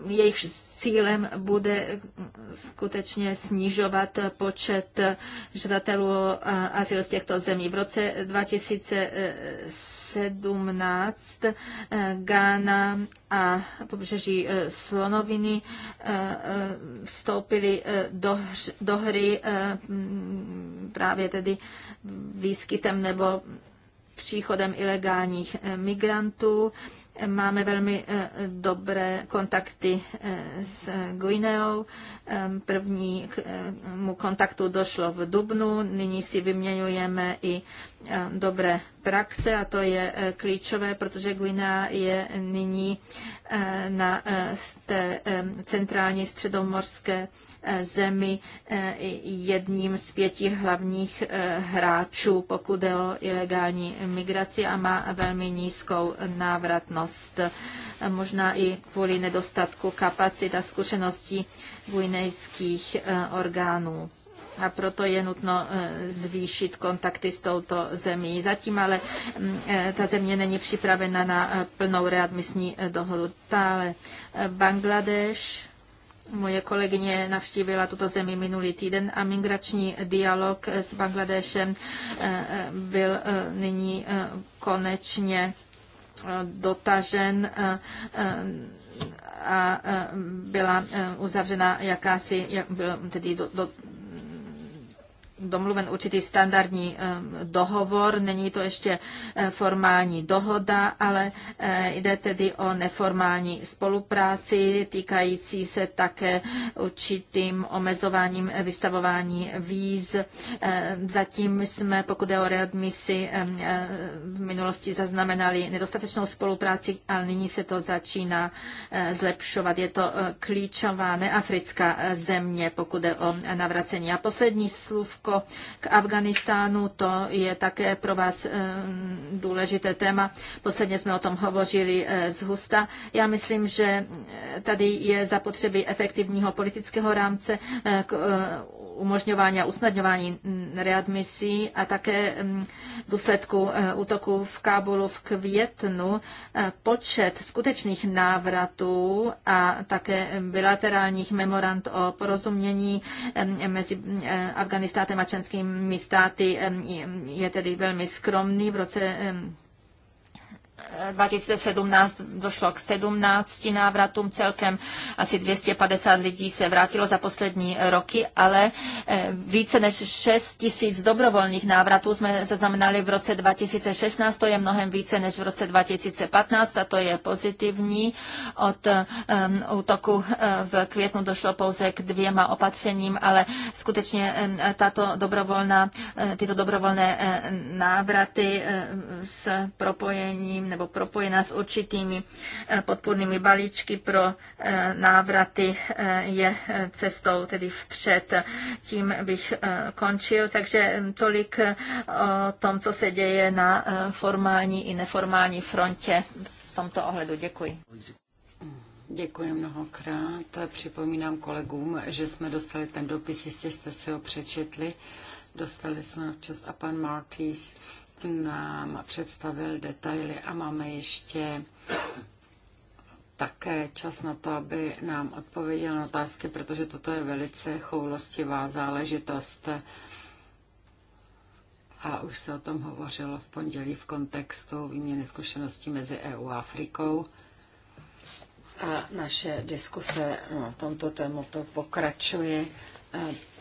jejich cílem bude skutečně snižovat počet žadatelů o azyl z těchto zemí. V roce 2017 e, Ghana a pobřeží e, Slonoviny vstoupili do, do hry právě tedy výskytem nebo příchodem ilegálních migrantů. Máme velmi eh, dobré kontakty eh, s Guineou, Prvnímu kontaktu došlo v Dubnu, nyní si vyměňujeme i dobré praxe a to je e, klíčové, protože Guinea je nyní e, na e, té centrální středomorské zemi jedním z pěti hlavních hráčů, pokud jde o ilegální migraci a má velmi nízkou návratnost. Možná i kvůli nedostatku kapacit a zkušeností Guinea guinejských eh, orgánů a proto je nutno eh, zvýšit kontakty s touto zemí. Zatím ale mm, eh, ta země není připravena na plnou readmisní dohodu. Ale Bangladeš, moje kolegyně navštívila tuto zemi minulý týden a migrační dialog s Bangladešem byl nyní konečně dotažen eh, eh, a eh, byla uzavřena jakási, byl tedy do, do, domluven určitý standardní eh, dohovor, není to ještě eh, formální dohoda, ale eh, jde tedy o neformální spolupráci týkající se také určitým omezováním vystavování víz. Zatím jsme, pokud je o readmisi, v minulosti zaznamenali nedostatečnou spolupráci, ale nyní se to začíná zlepšovat. Je to klíčová neafrická země, pokud je o navracení. A poslední slůvko stanovisko k Afganistánu, to je také pro vás eh, důležité téma. Posledně jsme o tom hovořili eh, z Husta. Já myslím, že eh, tady je zapotřebí efektivního politického rámce k umožňování a usnadňování mm, readmisí a také v mm, důsledku útoku v Kábulu v květnu počet skutečných návratů a také bilaterálních memorand o porozumění mezi Afganistánem státem členskými státy je tedy velmi skromný. V roce 2017 došlo k 17 návratům, celkem asi 250 lidí se vrátilo za poslední roky, ale eh, více než 6 tisíc dobrovolných návratů jsme zaznamenali v roce 2016, to je mnohem více než v roce 2015 a to je pozitivní. Od um, útoku eh, v květnu došlo pouze k dvěma opatřením, ale skutečně tato dobrovolná, tyto dobrovolné návraty s propojením nebo propojena s určitými eh, podpůrnými balíčky pro eh, návraty eh, je cestou tedy vpřed. Tím bych končil, takže hm, tolik o tom, co se děje na formální i neformální frontě v tomto ohledu. Děkuji. Děkuji mnohokrát. Připomínám kolegům, že jsme dostali ten dopis, jistě jste si ho přečetli. Dostali jsme včas a pan Martis nám představil detaily a máme ještě také čas na to, aby nám odpověděl na otázky, protože toto je velice choulostivá záležitost. A už se o tom hovořilo v pondělí v kontextu výměny zkušeností mezi EU a Afrikou. A naše diskuse na no, tomto tématu pokračuje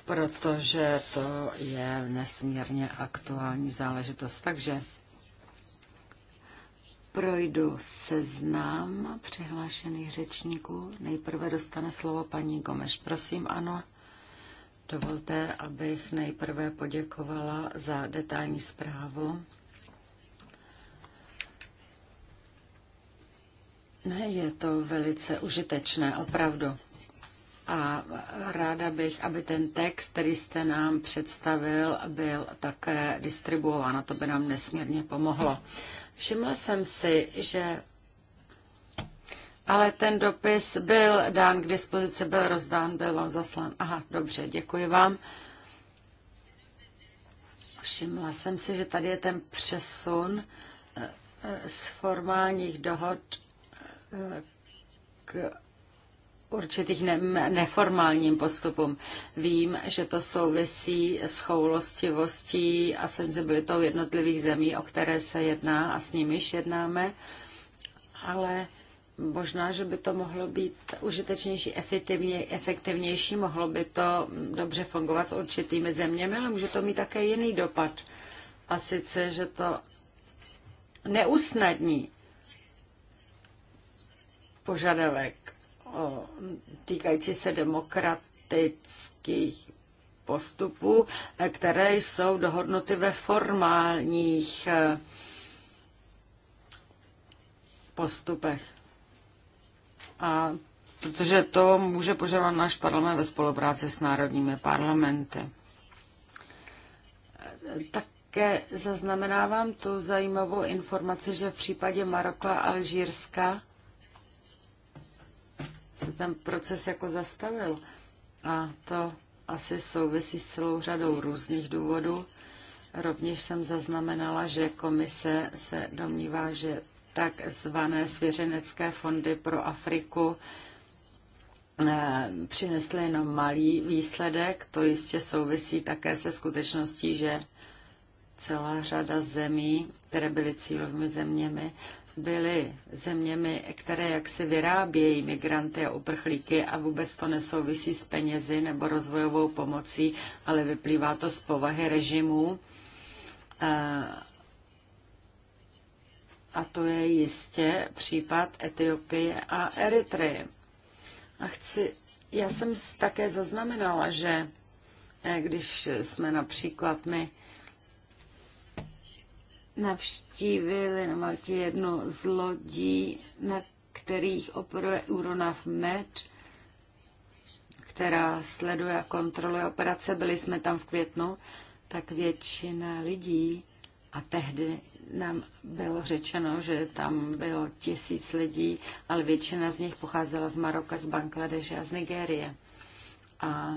protože to je nesmírně aktuální záležitost. Takže projdu seznám přihlášených řečníků. Nejprve dostane slovo paní Gomeš. Prosím, ano. Dovolte, abych nejprve poděkovala za detailní zprávu. Ne, je to velice užitečné, opravdu a ráda bych, aby ten text, který jste nám představil, byl také distribuován. A to by nám nesmírně pomohlo. Všimla jsem si, že ale ten dopis byl dán k dispozici, byl rozdán, byl vám zaslán. Aha, dobře, děkuji vám. Všimla jsem si, že tady je ten přesun eh, eh, z formálních dohod eh, k určitých ne- neformálním postupům. Vím, že to souvisí s choulostivostí a senzibilitou jednotlivých zemí, o které se jedná a s nimiž jednáme, ale možná, že by to mohlo být užitečnější, efektivně, efektivnější, mohlo by to dobře fungovat s určitými zeměmi, ale může to mít také jiný dopad. A sice, že to neusnadní požadavek týkající se demokratických postupů, e, které jsou dohodnuty ve formálních e, postupech. A protože to může požadovat náš parlament ve spolupráci s národními parlamenty. Také zaznamenávám tu zajímavou informaci, že v případě Maroka a Alžírska ten proces jako zastavil. A to asi souvisí s celou řadou různých důvodů. Rovněž jsem zaznamenala, že komise se domnívá, že tak zvané svěřenecké fondy pro Afriku eh, přinesly jenom malý výsledek. To jistě souvisí také se skutečností, že celá řada zemí, které byly cílovými zeměmi, byly zeměmi, které jaksi vyrábějí migranty a uprchlíky a vůbec to nesouvisí s penězi nebo rozvojovou pomocí, ale vyplývá to z povahy režimů. A to je jistě případ Etiopie a Eritry. A chci, já jsem také zaznamenala, že eh, když jsme například my navštívili na Maltě jednu z lodí, na kterých operuje Uronav Med, která sleduje a kontroluje operace. Byli jsme tam v květnu, tak většina lidí a tehdy nám bylo řečeno, že tam bylo tisíc lidí, ale většina z nich pocházela z Maroka, z Bangladeže a z Nigérie. A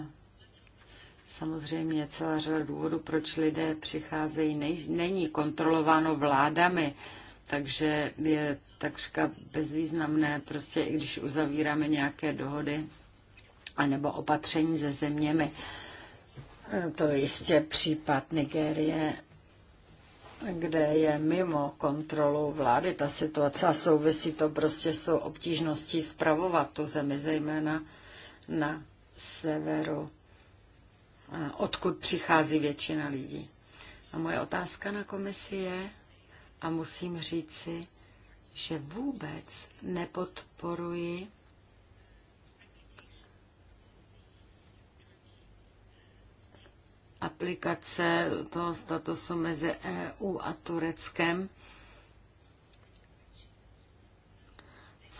samozřejmě celá řada důvodů, proč lidé přicházejí, není kontrolováno vládami, takže je takřka bezvýznamné, prostě i když uzavíráme nějaké dohody anebo opatření se zeměmi. To je jistě případ Nigérie, kde je mimo kontrolu vlády ta situace a souvisí to prostě s obtížností spravovat tu zemi, zejména na severu odkud přichází většina lidí. A moje otázka na komisi je, a musím říci, že vůbec nepodporuji aplikace toho statusu mezi EU a Tureckem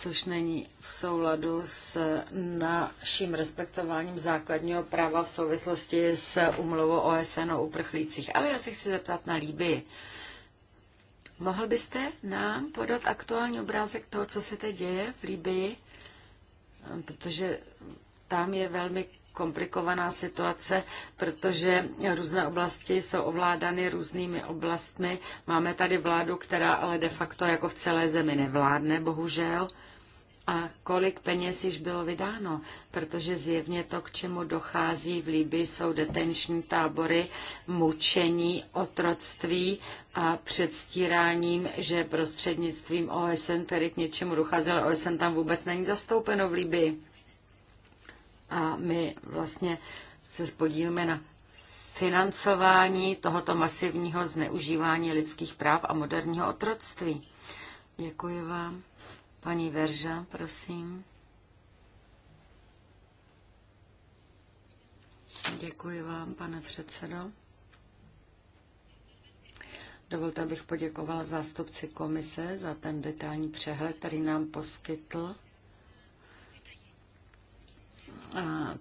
což není v souladu s naším respektováním základního práva v souvislosti s umluvou OSN o uprchlících. Ale já se chci zeptat na Líbii. Mohl byste nám podat aktuální obrázek toho, co se teď děje v Líbii? Protože tam je velmi komplikovaná situace, protože různé oblasti jsou ovládány různými oblastmi. Máme tady vládu, která ale de facto jako v celé zemi nevládne, bohužel a kolik peněz již bylo vydáno, protože zjevně to, k čemu dochází v Líbii, jsou detenční tábory, mučení, otroctví a předstíráním, že prostřednictvím OSN který k něčemu docházelo. OSN tam vůbec není zastoupeno v Líbii. A my vlastně se spodílíme na financování tohoto masivního zneužívání lidských práv a moderního otroctví. Děkuji vám. Paní Verža, prosím. Děkuji vám, pane předsedo. Dovolte, abych poděkovala zástupci komise za ten detailní přehled, který nám poskytl.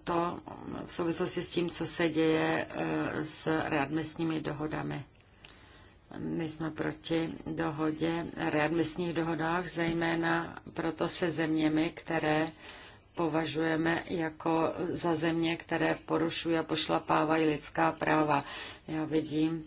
To v souvislosti s tím, co se děje e, s readmisními dohodami. My jsme proti dohodě, readmisních dohodách, zejména proto se zeměmi, které považujeme jako za země, které porušují a pošlapávají lidská práva. Já vidím,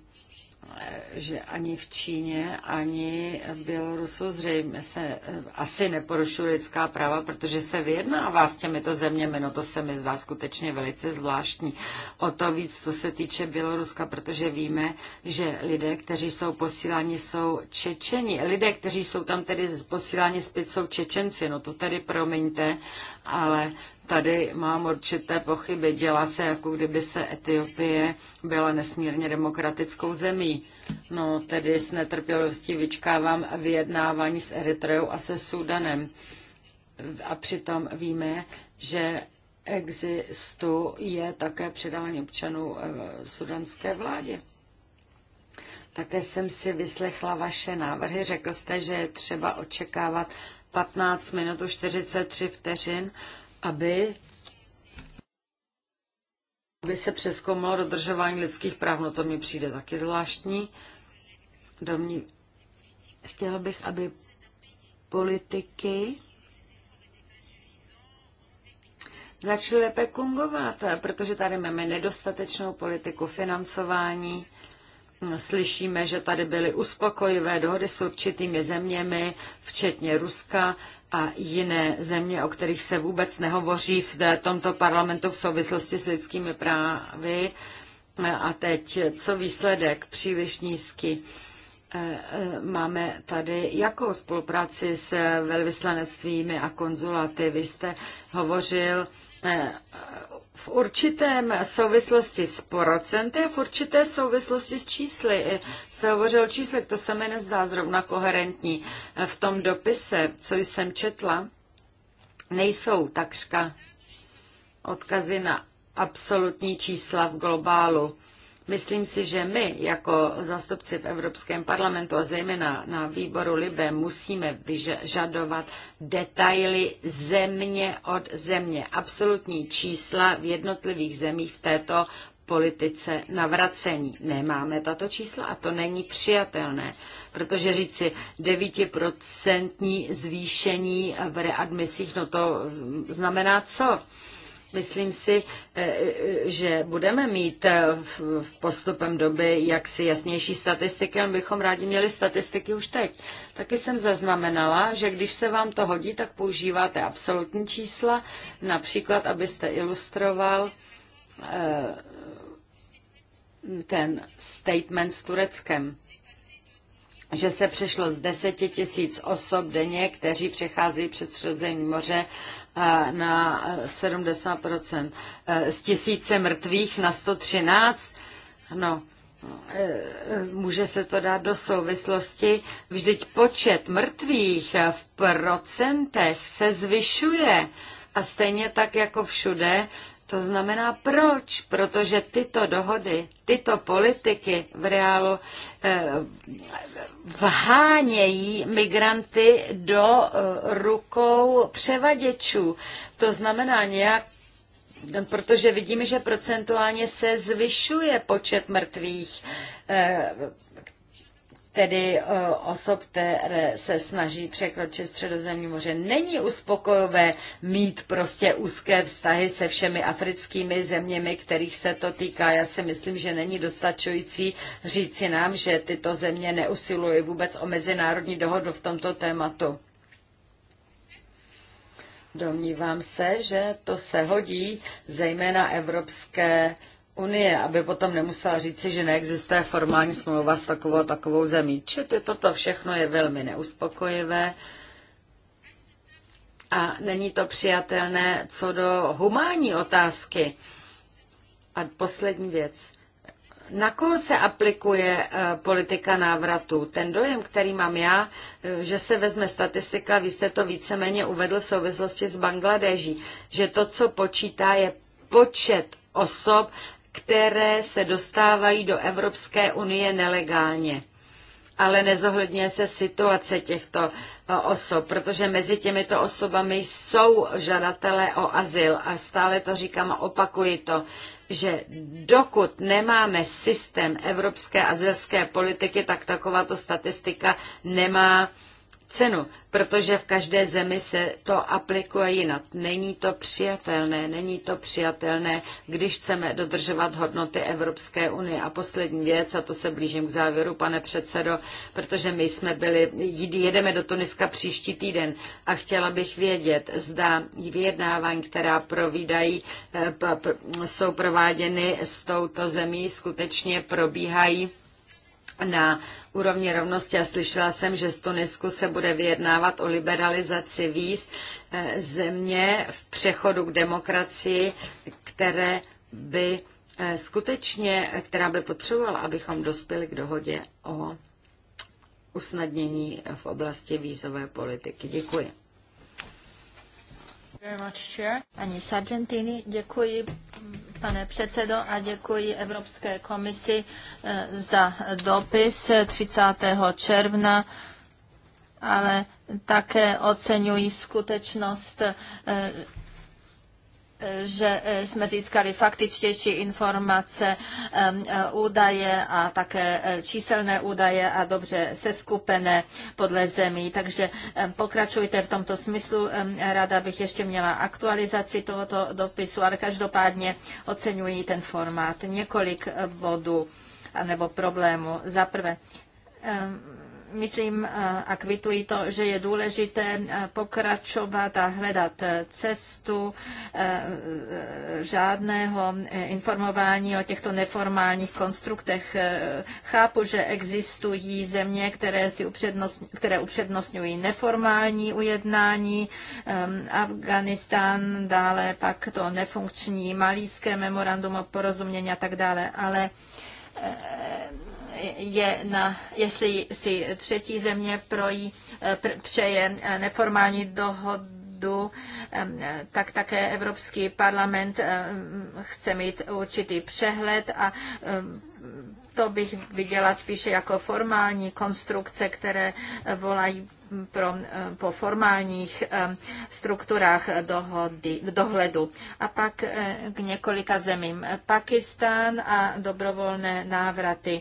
že ani v Číně, ani v Bělorusu zřejmě se asi neporušují lidská práva, protože se vyjednává s těmito zeměmi. No to se mi zdá skutečně velice zvláštní. O to víc, co se týče Běloruska, protože víme, že lidé, kteří jsou posíláni, jsou Čečeni. Lidé, kteří jsou tam tedy posíláni zpět, jsou Čečenci. No to tedy promiňte, ale Tady mám určité pochyby. Dělá se, jako kdyby se Etiopie byla nesmírně demokratickou zemí. No, tedy s netrpělostí vyčkávám vyjednávání s Eritreou a se Sudanem. A přitom víme, že je také předávání občanů eh, sudanské vládě. Také jsem si vyslechla vaše návrhy. Řekl jste, že je třeba očekávat 15 minut 43 vteřin aby aby se přeskoumalo dodržování lidských práv, no to mi přijde taky zvláštní. Domní... Chtěla bych, aby politiky začaly lépe fungovat, protože tady máme nedostatečnou politiku financování slyšíme, že tady byly uspokojivé dohody s určitými zeměmi, včetně Ruska a jiné země, o kterých se vůbec nehovoří v tomto parlamentu v souvislosti s lidskými právy. A teď, co výsledek? Příliš nízky. Eh, eh, máme tady jakou spolupráci s velvyslanectvími a konzulaty? Vy jste hovořil eh, v určitém souvislosti s procenty a v určité souvislosti s čísly. Jste hovořil o číslech, to se mi nezdá zrovna koherentní. V tom dopise, co jsem četla, nejsou takřka odkazy na absolutní čísla v globálu. Myslím si, že my jako zastupci v Evropském parlamentu a zejména na výboru Libe musíme vyžadovat detaily země od země, absolutní čísla v jednotlivých zemích v této politice navracení. Nemáme tato čísla a to není přijatelné, protože říci 9% zvýšení v readmisích, no to znamená co? Myslím si, eh, eh, že budeme mít eh, v postupem doby jaksi jasnější statistiky, ale bychom rádi měli statistiky už teď. Taky jsem zaznamenala, že když se vám to hodí, tak používáte absolutní čísla, například, abyste ilustroval ten statement s Tureckem že se přešlo z deseti tisíc osob denně, kteří přecházejí přes Středozemní moře na 70%, e, z tisíce mrtvých na 113. No, e, může se to dát do souvislosti. Vždyť počet mrtvých v procentech se zvyšuje. A stejně tak jako všude to znamená proč? Protože tyto dohody, tyto politiky v reálu eh, vhánějí migranty do eh, rukou převaděčů. To znamená nějak protože vidíme, že procentuálně se zvyšuje počet mrtvých eh, tedy eh, osob, které se snaží překročit středozemní moře. Není uspokojové mít prostě úzké vztahy se všemi africkými zeměmi, kterých se to týká. Já si myslím, že není dostačující říci nám, že tyto země neusilují vůbec o mezinárodní dohodu v tomto tématu. Domnívám se, že to se hodí zejména Evropské unie, aby potom nemusela říci, že neexistuje formální smlouva s takovou takovou zemí. Čili toto všechno je velmi neuspokojivé a není to přijatelné co do humánní otázky. A poslední věc. Na koho se aplikuje eh, politika návratu? Ten dojem, který mám já, eh, že se vezme statistika, vy jste to víceméně uvedl v souvislosti s Bangladeží, že to, co počítá, je počet osob, které se dostávají do Evropské unie nelegálně. Ale nezohledně se situace těchto eh, osob, protože mezi těmito osobami jsou žadatelé o azyl a stále to říkám a opakuji to, že dokud nemáme systém evropské azylské politiky, tak takováto statistika nemá cenu, protože v každé zemi se to aplikuje jinak. Není to přijatelné, není to přijatelné, když chceme dodržovat hodnoty Evropské unie. A poslední věc, a to se blížím k závěru, pane předsedo, protože my jsme byli, jedeme do Tuniska příští týden a chtěla bych vědět, zda vyjednávání, která provídají, eh, jsou prováděny s touto zemí, skutečně probíhají na úrovni rovnosti a slyšela jsem, že z Tunisku se bude vyjednávat o liberalizaci víz eh, země v přechodu k demokracii, které by eh, skutečně, která by potřebovala, abychom dospěli k dohodě o usnadnění v oblasti vízové politiky. Děkuji. Paní Sargentini, děkuji pane předsedo a děkuji Evropské komisi eh, za dopis 30. června, ale také oceňuji skutečnost, eh, že eh, jsme získali faktičtější informace, eh, eh, údaje a také číselné údaje a dobře seskupené podle zemí. Takže pokračujte v tomto smyslu. Ráda bych ještě měla aktualizaci tohoto dopisu, ale každopádně oceňuji ten formát. Několik bodů nebo problémů. Za prvé, myslím eh, a kvituji to, že je důležité eh, pokračovat a hledat eh, cestu žádného informování o těchto neformálních konstruktech. Chápu, že existují země, které, si upřednost, které upřednostňují neformální ujednání, ehm, Afganistán, dále pak to nefunkční malíské memorandum o porozumění a tak dále, ale je na, jestli si třetí země projí, eh, přeje eh, neformální dohodu, eh, tak také Evropský parlament chce mít určitý přehled a to bych viděla spíše jako formální konstrukce, které volají pro, po formálních strukturách dohody, dohledu. A pak k několika zemím. Pakistán a dobrovolné návraty.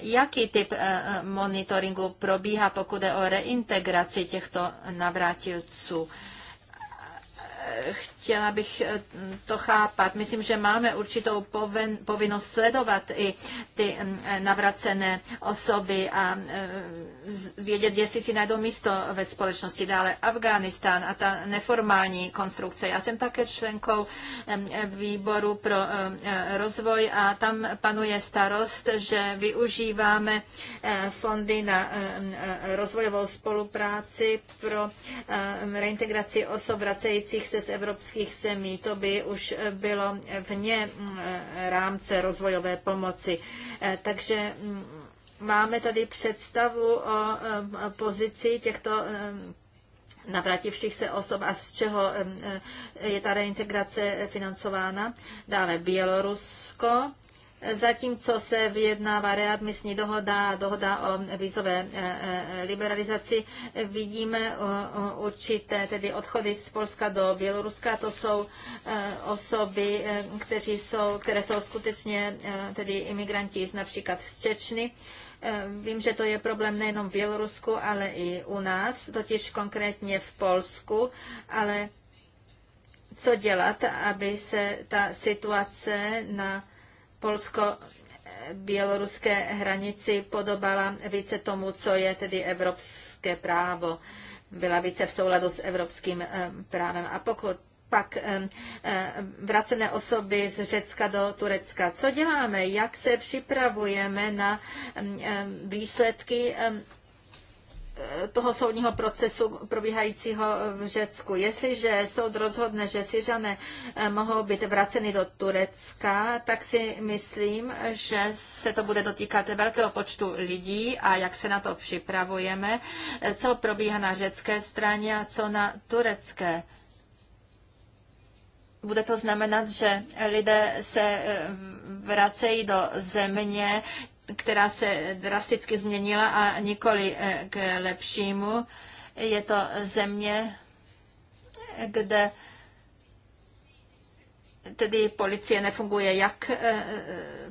Jaký typ eh, eh, monitoringu probíhá, pokud jde o reintegraci těchto navrátilců? chtěla bych eh, to chápat. Myslím, že máme určitou povinnost sledovat i ty mm, eh, navracené osoby a eh, vědět, jestli si najdou místo ve společnosti. Dále Afghánistán a ta neformální konstrukce. Já jsem také členkou mm, výboru pro rozvoj a tam panuje starost, že využíváme fondy na mm, rozvojovou spolupráci pro reintegraci osob vracejících peníze z evropských zemí. To by už bylo vně eh, rámce rozvojové pomoci. Eh, takže mm, máme tady představu o eh, pozici těchto navrativších se osob a z čeho je ta reintegrace financována. Dále Bělorusko zatímco se vyjednává readmisní dohoda, dohoda o vízové e, e, liberalizaci, vidíme e, určité tedy odchody z Polska do Běloruska. To jsou osoby, kteří jsou, které jsou skutečně tedy imigranti například z Čečny. Vím, že to je problém nejenom v Bělorusku, ale i u nás, totiž konkrétně v Polsku, ale co dělat, aby se ta situace na polsko-běloruské eh, hranici podobala více tomu, co je tedy evropské právo. Byla více v souladu s evropským eh, právem. A pokud pak eh, vracené osoby z Řecka do Turecka. Co děláme? Jak se připravujeme na mm, výsledky toho soudního procesu probíhajícího v Řecku. Jestliže soud rozhodne, že Syřané eh, mohou být vraceni do Turecka, tak si myslím, že se to bude dotýkat velkého počtu lidí a jak se na to připravujeme, eh, co probíhá na řecké straně a co na turecké. Bude to znamenat, že lidé se eh, vracejí do země, která se drasticky změnila a nikoli eh, k lepšímu. Je to země, kde tedy policie nefunguje, jak eh,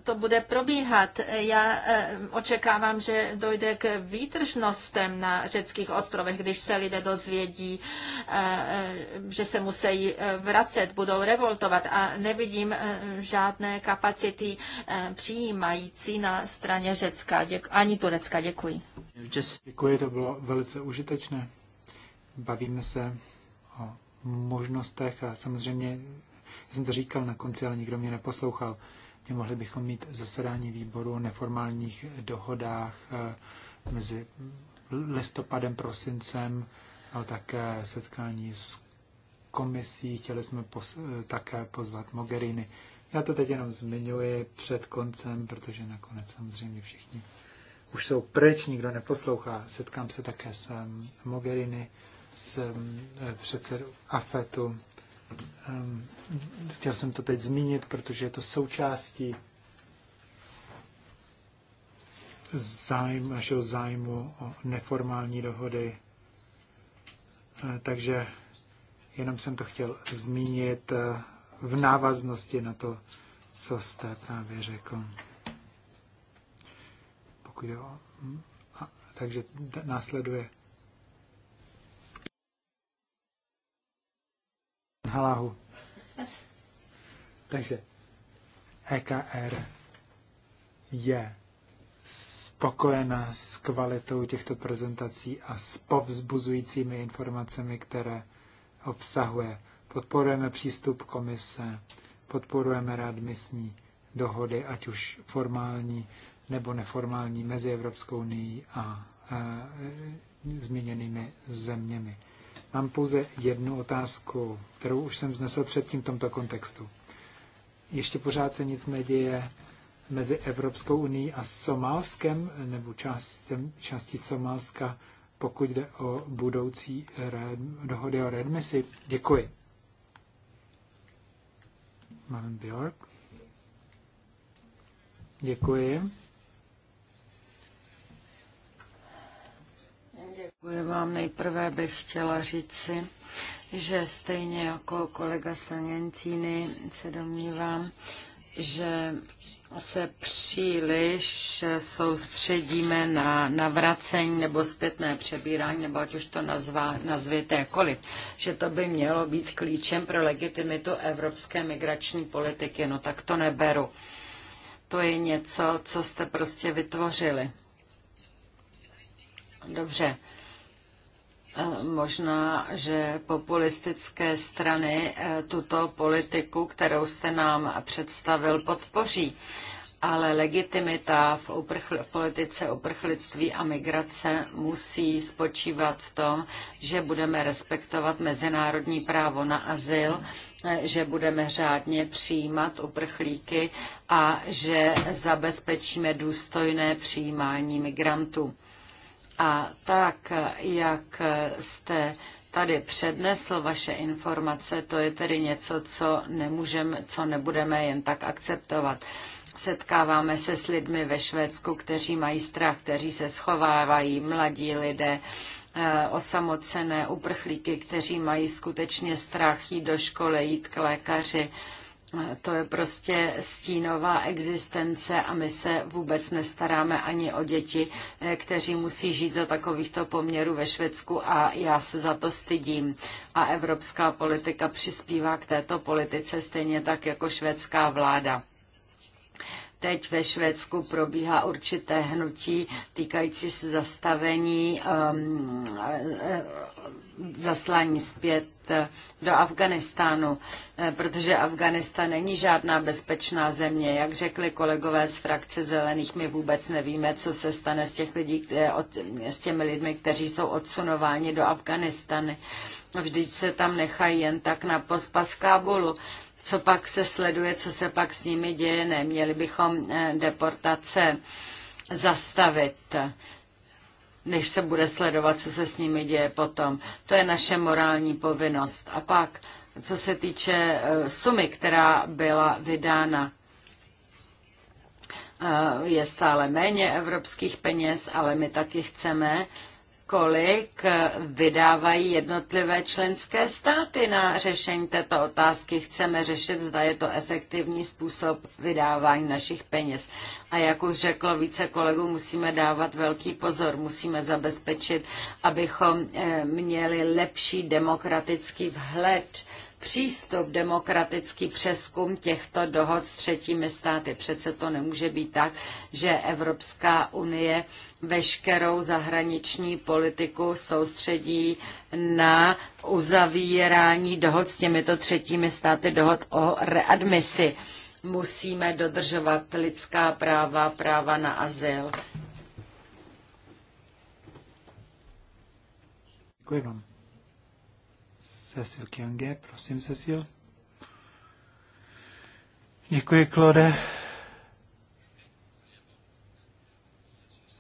to bude probíhat. Já eh, očekávám, že dojde k výtržnostem na řeckých ostrovech, když se lidé dozvědí, eh, že se musí vracet, budou revoltovat a nevidím žádné kapacity přijímající na straně Řecka, ani Turecka. Děkuji. Děkuji, to bylo velice užitečné. Bavíme se o možnostech a samozřejmě jsem to říkal na konci, ale nikdo mě neposlouchal. Nemohli bychom mít zasedání výboru o neformálních dohodách eh, mezi listopadem, prosincem, ale také setkání s komisí. Chtěli jsme pos- eh, také pozvat Mogherini. Já to teď jenom zmiňuji před koncem, protože nakonec samozřejmě všichni už jsou pryč, nikdo neposlouchá. Setkám se také s Mogherini, s eh, předsedou AFETu, Ehm, chtěl jsem to teď zmínit, protože je to součástí zájmu, našeho zájmu o neformální dohody. Eh, takže jenom jsem to chtěl zmínit eh, v návaznosti na to, co jste právě řekl. Pokud jo. Hm? A, takže následuje Halahu. Takže EKR je spokojená s kvalitou těchto prezentací a s povzbuzujícími informacemi, které obsahuje. Podporujeme přístup komise, podporujeme misní dohody, ať už formální nebo neformální, mezi Evropskou unii a a e, zmíněnými zeměmi. Mám pouze jednu otázku, kterou už jsem vznesl předtím v tomto kontextu. Ještě pořád se nic neděje mezi Evropskou unii a Somálskem, nebo částem, částí Somálska, pokud jde o budoucí red, dohody o redmisi. Děkuji. Mám Bjork. Děkuji. Děkuji vám. Nejprve bych chtěla říci, že stejně jako kolega Sangencini se domnívám, že se příliš soustředíme na navracení nebo zpětné přebírání, nebo ať už to nazvá, nazvěte jakkoliv, že to by mělo být klíčem pro legitimitu evropské migrační politiky. No tak to neberu. To je něco, co jste prostě vytvořili. Dobře, Možná, že populistické strany eh, tuto politiku, kterou jste nám představil, podpoří, ale legitimita v uprchl- politice uprchlictví a migrace musí spočívat v tom, že budeme respektovat mezinárodní právo na azyl, eh, že budeme řádně přijímat uprchlíky a že zabezpečíme důstojné přijímání migrantů. A tak, jak jste tady přednesl vaše informace, to je tedy něco, co, nemůžeme, co nebudeme jen tak akceptovat. Setkáváme se s lidmi ve Švédsku, kteří mají strach, kteří se schovávají, mladí lidé, eh, osamocené uprchlíky, kteří mají skutečně strach jít do školy, jít k lékaři to je prostě stínová existence a my se vůbec nestaráme ani o děti, eh, kteří musí žít za takovýchto poměrů ve Švédsku a já se za to stydím. A evropská politika přispívá k této politice stejně tak jako švédská vláda. Teď ve Švédsku probíhá určité hnutí týkající se zastavení um, eh, zaslání zpět eh, do Afganistánu, eh, protože Afganistán není žádná bezpečná země. Jak řekli kolegové z frakce Zelených, my vůbec nevíme, co se stane s, těch lidí, s těmi lidmi, kteří jsou odsunováni do Afganistany. Vždyť se tam nechají jen tak na pospas v Kábulu co pak se sleduje, co se pak s nimi děje. Neměli bychom eh, deportace zastavit, než se bude sledovat, co se s nimi děje potom. To je naše morální povinnost. A pak, co se týče eh, sumy, která byla vydána, eh, je stále méně evropských peněz, ale my taky chceme, kolik vydávají jednotlivé členské státy na řešení této otázky. Chceme řešit, zda je to efektivní způsob vydávání našich peněz. A jak už řeklo více kolegů, musíme dávat velký pozor, musíme zabezpečit, abychom eh, měli lepší demokratický vhled přístup, demokratický přeskum těchto dohod s třetími státy. Přece to nemůže být tak, že Evropská unie veškerou zahraniční politiku soustředí na uzavírání dohod s těmito třetími státy, dohod o readmisi. Musíme dodržovat lidská práva, práva na azyl. Děkuji vám. Cecil Kiange. Prosím, Cecil. Děkuji, Klode.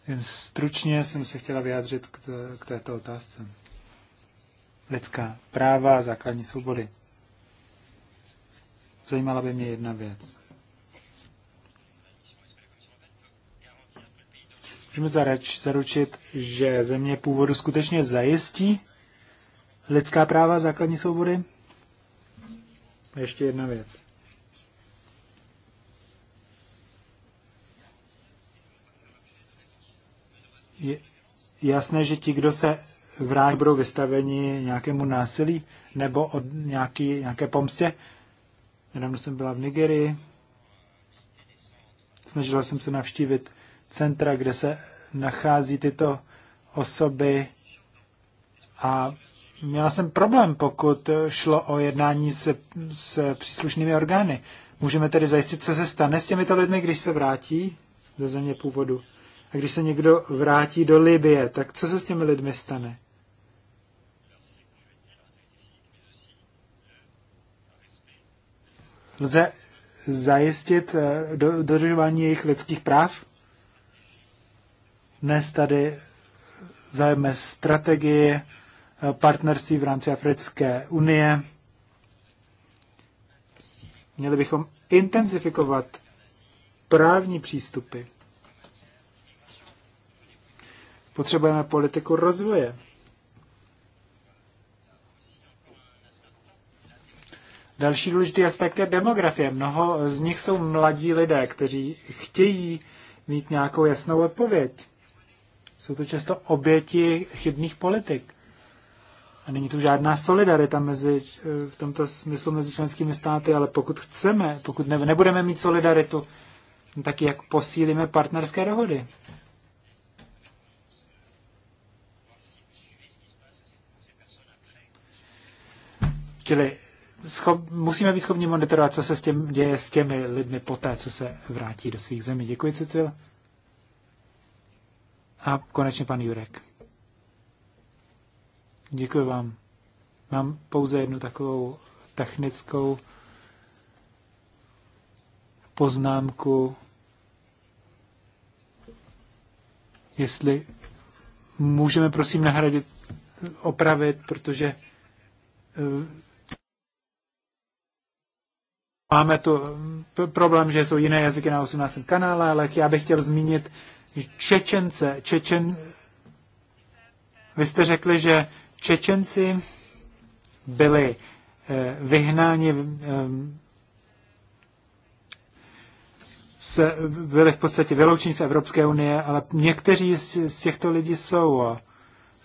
Jen stručně jsem se chtěla vyjádřit k, k této otázce. Lidská práva a základní svobody. Zajímala by mě jedna věc. Můžeme zaručit, že země původu skutečně zajistí Lidská práva, základní svobody. Ještě jedna věc. Je jasné, že ti, kdo se vrátí, budou vystaveni nějakému násilí nebo od nějaký, nějaké pomstě. Nedávno jsem byla v Nigerii. Snažila jsem se navštívit centra, kde se nachází tyto osoby a měla jsem problém, pokud šlo o jednání s, s příslušnými orgány. Můžeme tedy zajistit, co se stane s těmito lidmi, když se vrátí ze země původu. A když se někdo vrátí do Libie, tak co se s těmi lidmi stane? Lze zajistit eh, do, dodržování jejich lidských práv? Dnes tady zajeme strategii partnerství v rámci Africké unie. Měli bychom intenzifikovat právní přístupy. Potřebujeme politiku rozvoje. Další důležitý aspekt je demografie. Mnoho z nich jsou mladí lidé, kteří chtějí mít nějakou jasnou odpověď. Jsou to často oběti chybných politik. A není tu žádná solidarita mezi, eh, v tomto smyslu mezi členskými státy, ale pokud chceme, pokud ne, nebudeme mít solidaritu, no tak jak posílíme partnerské dohody? Čili schop, musíme být schopni monitorovat, co se s těm, děje s těmi lidmi poté, co se vrátí do svých zemí. Děkuji, Cecil. A konečně pan Jurek. Děkuji vám. Mám pouze jednu takovou technickou poznámku, jestli můžeme prosím nahradit, opravit, protože eh, máme to eh, problém, že jsou jiné jazyky na 18. kanále, ale já bych chtěl zmínit Čečence. Čečen, vy jste řekli, že Čečenci byli eh, vyhnáni eh, se, byli v podstatě vyloučeni z Evropské unie, ale někteří z, z těchto lidí jsou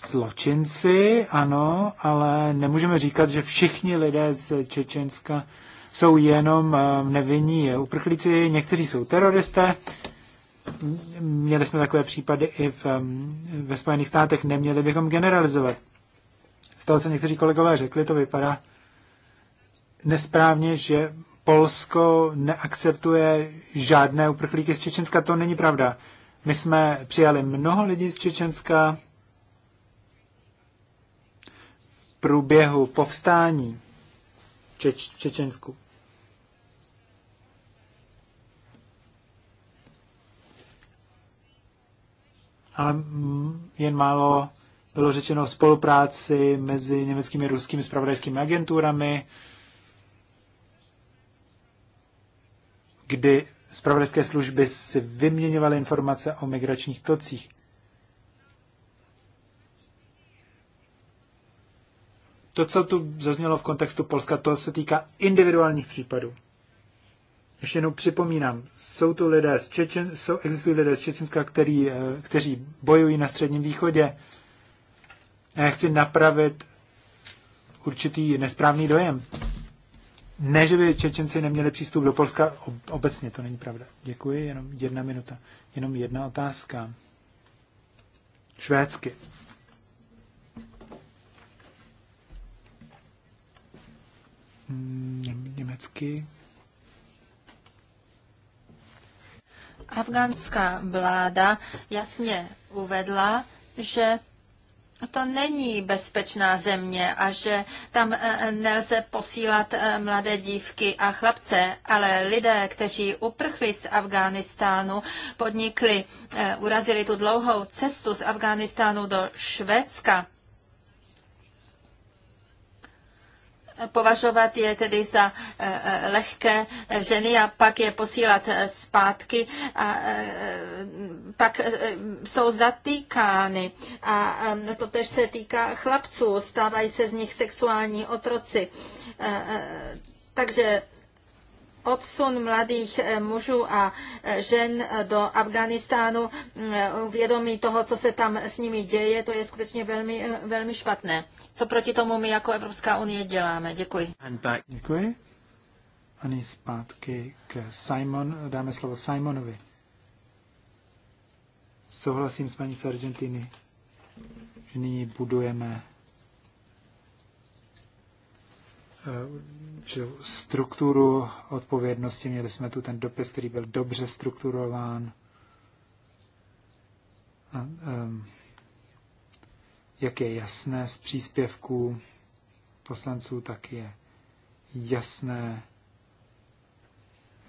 zločinci, ano, ale nemůžeme říkat, že všichni lidé z Čečenska jsou jenom eh, nevinní uprchlíci, někteří jsou teroristé. Měli jsme takové případy i v, ve Spojených státech, neměli bychom generalizovat toho, co někteří kolegové řekli, to vypadá nesprávně, že Polsko neakceptuje žádné uprchlíky z Čečenska. To není pravda. My jsme přijali mnoho lidí z Čečenska v průběhu povstání v Čeč- Čečensku. Ale jen málo bylo řečeno o spolupráci mezi německými a ruskými spravodajskými agenturami, kdy spravodajské služby si vyměňovaly informace o migračních tocích. To, co tu zaznělo v kontextu Polska, to se týká individuálních případů. Ještě jednou připomínám, jsou tu lidé z Čečen, jsou, existují lidé z Čečenska, který, eh, kteří bojují na Středním východě, a já chci napravit určitý nesprávný dojem. Ne, že by Čečenci neměli přístup do Polska, obecně to není pravda. Děkuji, jenom jedna minuta. Jenom jedna otázka. Švédsky. Hmm, německy. Afgánská vláda jasně uvedla, že to není bezpečná země a že tam eh, eh, nelze posílat eh, mladé dívky a chlapce, ale lidé, kteří uprchli z Afghánistánu, podnikli, urazili tu dlouhou cestu z Afghánistánu do Švédska, považovat je tedy za eh, eh, lehké eh, ženy a pak je posílat zpátky a pak jsou zatýkány a to tež se týká chlapců, stávají se z nich sexuální otroci. Takže odsun mladých eh, mužů a eh, žen eh, do Afganistánu, vědomí toho, co se tam s nimi děje, to je skutečně velmi, velmi špatné. Co proti tomu my jako Evropská unie děláme? Děkuji. Děkuji. A zpátky k Simon, dáme slovo Simonovi. Souhlasím s paní z že nyní budujeme že strukturu odpovědnosti. Měli jsme tu ten dopis, který byl dobře strukturován. A, um, jak je jasné z příspěvků poslanců, tak je jasné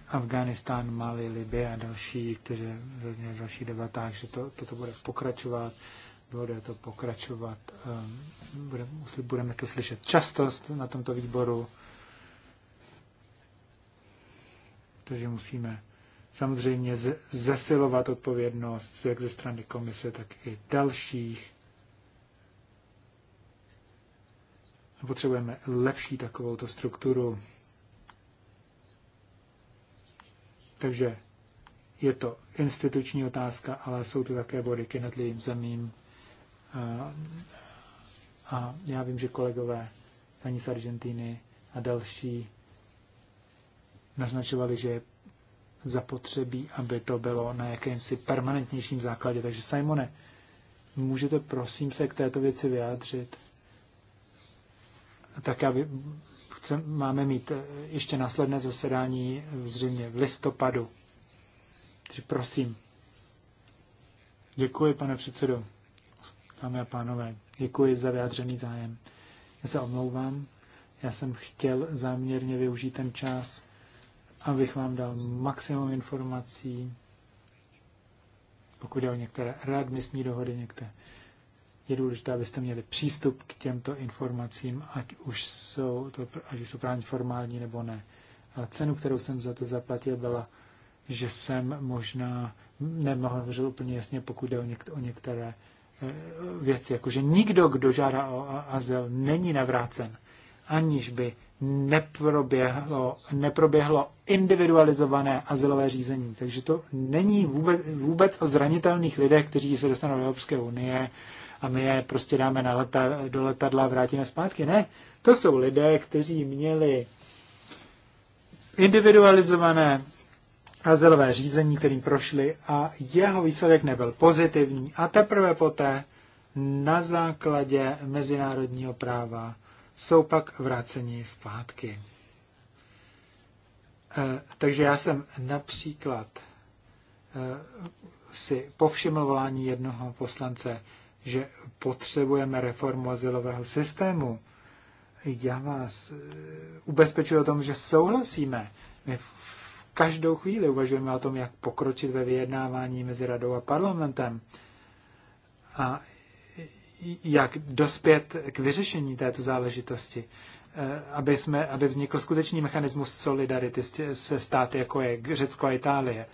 Afganistán, Mali, Libie a další, kteří zazněli v dalších debatách, že to, toto bude pokračovat bude to pokračovat. Ehm, budeme, budeme to slyšet často na tomto výboru, protože musíme samozřejmě zesilovat odpovědnost jak ze strany komise, tak i dalších. Potřebujeme lepší takovouto strukturu. Takže je to instituční otázka, ale jsou to také body k jednotlivým zemím a, a já vím, že kolegové, paní z Argentiny a další naznačovali, že je zapotřebí, aby to bylo na jakémsi permanentnějším základě. Takže Simone, můžete prosím se k této věci vyjádřit? Tak aby máme mít eh, ještě následné zasedání eh, zřejmě v listopadu. Takže prosím. Děkuji, pane předsedo dámy a pánové. Děkuji za vyjádřený zájem. Já se omlouvám, já jsem chtěl záměrně využít ten čas, abych vám dal maximum informací, pokud jde o některé readmisní dohody, některé. Je důležité, abyste měli přístup k těmto informacím, ať už jsou, to, ať už jsou právě formální nebo ne. Ale cenu, kterou jsem za to zaplatil, byla, že jsem možná nemohl hovořit úplně jasně, pokud jde o, něk- o některé Eh, věci, jakože nikdo, kdo žádá o azyl, není navrácen, aniž by neproběhlo, neproběhlo individualizované azylové řízení. Takže to není vůbec, vůbec o zranitelných lidech, kteří se dostanou do Evropské unie a my je prostě dáme na leta, do letadla a vrátíme zpátky. Ne, to jsou lidé, kteří měli individualizované azylové řízení, kterým prošli a jeho výsledek nebyl pozitivní. A teprve poté na základě mezinárodního práva jsou pak vráceni zpátky. E, takže já jsem například e, si povšiml volání jednoho poslance, že potřebujeme reformu azylového systému. Já vás e, ubezpečuji o tom, že souhlasíme. My každou chvíli uvažujeme o tom, jak pokročit ve vyjednávání mezi radou a parlamentem a jak dospět k vyřešení této záležitosti, eh, aby, jsme, aby vznikl skutečný mechanismus solidarity se státy, jako je Řecko a Itálie. Eh,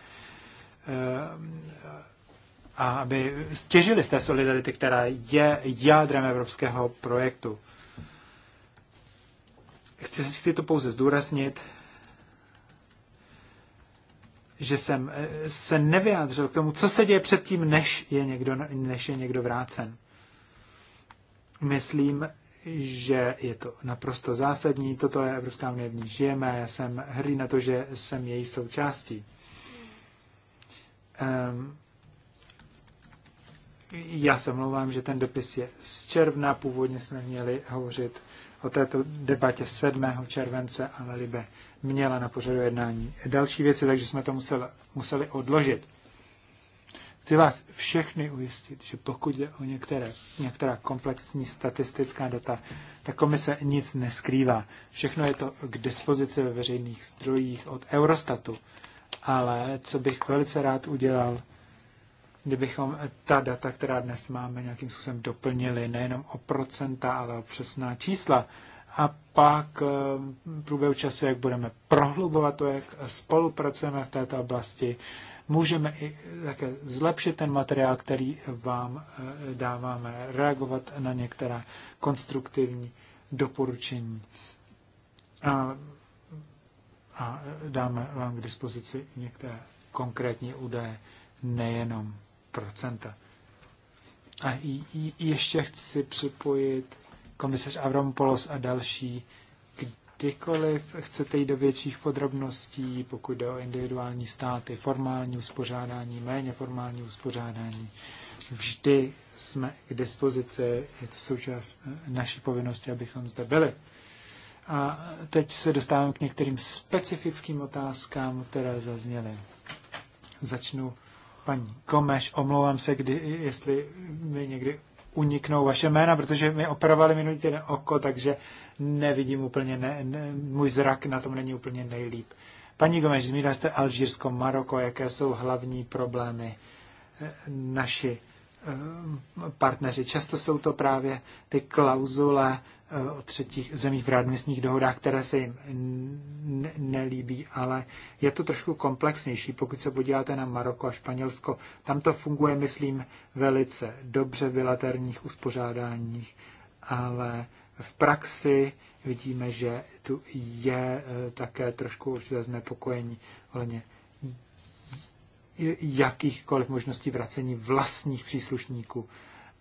a aby stěžili z té solidarity, která je jádrem evropského projektu. Chci, si to pouze zdůraznit, že jsem eh, se nevyjádřil k tomu, co se děje předtím, než je někdo, než je někdo vrácen. Myslím, že je to naprosto zásadní. Toto je Evropská unie, v ní žijeme. Já jsem hrdý na to, že jsem její součástí. Um, já se mluvám, že ten dopis je z června. Původně jsme měli hovořit o této debatě 7. července, ale Libe měla na pořadu jednání další věci, takže jsme to museli, museli odložit. Chci vás všechny ujistit, že pokud jde o některé, některá komplexní statistická data, ta komise nic neskrývá. Všechno je to k dispozici ve veřejných zdrojích od Eurostatu. Ale co bych velice rád udělal, kdybychom ta data, která dnes máme, nějakým způsobem doplnili nejenom o procenta, ale o přesná čísla, a pak eh, v průběhu času, jak budeme prohlubovat to, jak spolupracujeme v této oblasti, můžeme i také zlepšit ten materiál, který vám eh, dáváme, reagovat na některá konstruktivní doporučení. A, a dáme vám k dispozici některé konkrétní údaje, nejenom procenta. A ještě chci připojit komisař Avrampolos a další, kdykoliv chcete jít do větších podrobností, pokud jde o individuální státy, formální uspořádání, méně formální uspořádání, vždy jsme k dispozici, je to součást naší povinnosti, abychom zde byli. A teď se dostávám k některým specifickým otázkám, které zazněly. Začnu paní Komeš, omlouvám se, kdy, jestli mi někdy uniknou vaše jména, protože mi operovali minulý týden oko, takže nevidím úplně, ne, ne, můj zrak na tom není úplně nejlíp. Paní Gomeš, zmínila jste Alžírsko, Maroko, jaké jsou hlavní problémy eh, naši eh, partneři. Často jsou to právě ty klauzule eh, o třetích zemích v rádmistních dohodách, které se jim Líbí, ale je to trošku komplexnější. Pokud se podíváte na Maroko a Španělsko, tam to funguje, myslím, velice dobře v bilaterních uspořádáních, ale v praxi vidíme, že tu je eh, také trošku určité znepokojení ohledně jakýchkoliv možností vracení vlastních příslušníků.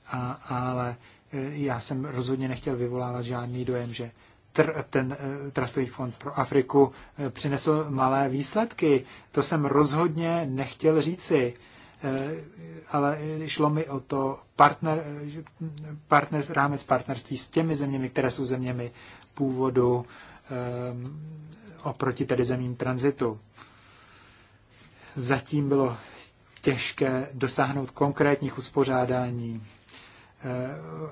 A, ale eh, já jsem rozhodně nechtěl vyvolávat žádný dojem, že tr, ten eh, Trustový fond pro Afriku eh, přinesl malé výsledky. To jsem rozhodně nechtěl říci, eh, ale šlo mi o to partner, partner, rámec partnerství s těmi zeměmi, které jsou zeměmi původu oproti tedy zemím tranzitu. Zatím bylo těžké dosáhnout konkrétních uspořádání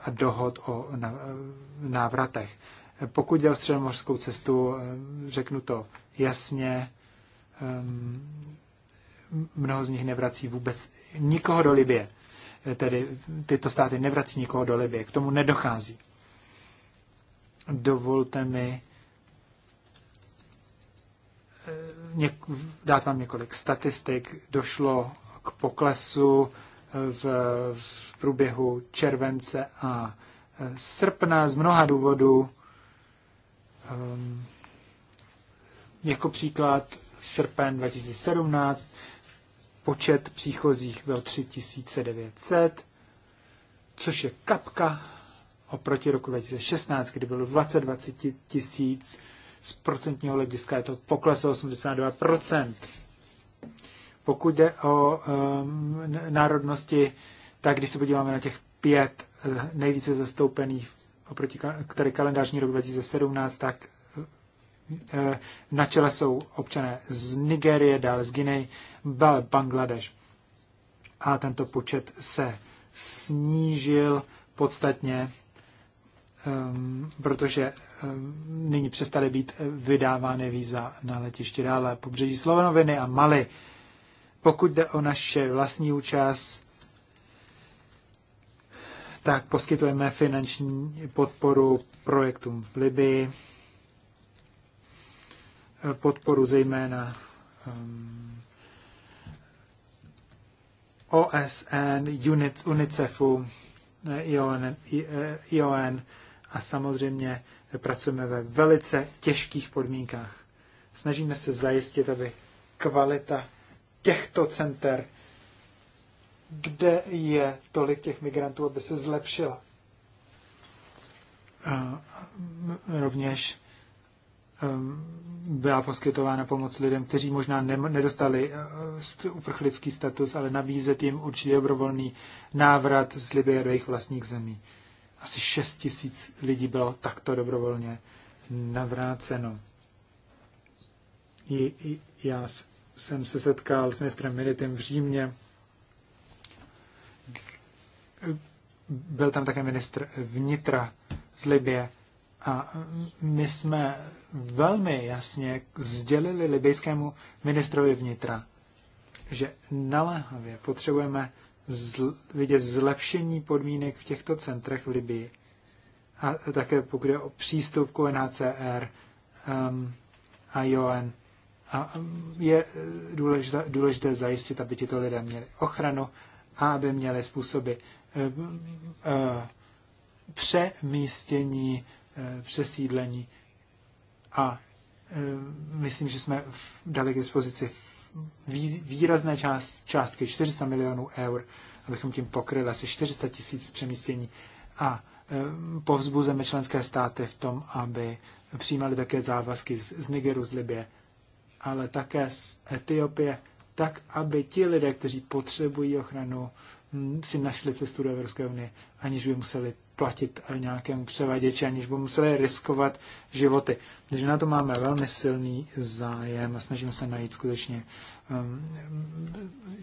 a dohod o návratech. Pokud jde o středomořskou cestu, eh, řeknu to jasně, ehm, mnoho z nich nevrací vůbec nikoho do Libie. Eh, tedy tyto státy nevrací nikoho do Libie. K tomu nedochází. Dovolte mi eh, dát vám několik statistik. Došlo k poklesu v průběhu července a srpna z mnoha důvodů Um, jako příklad srpen 2017 počet příchozích byl 3900, což je kapka oproti roku 2016, kdy bylo 22 tisíc. Z procentního hlediska je to pokles o 82%. Pokud jde o um, národnosti, tak když se podíváme na těch pět eh, nejvíce zastoupených oproti který kalendářní rok 2017, tak eh, na čele jsou občané z Nigérie, dále z Guinei, dále Bangladeš. A tento počet se snížil podstatně, ehm, protože ehm, nyní přestaly být eh, vydávány víza na letiště dále pobřeží Slovenoviny a Mali. Pokud jde o naše vlastní účast, tak poskytujeme finanční podporu projektům v Libii, podporu zejména um, OSN, UNICEFu, ION, ION a samozřejmě pracujeme ve velice těžkých podmínkách. Snažíme se zajistit, aby kvalita těchto center kde je tolik těch migrantů, aby se zlepšila. A rovněž um, byla poskytována pomoc lidem, kteří možná nedostali uh, uprchlický status, ale nabízet jim určitě dobrovolný návrat z Libie do jejich vlastních zemí. Asi 6 tisíc lidí bylo takto dobrovolně navráceno. I, i, já jsem se setkal s ministrem Militem v Římě byl tam také ministr vnitra z Libie a my jsme velmi jasně sdělili libijskému ministrovi vnitra, že naléhavě potřebujeme zl- vidět zlepšení podmínek v těchto centrech v Libii. A také pokud je o přístup k UNHCR um, a ION, a um, je důležité, důležité zajistit, aby tito lidé měli ochranu a aby měli způsoby, Eh, přemístění, eh, přesídlení a eh, myslím, že jsme dali k dispozici výrazné část, částky 400 milionů eur, abychom tím pokryli asi 400 tisíc přemístění a povzbuzeme členské státy v tom, aby přijímali také závazky z, z Nigeru, z Libie, ale také z Etiopie, tak, aby ti lidé, kteří potřebují ochranu, Hm, si našli cestu do Evropské unie, aniž by museli platit nějakému převaděči, aniž by museli riskovat životy. Takže na to máme velmi silný zájem a snažíme se najít skutečně um,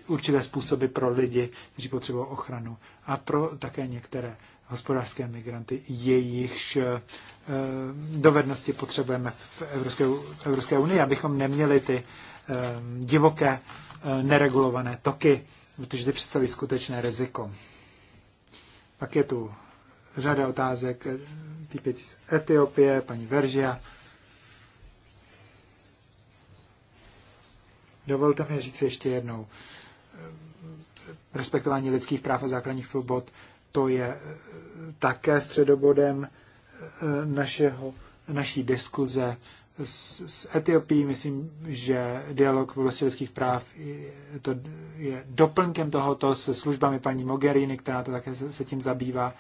určité způsoby pro lidi, kteří potřebují ochranu a pro také některé hospodářské migranty, jejichž uh, dovednosti potřebujeme v Evropské, Evropské unii, abychom neměli ty uh, divoké, uh, neregulované toky protože ty představují skutečné riziko. Pak je tu řada otázek eh, týkající z Etiopie, paní Veržia. Dovolte mi říct ještě jednou. Eh, respektování lidských práv a základních svobod, to je eh, také středobodem našeho, naší diskuze s, s Etiopií. Myslím, že dialog v oblasti lidských práv je, to je doplňkem tohoto se službami paní Mogherini, která to také se, se tím zabývá.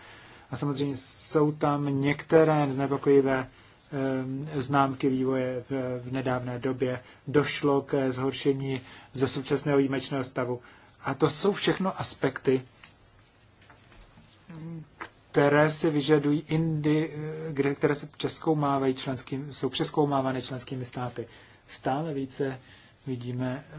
A samozřejmě jsou tam některé znepokojivé známky vývoje v nedávné době. Došlo ke zhoršení ze současného výjimečného stavu. A to jsou všechno aspekty, které si vyžadují Indy, kde, které se přeskoumávají členským, jsou přeskoumávány členskými státy. Stále více vidíme eh,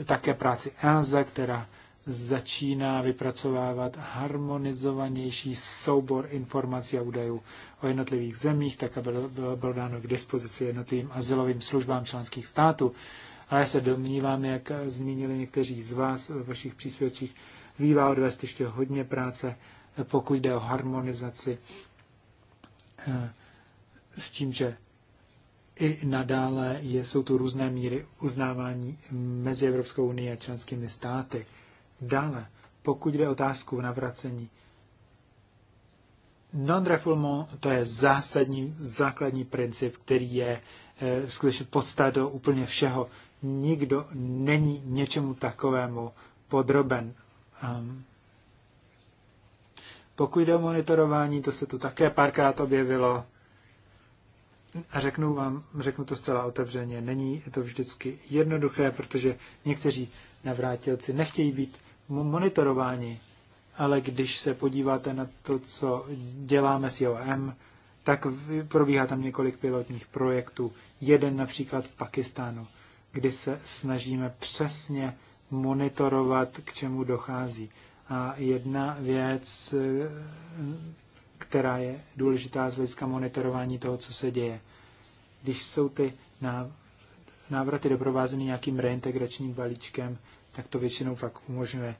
eh, také práci EASA, která začíná vypracovávat harmonizovanější soubor informací a údajů o jednotlivých zemích, tak aby bylo, bylo dáno k dispozici jednotlivým azylovým službám členských států. A já se domnívám, jak zmínili někteří z vás v vašich příspěvcích, bývá odvést ještě hodně práce pokud jde o harmonizaci eh, s tím, že i nadále je, jsou tu různé míry uznávání mezi Evropskou unii a členskými státy. Dále, pokud jde otázku navracení, non-refoulement to je zásadní, základní princip, který je e, skutečně podstatou úplně všeho. Nikdo není něčemu takovému podroben. Um, pokud jde o monitorování, to se tu také párkrát objevilo. A řeknu vám, řeknu to zcela otevřeně, není to vždycky jednoduché, protože někteří navrátilci nechtějí být monitorováni, ale když se podíváte na to, co děláme s IOM, tak probíhá tam několik pilotních projektů. Jeden například v Pakistánu, kdy se snažíme přesně monitorovat, k čemu dochází. A jedna věc, která je důležitá z hlediska monitorování toho, co se děje. Když jsou ty návraty doprovázeny nějakým reintegračním balíčkem, tak to většinou fakt umožňuje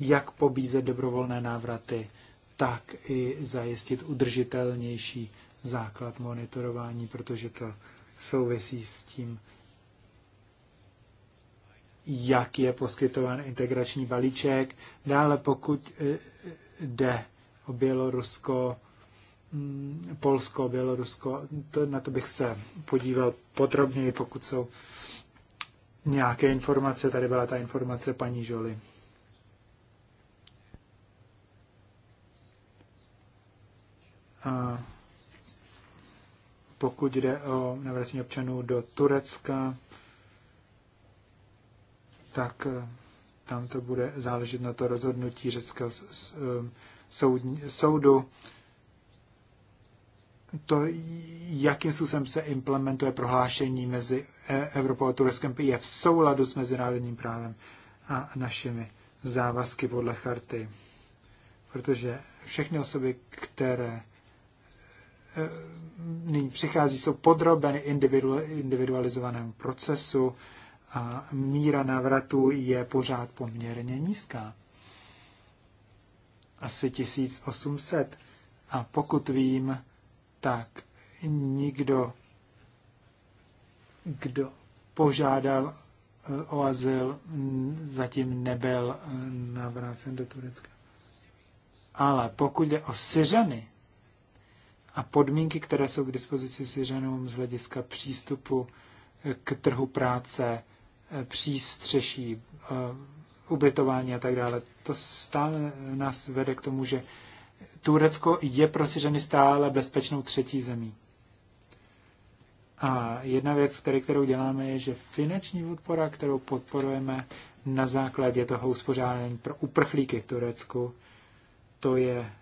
jak pobízet dobrovolné návraty, tak i zajistit udržitelnější základ monitorování, protože to souvisí s tím jak je poskytován integrační balíček. Dále pokud eh, jde o Bělorusko, mm, Polsko, Bělorusko, to, na to bych se podíval podrobněji, pokud jsou nějaké informace. Tady byla ta informace paní Žoli. A pokud jde o navracení občanů do Turecka, tak eh, tam to bude záležet na to rozhodnutí řeckého eh, soudu, to, jakým způsobem se implementuje prohlášení mezi e, Evropou a Tureckem, je v souladu s mezinárodním právem a našimi závazky podle charty. Protože všechny osoby, které eh, nyní přichází, jsou podrobeny individualizovanému procesu, a míra návratu je pořád poměrně nízká. Asi 1800. A pokud vím, tak nikdo, kdo požádal eh, o azyl, zatím nebyl eh, navrácen do Turecka. Ale pokud jde o Syřany a podmínky, které jsou k dispozici Syřanům z hlediska přístupu eh, k trhu práce, přístřeší, eh, ubytování a tak dále. To stále nás vede k tomu, že Turecko je pro Syřany stále bezpečnou třetí zemí. A jedna věc, který, kterou děláme, je, že finanční podpora, kterou podporujeme na základě toho uspořádání pro uprchlíky v Turecku, to je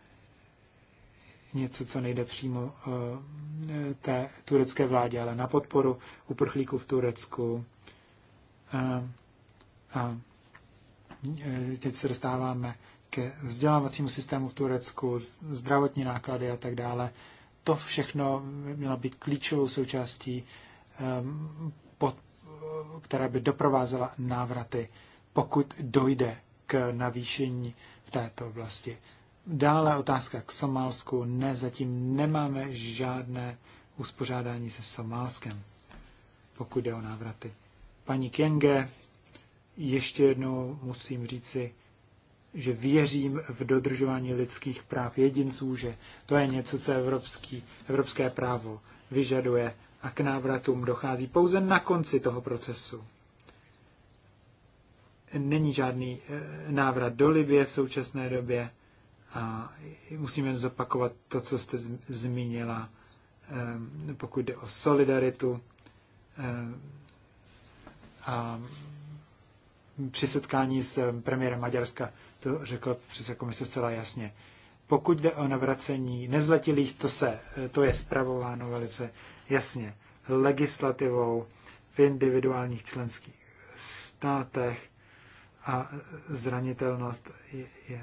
něco, co nejde přímo eh, té turecké vládě, ale na podporu uprchlíků v Turecku, a e, teď se dostáváme ke vzdělávacímu systému v Turecku, zdravotní náklady a tak dále. To všechno mělo být klíčovou součástí, která by doprovázela návraty, pokud dojde k navýšení v této oblasti. Dále otázka k Somálsku. Ne, zatím nemáme žádné uspořádání se Somálskem, pokud jde o návraty. Paní Kenge, ještě jednou musím říci, že věřím v dodržování lidských práv jedinců, že to je něco, co evropský, evropské právo vyžaduje a k návratům dochází pouze na konci toho procesu. Není žádný eh, návrat do Libie v současné době a musím jen zopakovat to, co jste zmínila, eh, pokud jde o solidaritu eh, a při setkání s premiérem Maďarska to řekl přece komise zcela jasně. Pokud jde o navracení nezletilých, to, se, to je spravováno velice jasně legislativou v individuálních členských státech a zranitelnost je, je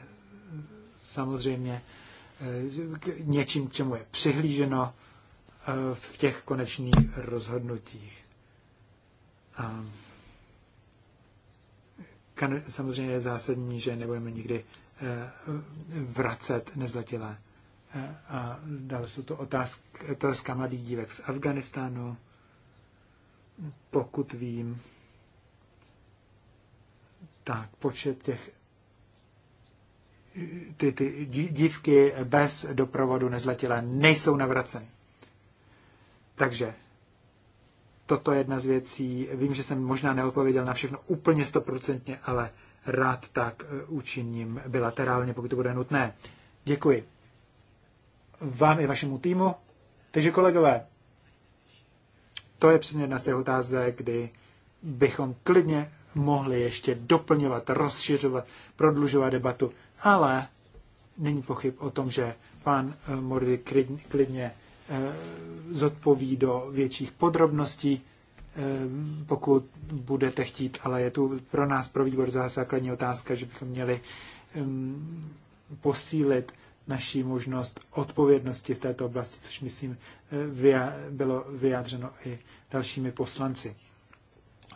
samozřejmě eh, něčím, k čemu je přihlíženo eh, v těch konečných rozhodnutích. Um Samozřejmě je zásadní, že nebudeme nikdy eh, vracet nezletilé. Eh, a dále jsou to otázky, otázka mladých dívek z Afganistánu. Pokud vím, tak počet těch ty, ty dívky bez doprovodu nezletilé nejsou navraceny. Takže toto je jedna z věcí. Vím, že jsem možná neodpověděl na všechno úplně stoprocentně, ale rád tak eh, učiním bilaterálně, pokud to bude nutné. Děkuji. Vám i vašemu týmu. Takže kolegové, to je přesně jedna z těch otázek, kdy bychom klidně mohli ještě doplňovat, rozšiřovat, prodlužovat debatu, ale není pochyb o tom, že pan eh, Mordy klidně zodpoví do větších podrobností, eh, pokud budete chtít, ale je tu pro nás, pro výbor, základní otázka, že bychom měli posílit naší možnost odpovědnosti v této oblasti, což myslím eh, bylo vyjádřeno i dalšími poslanci.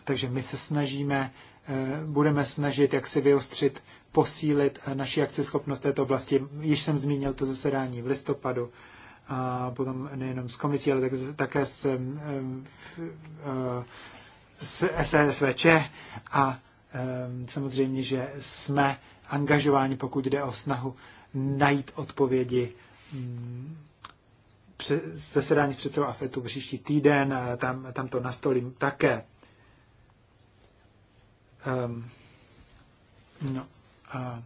Takže my se snažíme, eh, budeme snažit, jak si vyostřit, posílit naši akceschopnost této oblasti. Již jsem zmínil to zasedání v listopadu, a potom nejenom s komisí, ale tak, také eh, s, e s SSVČ a samozřejmě, že jsme angažováni, pokud jde o snahu najít odpovědi mm, zasedání předsedou AFETu příští týden, tam, tam to nastolím také. Um, no, a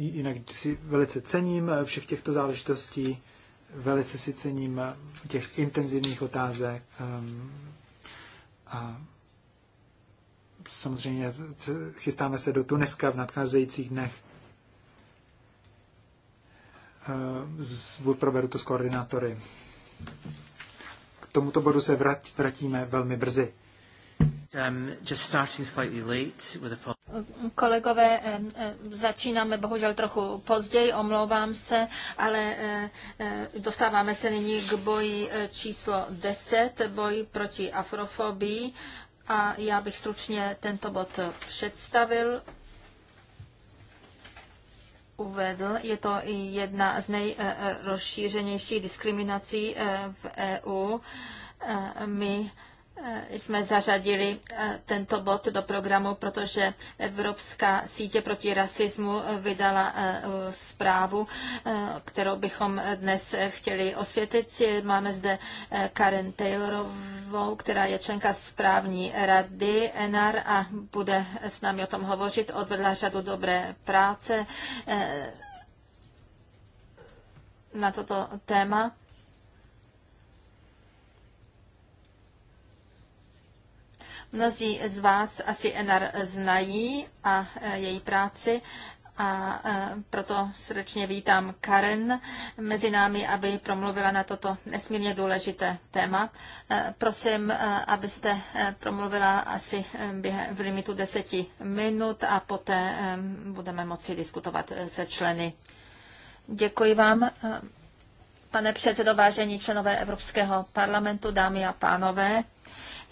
Jinak si velice cením eh, všech těchto záležitostí, velice si cením eh, těch intenzivních otázek ehm, a samozřejmě chystáme se do Tuniska v nadcházejících dnech. Ehm, proberu to s koordinátory. K tomuto bodu se vrátíme velmi brzy. Um, just starting slightly late with a Kolegové, začínáme bohužel trochu později, omlouvám se, ale eh, eh, dostáváme se nyní k boji eh, číslo 10, boj proti afrofobii. A já bych stručně tento bod představil, uvedl. Je to jedna z nejrozšířenějších diskriminací v EU. My jsme zařadili eh, tento bod do programu, protože Evropská sítě proti rasismu eh, vydala eh, zprávu, kterou bychom dnes chtěli osvětlit. Máme zde Karen Taylorovou, která je členka správní rady NR a bude s námi o tom hovořit. Odvedla řadu dobré práce na toto téma Mnozí z vás asi Enar znají a e, její práci a e, proto srdečně vítám Karen mezi námi, aby promluvila na toto nesmírně důležité téma. E, prosím, abyste promluvila asi v limitu deseti minut a poté budeme moci diskutovat se členy. Děkuji vám, pane předsedo, vážení členové Evropského parlamentu, dámy a pánové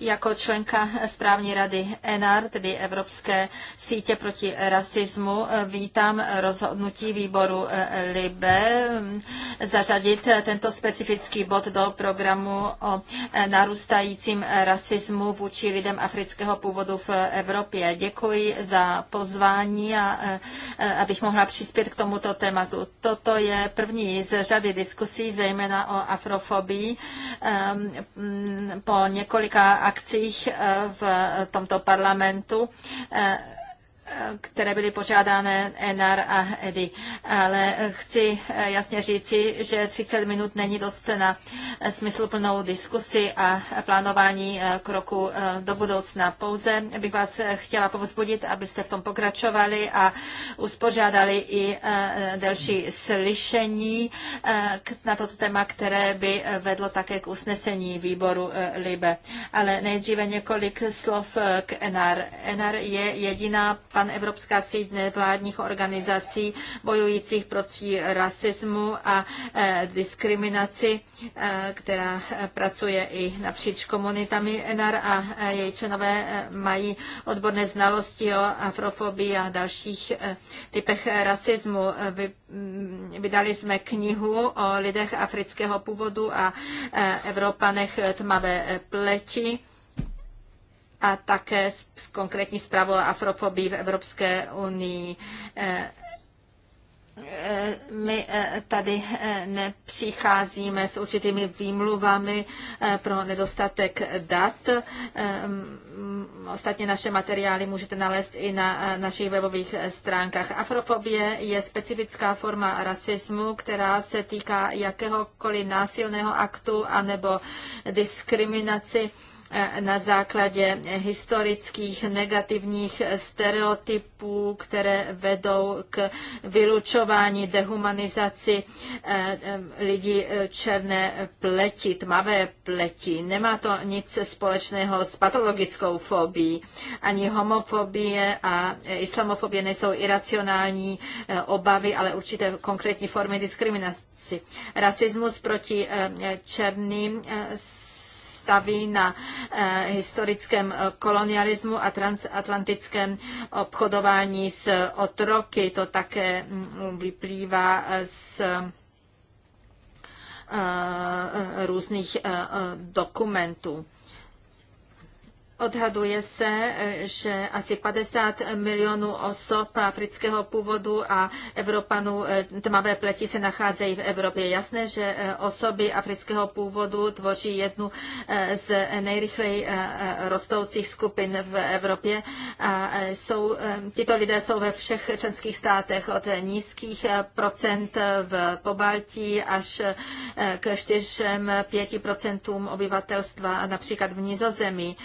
jako členka správní rady ENAR, tedy Evropské sítě proti rasismu, vítám rozhodnutí výboru eh, LIBE mm, zařadit eh, tento specifický bod do programu o eh, narůstajícím rasismu vůči lidem afrického původu v Evropě. Děkuji za pozvání a abych mohla přispět k tomuto tématu. Toto je první z řady diskusí, zejména o afrofobii mm, po několika akcích eh, v tomto parlamentu eh, které byly pořádány ENAR a Edy, Ale chci eh, jasně říci, že 30 minut není dost na smysluplnou diskusi a plánování eh, kroku eh, do budoucna. Pouze bych vás chtěla povzbudit, abyste v tom pokračovali a uspořádali i další slyšení na toto téma, které by vedlo také k usnesení výboru LIBE. Ale nejdříve několik slov k ENAR. ENAR je jediná panevropská síť nevládních organizací bojujících proti rasismu a e, diskriminaci, e, která e, pracuje i napříč komunitami NR a její členové mají odborné znalosti o afrofobii a dalších typech rasismu. Vydali jsme knihu o lidech afrického původu a Evropanech tmavé pleti a také s konkrétní zprávu o afrofobii v Evropské unii. Eh, eh, my eh, tady nepřicházíme s určitými výmluvami pro nedostatek dat. Mm, ostatně naše materiály můžete nalézt i na našich webových stránkách. Afrofobie je specifická forma rasismu, která se týká jakéhokoliv násilného aktu anebo diskriminaci Eh, na základě historických negativních stereotypů, které vedou k vylučování, dehumanizaci eh, eh, lidí černé pleti, tmavé pleti. Nemá to nic společného s patologickou fobií. Ani homofobie a islamofobie nejsou iracionální obavy, ale určité konkrétní formy diskriminace. Rasismus proti černým staví na eh, historickém eh, kolonialismu a transatlantickém obchodování s otroky. To také mm, vyplývá z eh, různých dokumentů. Odhaduje se, že asi 50 milionů osob afrického původu a Evropanů eh, tmavé pleti se nacházejí v Evropě. Je jasné, že eh, osoby afrického původu tvoří jednu eh, z nejrychleji rostoucích skupin v Evropě. A jsou, tito lidé jsou ve všech členských státech od nízkých procent v Pobaltí až k 4-5 procentům obyvatelstva, například v Nizozemí.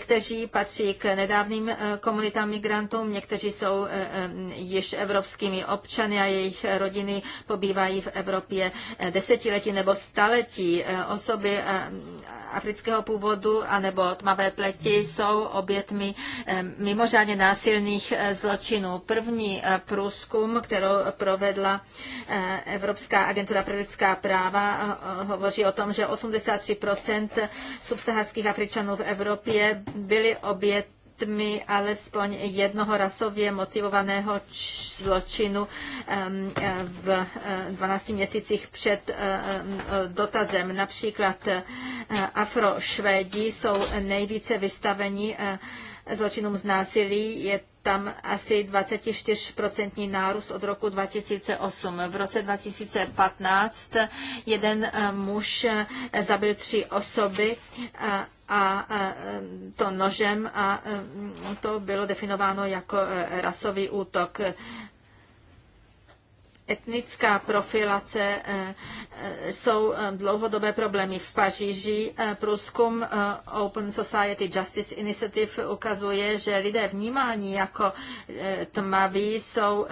Někteří patří k nedávným eh, komunitám migrantům, někteří jsou eh, eh, již evropskými občany a jejich rodiny pobývají v Evropě desetiletí nebo staletí. Osoby afrického původu anebo tmavé pleti jsou obětmi mimořádně násilných zločinů. První průzkum, kterou provedla Evropská agentura pro lidská práva, hovoří o tom, že 83% subsaharských Afričanů v Evropě byli obětmi alespoň jednoho rasově motivovaného zločinu v 12 eh, měsících před eh, eh, dotazem. Například Afrošvédi jsou nejvíce vystaveni zločinům z násilí. Je tam asi 24% nárůst od roku 2008. V roce 2015 jeden muž zabil tři osoby a e, to nožem a e, to bylo definováno jako e, rasový útok etnická profilace eh, eh, jsou eh, dlouhodobé problémy. V Paříži průzkum Open Society Justice Initiative ukazuje, že lidé vnímání jako tmaví jsou,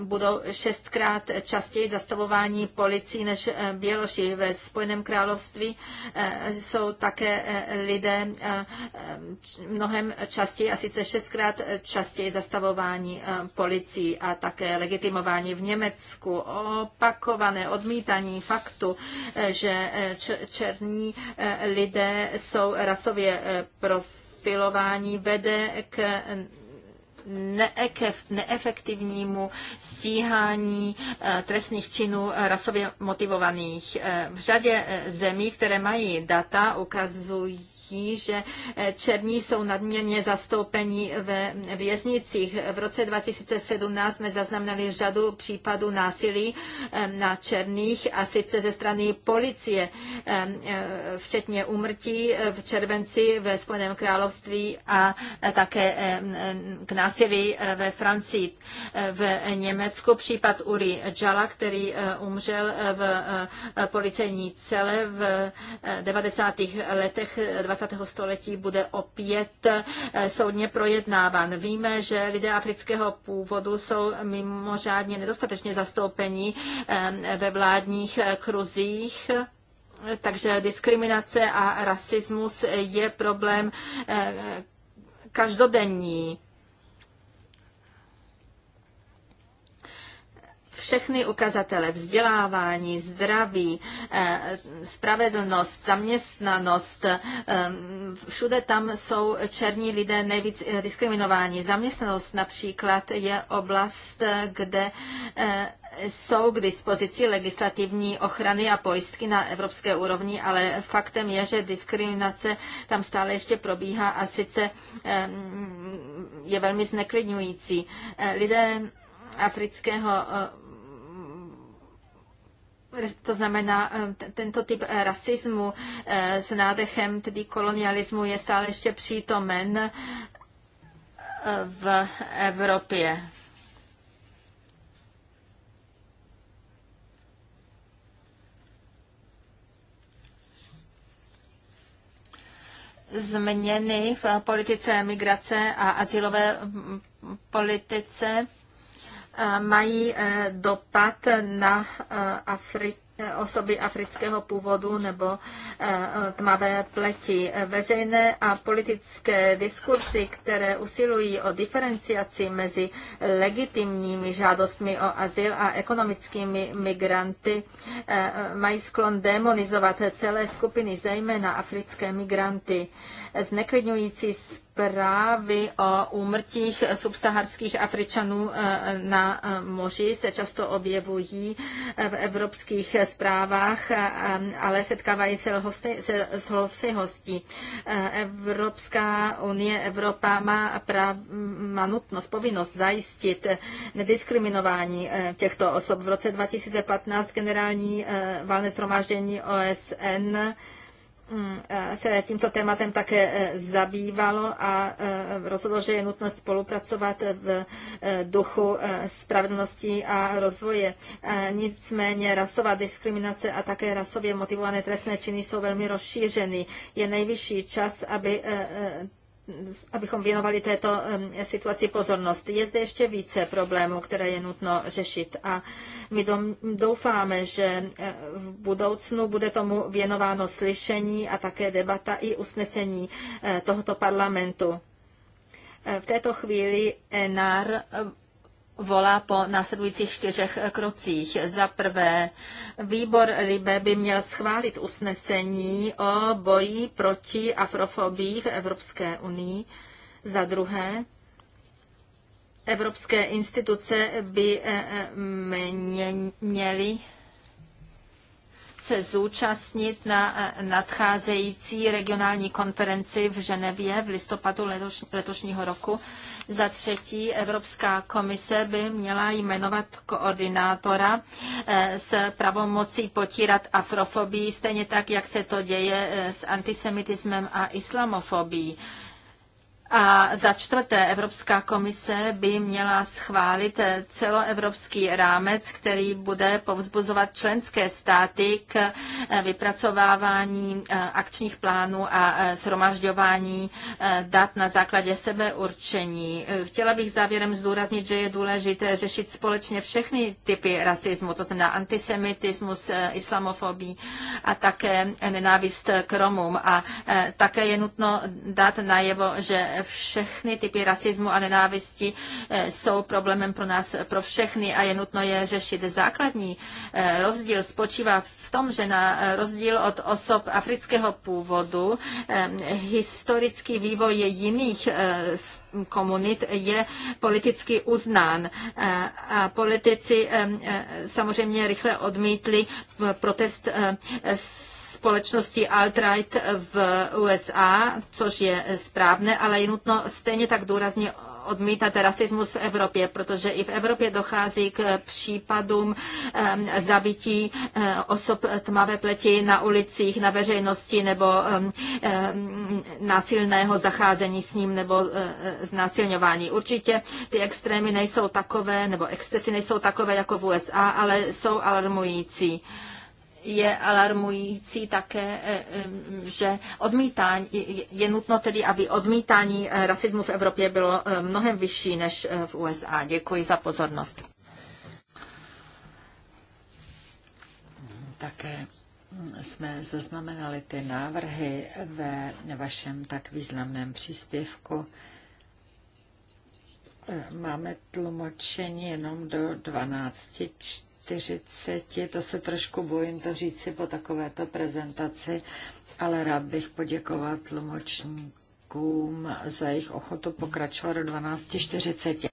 budou šestkrát častěji zastavování policií než Běloši. Ve Spojeném království jsou také lidé mnohem častěji, a sice šestkrát častěji zastavování policií a také legitimování v Německu, opakované odmítání faktu, eh, že eh, černí eh, lidé jsou rasově profilování, vede k neefektivnímu stíhání trestných činů rasově motivovaných. V řadě zemí, které mají data, ukazují zjistí, že eh, černí jsou nadměrně zastoupeni ve věznicích. V roce 2017 jsme zaznamenali řadu případů násilí eh, na černých a sice ze strany policie, eh, včetně umrtí v červenci ve Spojeném království a také k násilí ve Francii. V Německu případ Uri Jala, který umřel v policejní cele v 90. letech 20. 20. století bude opět eh, soudně projednáván. Víme, že lidé afrického původu jsou mimořádně nedostatečně zastoupeni eh, ve vládních eh, kruzích. Takže diskriminace a rasismus je problém každodenní všechny ukazatele vzdělávání, zdraví, eh, spravedlnost, zaměstnanost, eh, všude tam jsou černí lidé nejvíc eh, diskriminováni. Zaměstnanost například je oblast, kde jsou k dispozici legislativní ochrany a pojistky na evropské úrovni, ale faktem je, že diskriminace tam stále ještě probíhá a sice je velmi zneklidňující. Lidé afrického to znamená, eh, tento typ eh, rasismu eh, s nádechem tedy kolonialismu je stále ještě přítomen v Evropě. Změny v politice migrace a asilové politice mají e, dopad na e, Afri- e, osoby afrického původu nebo tmavé pleti. Veřejné a politické diskursy, které usilují o diferenciaci mezi legitimními žádostmi o azyl a ekonomickými migranty, mají sklon demonizovat celé skupiny, zejména africké migranty zneklidňující zprávy o úmrtích subsaharských Afričanů eh, na eh, moři se často objevují eh, v evropských zprávách, ale setkávají se, hosty, se s hosty hostí. Evropská unie, Evropa má, prav, má nutnost, povinnost zajistit nediskriminování těchto osob. V roce 2015 generální valné zhromáždění OSN Eh, se tímto tématem také eh, zabývalo a eh, rozhodlo, že je nutno spolupracovat v duchu spravedlnosti a rozvoje. Nicméně rasová diskriminace a také rasově motivované trestné činy jsou velmi rozšířeny. Je nejvyšší čas, aby abychom věnovali této situaci pozornost. Je zde ještě více problémů, které je nutno řešit a my doufáme, že v budoucnu bude tomu věnováno slyšení a také debata i usnesení eh, tohoto parlamentu. Eh, v této chvíli ENAR volá po následujících čtyřech krocích. Za prvé, výbor Libe by měl schválit usnesení o boji proti afrofobii v Evropské unii. Za druhé, evropské instituce by eh, eh, měly se zúčastnit na eh, nadcházející regionální konferenci v Ženevě v listopadu letoš, letošního roku. Za třetí, Evropská komise by měla jmenovat koordinátora eh, s pravomocí potírat afrofobii, stejně tak, jak se to děje eh, s antisemitismem a islamofobií. A za čtvrté, Evropská komise by měla schválit celoevropský rámec, který bude povzbuzovat členské státy k vypracovávání eh, akčních plánů a eh, shromažďování eh, dat na základě sebeurčení. Chtěla bych závěrem zdůraznit, že je důležité řešit společně všechny typy rasismu, to znamená antisemitismus, islamofobii a také nenávist k Romům. A také je nutno dát najevo, že všechny typy rasismu a nenávisti eh, jsou problémem pro nás, pro všechny a je nutno je řešit. Základní eh, rozdíl spočívá v tom, že na eh, rozdíl od osob afrického původu historický vývoj jiných komunit je politicky uznán. A politici samozřejmě rychle odmítli protest s společnosti alt-right v USA, což je správné, ale je nutno stejně tak důrazně odmítat rasismus v Evropě, protože i v Evropě dochází k případům ehm, zabití ehm, osob tmavé pleti na ulicích, na veřejnosti nebo ehm, násilného zacházení s ním nebo znásilňování. Určitě ty extrémy nejsou takové, nebo excesy nejsou takové jako v USA, ale jsou alarmující je alarmující také, eh, eh, že odmítání, je nutno tedy, aby odmítání eh, rasismu v Evropě bylo mnohem vyšší než v USA. Děkuji za pozornost. Také jsme zaznamenali ty návrhy ve vašem tak významném příspěvku. Máme tlumočení jenom do 12. 4. 40, to se trošku bojím to si po takovéto prezentaci, ale rád bych poděkoval tlumočníkům za jejich ochotu pokračovat do 12.40.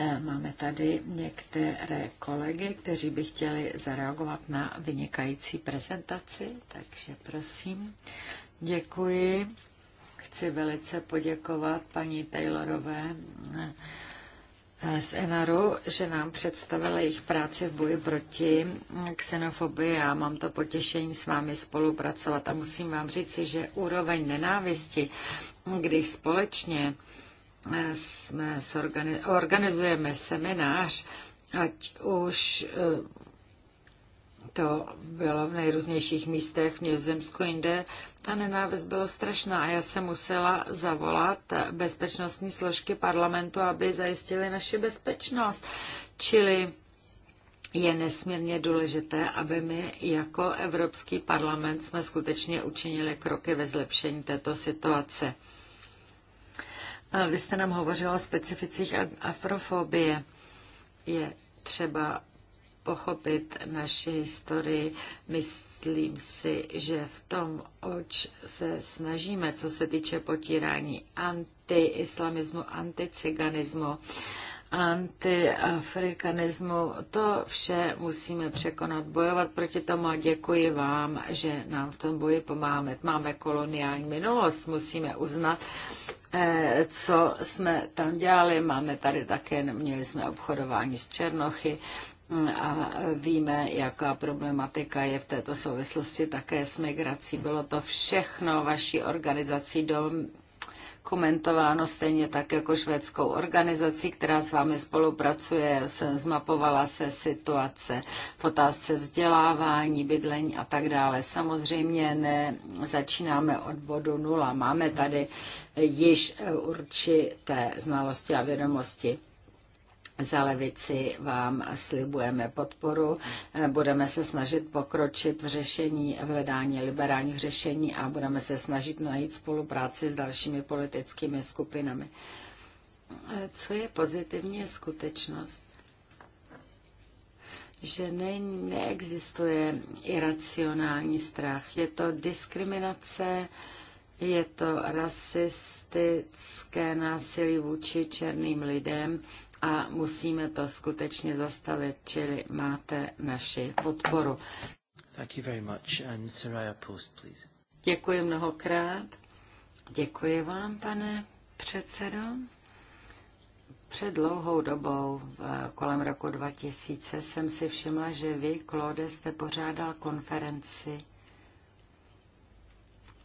Eh, máme tady některé kolegy, kteří by chtěli zareagovat na vynikající prezentaci, takže prosím. Děkuji chci velice poděkovat paní Taylorové eh, z Enaru, že nám představila jejich práci v boji proti xenofobii. Já mám to potěšení s vámi spolupracovat a musím vám říci, že úroveň nenávisti, když společně eh, jsme organizujeme seminář, ať už eh, to bylo v nejrůznějších místech v Nězemsku jinde. Ta nenávist byla strašná a já jsem musela zavolat bezpečnostní složky parlamentu, aby zajistili naši bezpečnost. Čili je nesmírně důležité, aby my jako Evropský parlament jsme skutečně učinili kroky ve zlepšení této situace. Vy jste nám hovořila o specificích afrofobie. Je třeba pochopit naši historii. Myslím si, že v tom, oč se snažíme, co se týče potírání antiislamismu, anticiganismu, antiafrikanismu. To vše musíme překonat, bojovat proti tomu a děkuji vám, že nám v tom boji pomáháme. Máme koloniální minulost, musíme uznat, eh, co jsme tam dělali. Máme tady také, měli jsme obchodování s Černochy, a víme, jaká problematika je v této souvislosti také s migrací. Bylo to všechno vaší organizací do komentováno stejně tak jako švédskou organizací, která s vámi spolupracuje, jsem zmapovala se situace v otázce vzdělávání, bydlení a tak dále. Samozřejmě ne, začínáme od bodu nula. Máme tady již určité znalosti a vědomosti. Za levici vám slibujeme podporu, budeme se snažit pokročit v řešení, v hledání liberálních řešení a budeme se snažit najít spolupráci s dalšími politickými skupinami. Co je pozitivní, je skutečnost, že ne, neexistuje iracionální strach. Je to diskriminace, je to rasistické násilí vůči černým lidem a musíme to skutečně zastavit, čili máte naši podporu. Thank you very much. And Soraya Post, please. Děkuji mnohokrát. Děkuji vám, pane předsedo. Před dlouhou dobou, kolem roku 2000, jsem si všimla, že vy, Claude, jste pořádal konferenci.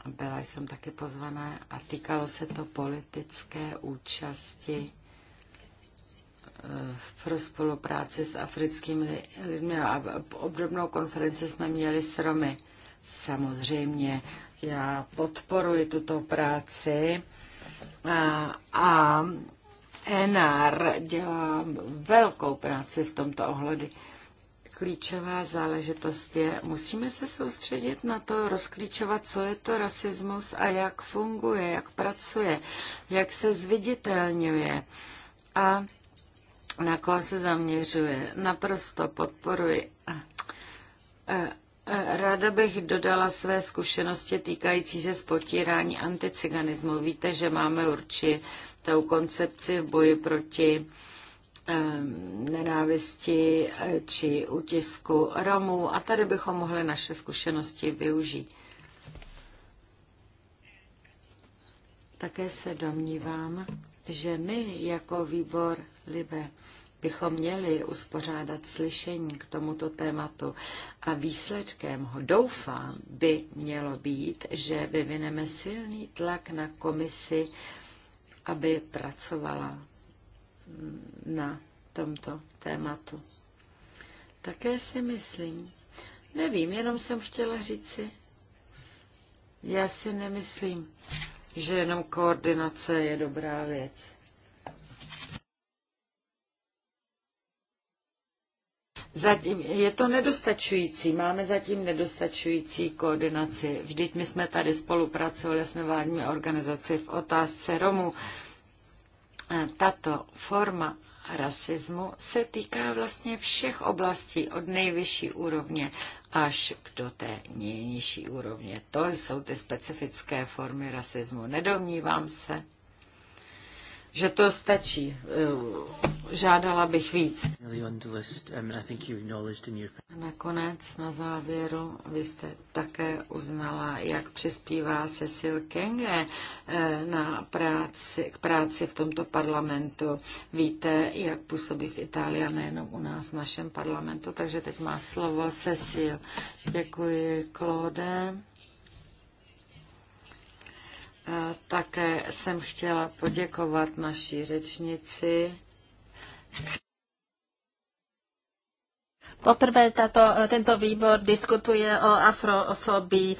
Byla jsem taky pozvaná a týkalo se to politické účasti pro spolupráci s africkými lidmi a obdobnou konferenci jsme měli s Romy. Samozřejmě, já podporuji tuto práci a, a Enar dělá velkou práci v tomto ohledu. Klíčová záležitost je, musíme se soustředit na to, rozklíčovat, co je to rasismus a jak funguje, jak pracuje, jak se zviditelňuje. A na koho se zaměřuje. Naprosto podporuji. E, e, ráda bych dodala své zkušenosti týkající se spotírání anticiganismu. Víte, že máme určitou koncepci v boji proti e, nenávisti či utisku Romů a tady bychom mohli naše zkušenosti využít. Také se domnívám, že my jako výbor Libe bychom měli uspořádat slyšení k tomuto tématu a výsledkem ho doufám by mělo být, že vyvineme silný tlak na komisi, aby pracovala na tomto tématu. Také si myslím, nevím, jenom jsem chtěla říci, já si nemyslím, že jenom koordinace je dobrá věc. Zatím je to nedostačující, máme zatím nedostačující koordinaci. Vždyť my jsme tady spolupracovali s nevládními organizaci v otázce Romů. Tato forma rasismu se týká vlastně všech oblastí od nejvyšší úrovně až do té nejnižší úrovně. To jsou ty specifické formy rasismu. Nedomnívám se, že to stačí. Eh, žádala bych víc. nakonec, na závěru, vy jste také uznala, jak přispívá Cecil Kenge eh, na práci, k práci v tomto parlamentu. Víte, jak působí v Itálii a nejenom u nás v našem parlamentu, takže teď má slovo Cecil. Děkuji, Claude. Také jsem chtěla poděkovat naší řečnici. Poprvé tato, tento výbor diskutuje o afrofobii.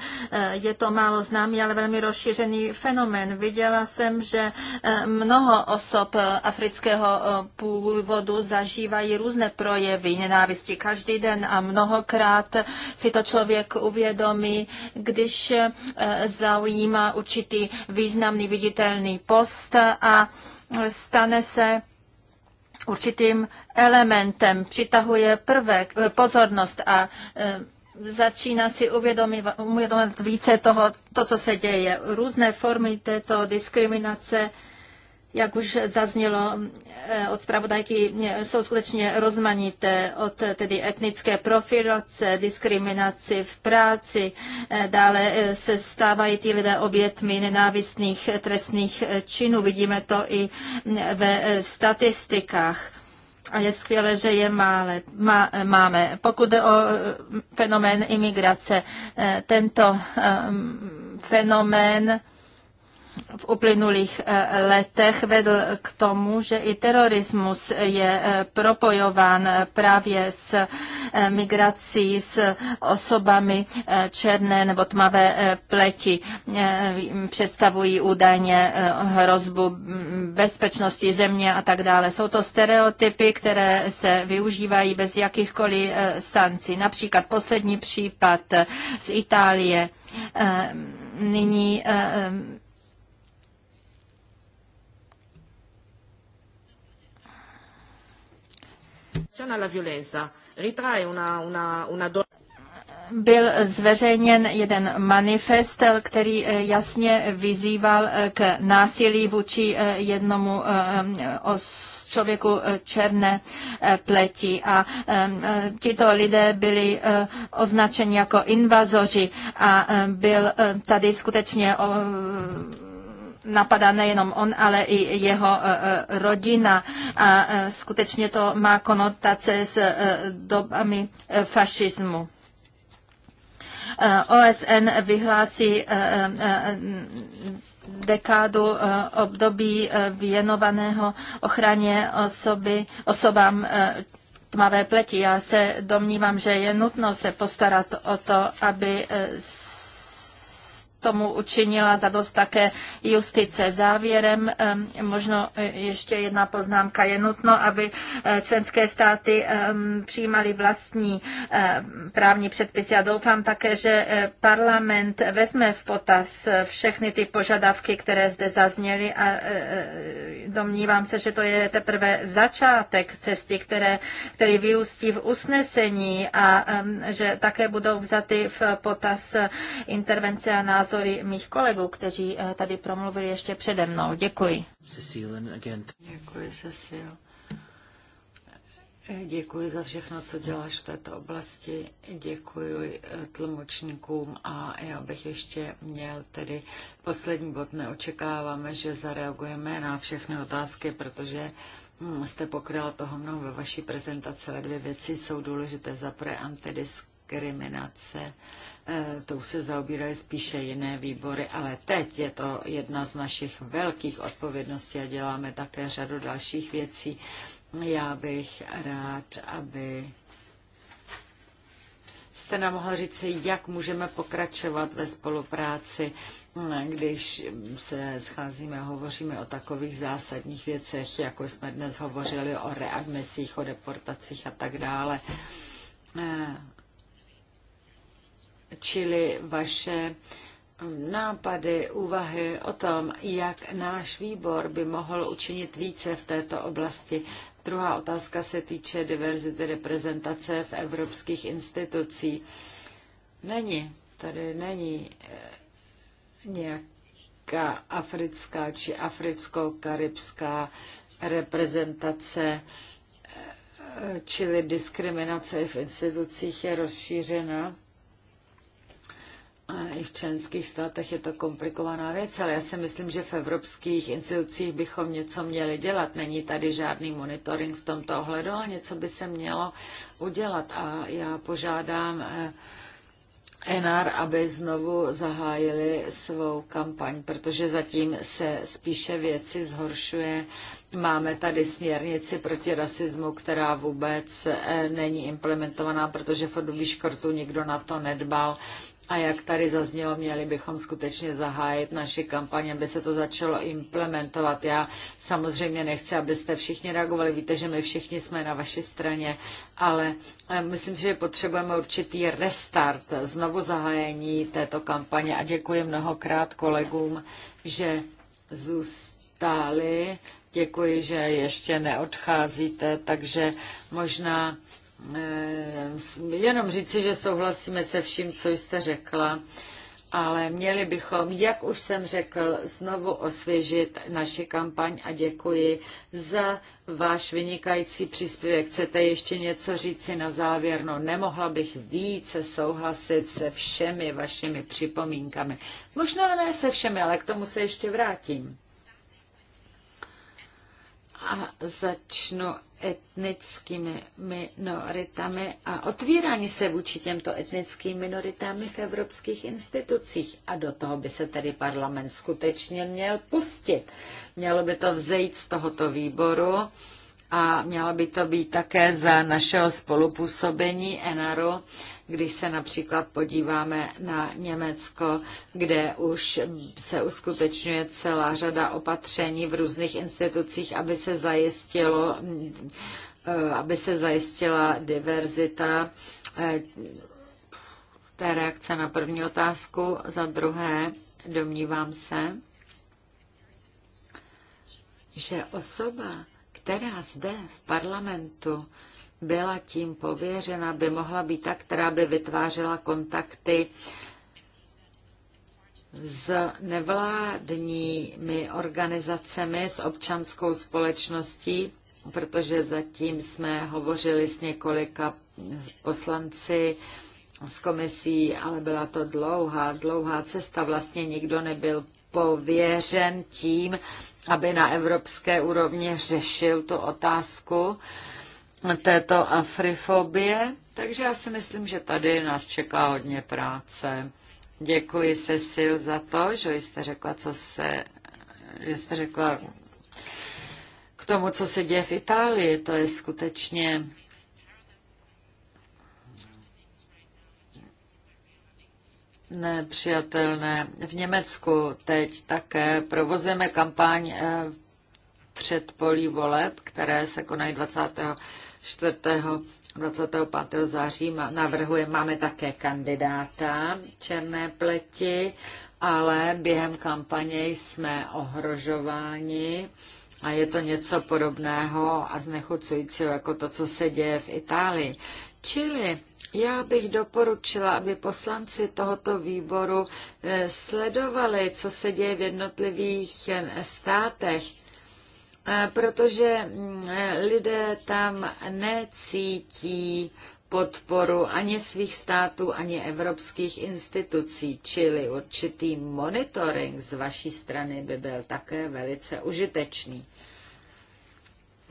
Je to málo známý, ale velmi rozšířený fenomén. Viděla jsem, že eh, mnoho osob afrického eh, původu zažívají různé projevy nenávisti každý den a mnohokrát si to člověk uvědomí, když eh, zaujíma určitý významný viditelný post a stane se určitým elementem, přitahuje prvek, eh, pozornost a eh, začíná si uvědomovat více toho, to, co se děje. Různé formy této diskriminace jak už zaznělo eh, od zpravodajky, jsou skutečně rozmanité od eh, tedy etnické profilace, diskriminaci v práci, eh, dále se stávají ty lidé obětmi nenávistných trestných činů. Vidíme to i mm, ve statistikách. A je skvělé, že je mále, má, máme. Pokud jde o fenomén imigrace, tento mm, fenomén v uplynulých eh, letech vedl k tomu, že i terorismus je eh, propojován eh, právě s migrací, s osobami černé nebo tmavé pleti. Představují údajně hrozbu mm, bezpečnosti země a tak dále. Jsou to stereotypy, které se využívají bez jakýchkoliv sancí. Například poslední případ z Itálie. Nyní violenza ritrae una, una, una donna byl zveřejněn jeden manifest, který eh, jasně vyzýval eh, k násilí vůči eh, jednomu člověku černé pleti. A tito lidé byli označeni jako invazoři a byl tady skutečně napadá nejenom on, ale i jeho e, e, rodina. A e, skutečně to má konotace s dobami fašismu. OSN vyhlásí dekádu období věnovaného ochraně osoby, osobám tmavé pleti. Já se domnívám, že je nutno se postarat o to, aby tomu učinila zadost také justice. Závěrem možno e, ještě jedna poznámka. Je nutno, aby e, členské státy přijímaly vlastní e, právní předpisy. Já doufám také, že parlament vezme v potaz všechny ty požadavky, které zde zazněly a domnívám se, že to je teprve začátek cesty, které, který vyústí v usnesení a že také budou vzaty v potaz intervence a názor názory mých kolegů, kteří eh, tady promluvili ještě přede mnou. Děkuji. Děkuji, Cecil. Eh, děkuji za všechno, co děláš v této oblasti. Děkuji eh, tlumočníkům a já bych ještě měl tedy poslední bod. Neočekáváme, že zareagujeme na všechny otázky, protože hm, jste pokryla toho mnou ve vaší prezentaci, ale dvě věci jsou důležité. Za prvé antidiskriminace Eh, tou se zaobíraly spíše jiné výbory, ale teď je to jedna z našich velkých odpovědností a děláme také řadu dalších věcí. Já bych rád, aby jste nám mohla říct, jak můžeme pokračovat ve spolupráci, když se scházíme a hovoříme o takových zásadních věcech, jako jsme dnes hovořili o readmisích, o deportacích a tak dále. Eh, čili vaše um, nápady, úvahy o tom, jak náš výbor by mohl učinit více v této oblasti. Druhá otázka se týče diverzity reprezentace v evropských institucích. Není, tady není eh, nějaká africká či africko-karibská reprezentace, eh, čili diskriminace v institucích je rozšířena i v členských státech je to komplikovaná věc, ale já si myslím, že v evropských institucích bychom něco měli dělat. Není tady žádný monitoring v tomto ohledu, ale něco by se mělo udělat. A já požádám eh, Enar, aby znovu zahájili svou kampaň, protože zatím se spíše věci zhoršuje. Máme tady směrnici proti rasismu, která vůbec eh, není implementovaná, protože v období škortu nikdo na to nedbal. A jak tady zaznělo, měli bychom skutečně zahájit naši kampaně, aby se to začalo implementovat. Já samozřejmě nechci, abyste všichni reagovali. Víte, že my všichni jsme na vaší straně, ale eh, myslím, že potřebujeme určitý restart, znovu zahájení této kampaně a děkuji mnohokrát kolegům, že zůstali. Děkuji, že ještě neodcházíte, takže možná Eh, jenom říci, že souhlasíme se vším, co jste řekla, ale měli bychom, jak už jsem řekl, znovu osvěžit naši kampaň a děkuji za váš vynikající příspěvek. Chcete ještě něco říci na závěr? No, nemohla bych více souhlasit se všemi vašimi připomínkami. Možná ne se všemi, ale k tomu se ještě vrátím a začnu etnickými minoritami a otvírání se vůči těmto etnickým minoritám v evropských institucích. A do toho by se tedy parlament skutečně měl pustit. Mělo by to vzejít z tohoto výboru a mělo by to být také za našeho spolupůsobení ENARu když se například podíváme na Německo, kde už se uskutečňuje celá řada opatření v různých institucích, aby se zajistilo eh, aby se zajistila diverzita eh, té reakce na první otázku. Za druhé, domnívám se, že osoba, která zde v parlamentu byla tím pověřena, by mohla být ta, která by vytvářela kontakty s nevládními organizacemi, s občanskou společností, protože zatím jsme hovořili s několika poslanci z komisí, ale byla to dlouhá, dlouhá cesta. Vlastně nikdo nebyl pověřen tím, aby na evropské úrovni řešil tu otázku této afrifobie. Takže já si myslím, že tady nás čeká hodně práce. Děkuji Cecil za to, že jste řekla, co se, že jste řekla k tomu, co se děje v Itálii. To je skutečně nepřijatelné. V Německu teď také provozujeme kampaň eh, před polí voleb, které se konají 20. 4. 25. září navrhuje, máme také kandidáta černé pleti, ale během kampaně jsme ohrožováni a je to něco podobného a znechucujícího jako to, co se děje v Itálii. Čili já bych doporučila, aby poslanci tohoto výboru eh, sledovali, co se děje v jednotlivých eh, státech Eh, protože mm, eh, lidé tam necítí podporu ani svých států, ani evropských institucí, čili určitý monitoring z vaší strany by byl také velice užitečný.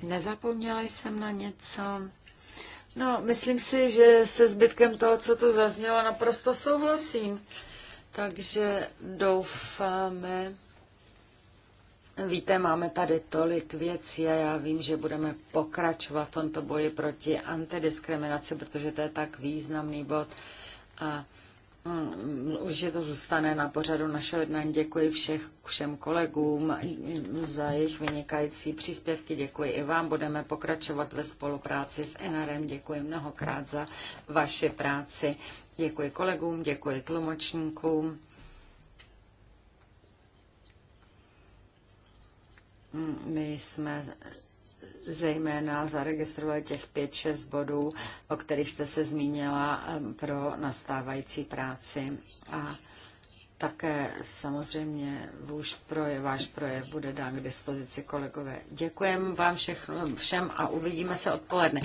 Nezapomněla jsem na něco. No, myslím si, že se zbytkem toho, co tu zaznělo, naprosto souhlasím. Takže doufáme, Víte, máme tady tolik věcí a já vím, že budeme pokračovat v tomto boji proti antidiskriminaci, protože to je tak významný bod a mm, už je to zůstane na pořadu našeho jednání. Děkuji všech, všem kolegům za jejich vynikající příspěvky. Děkuji i vám. Budeme pokračovat ve spolupráci s NRM. Děkuji mnohokrát za vaši práci. Děkuji kolegům, děkuji tlumočníkům. My jsme zejména zaregistrovali těch 5-6 bodů, o kterých jste se zmínila pro nastávající práci. A také samozřejmě váš projev, projev bude dán k dispozici kolegové. Děkujeme vám všem a uvidíme se odpoledne.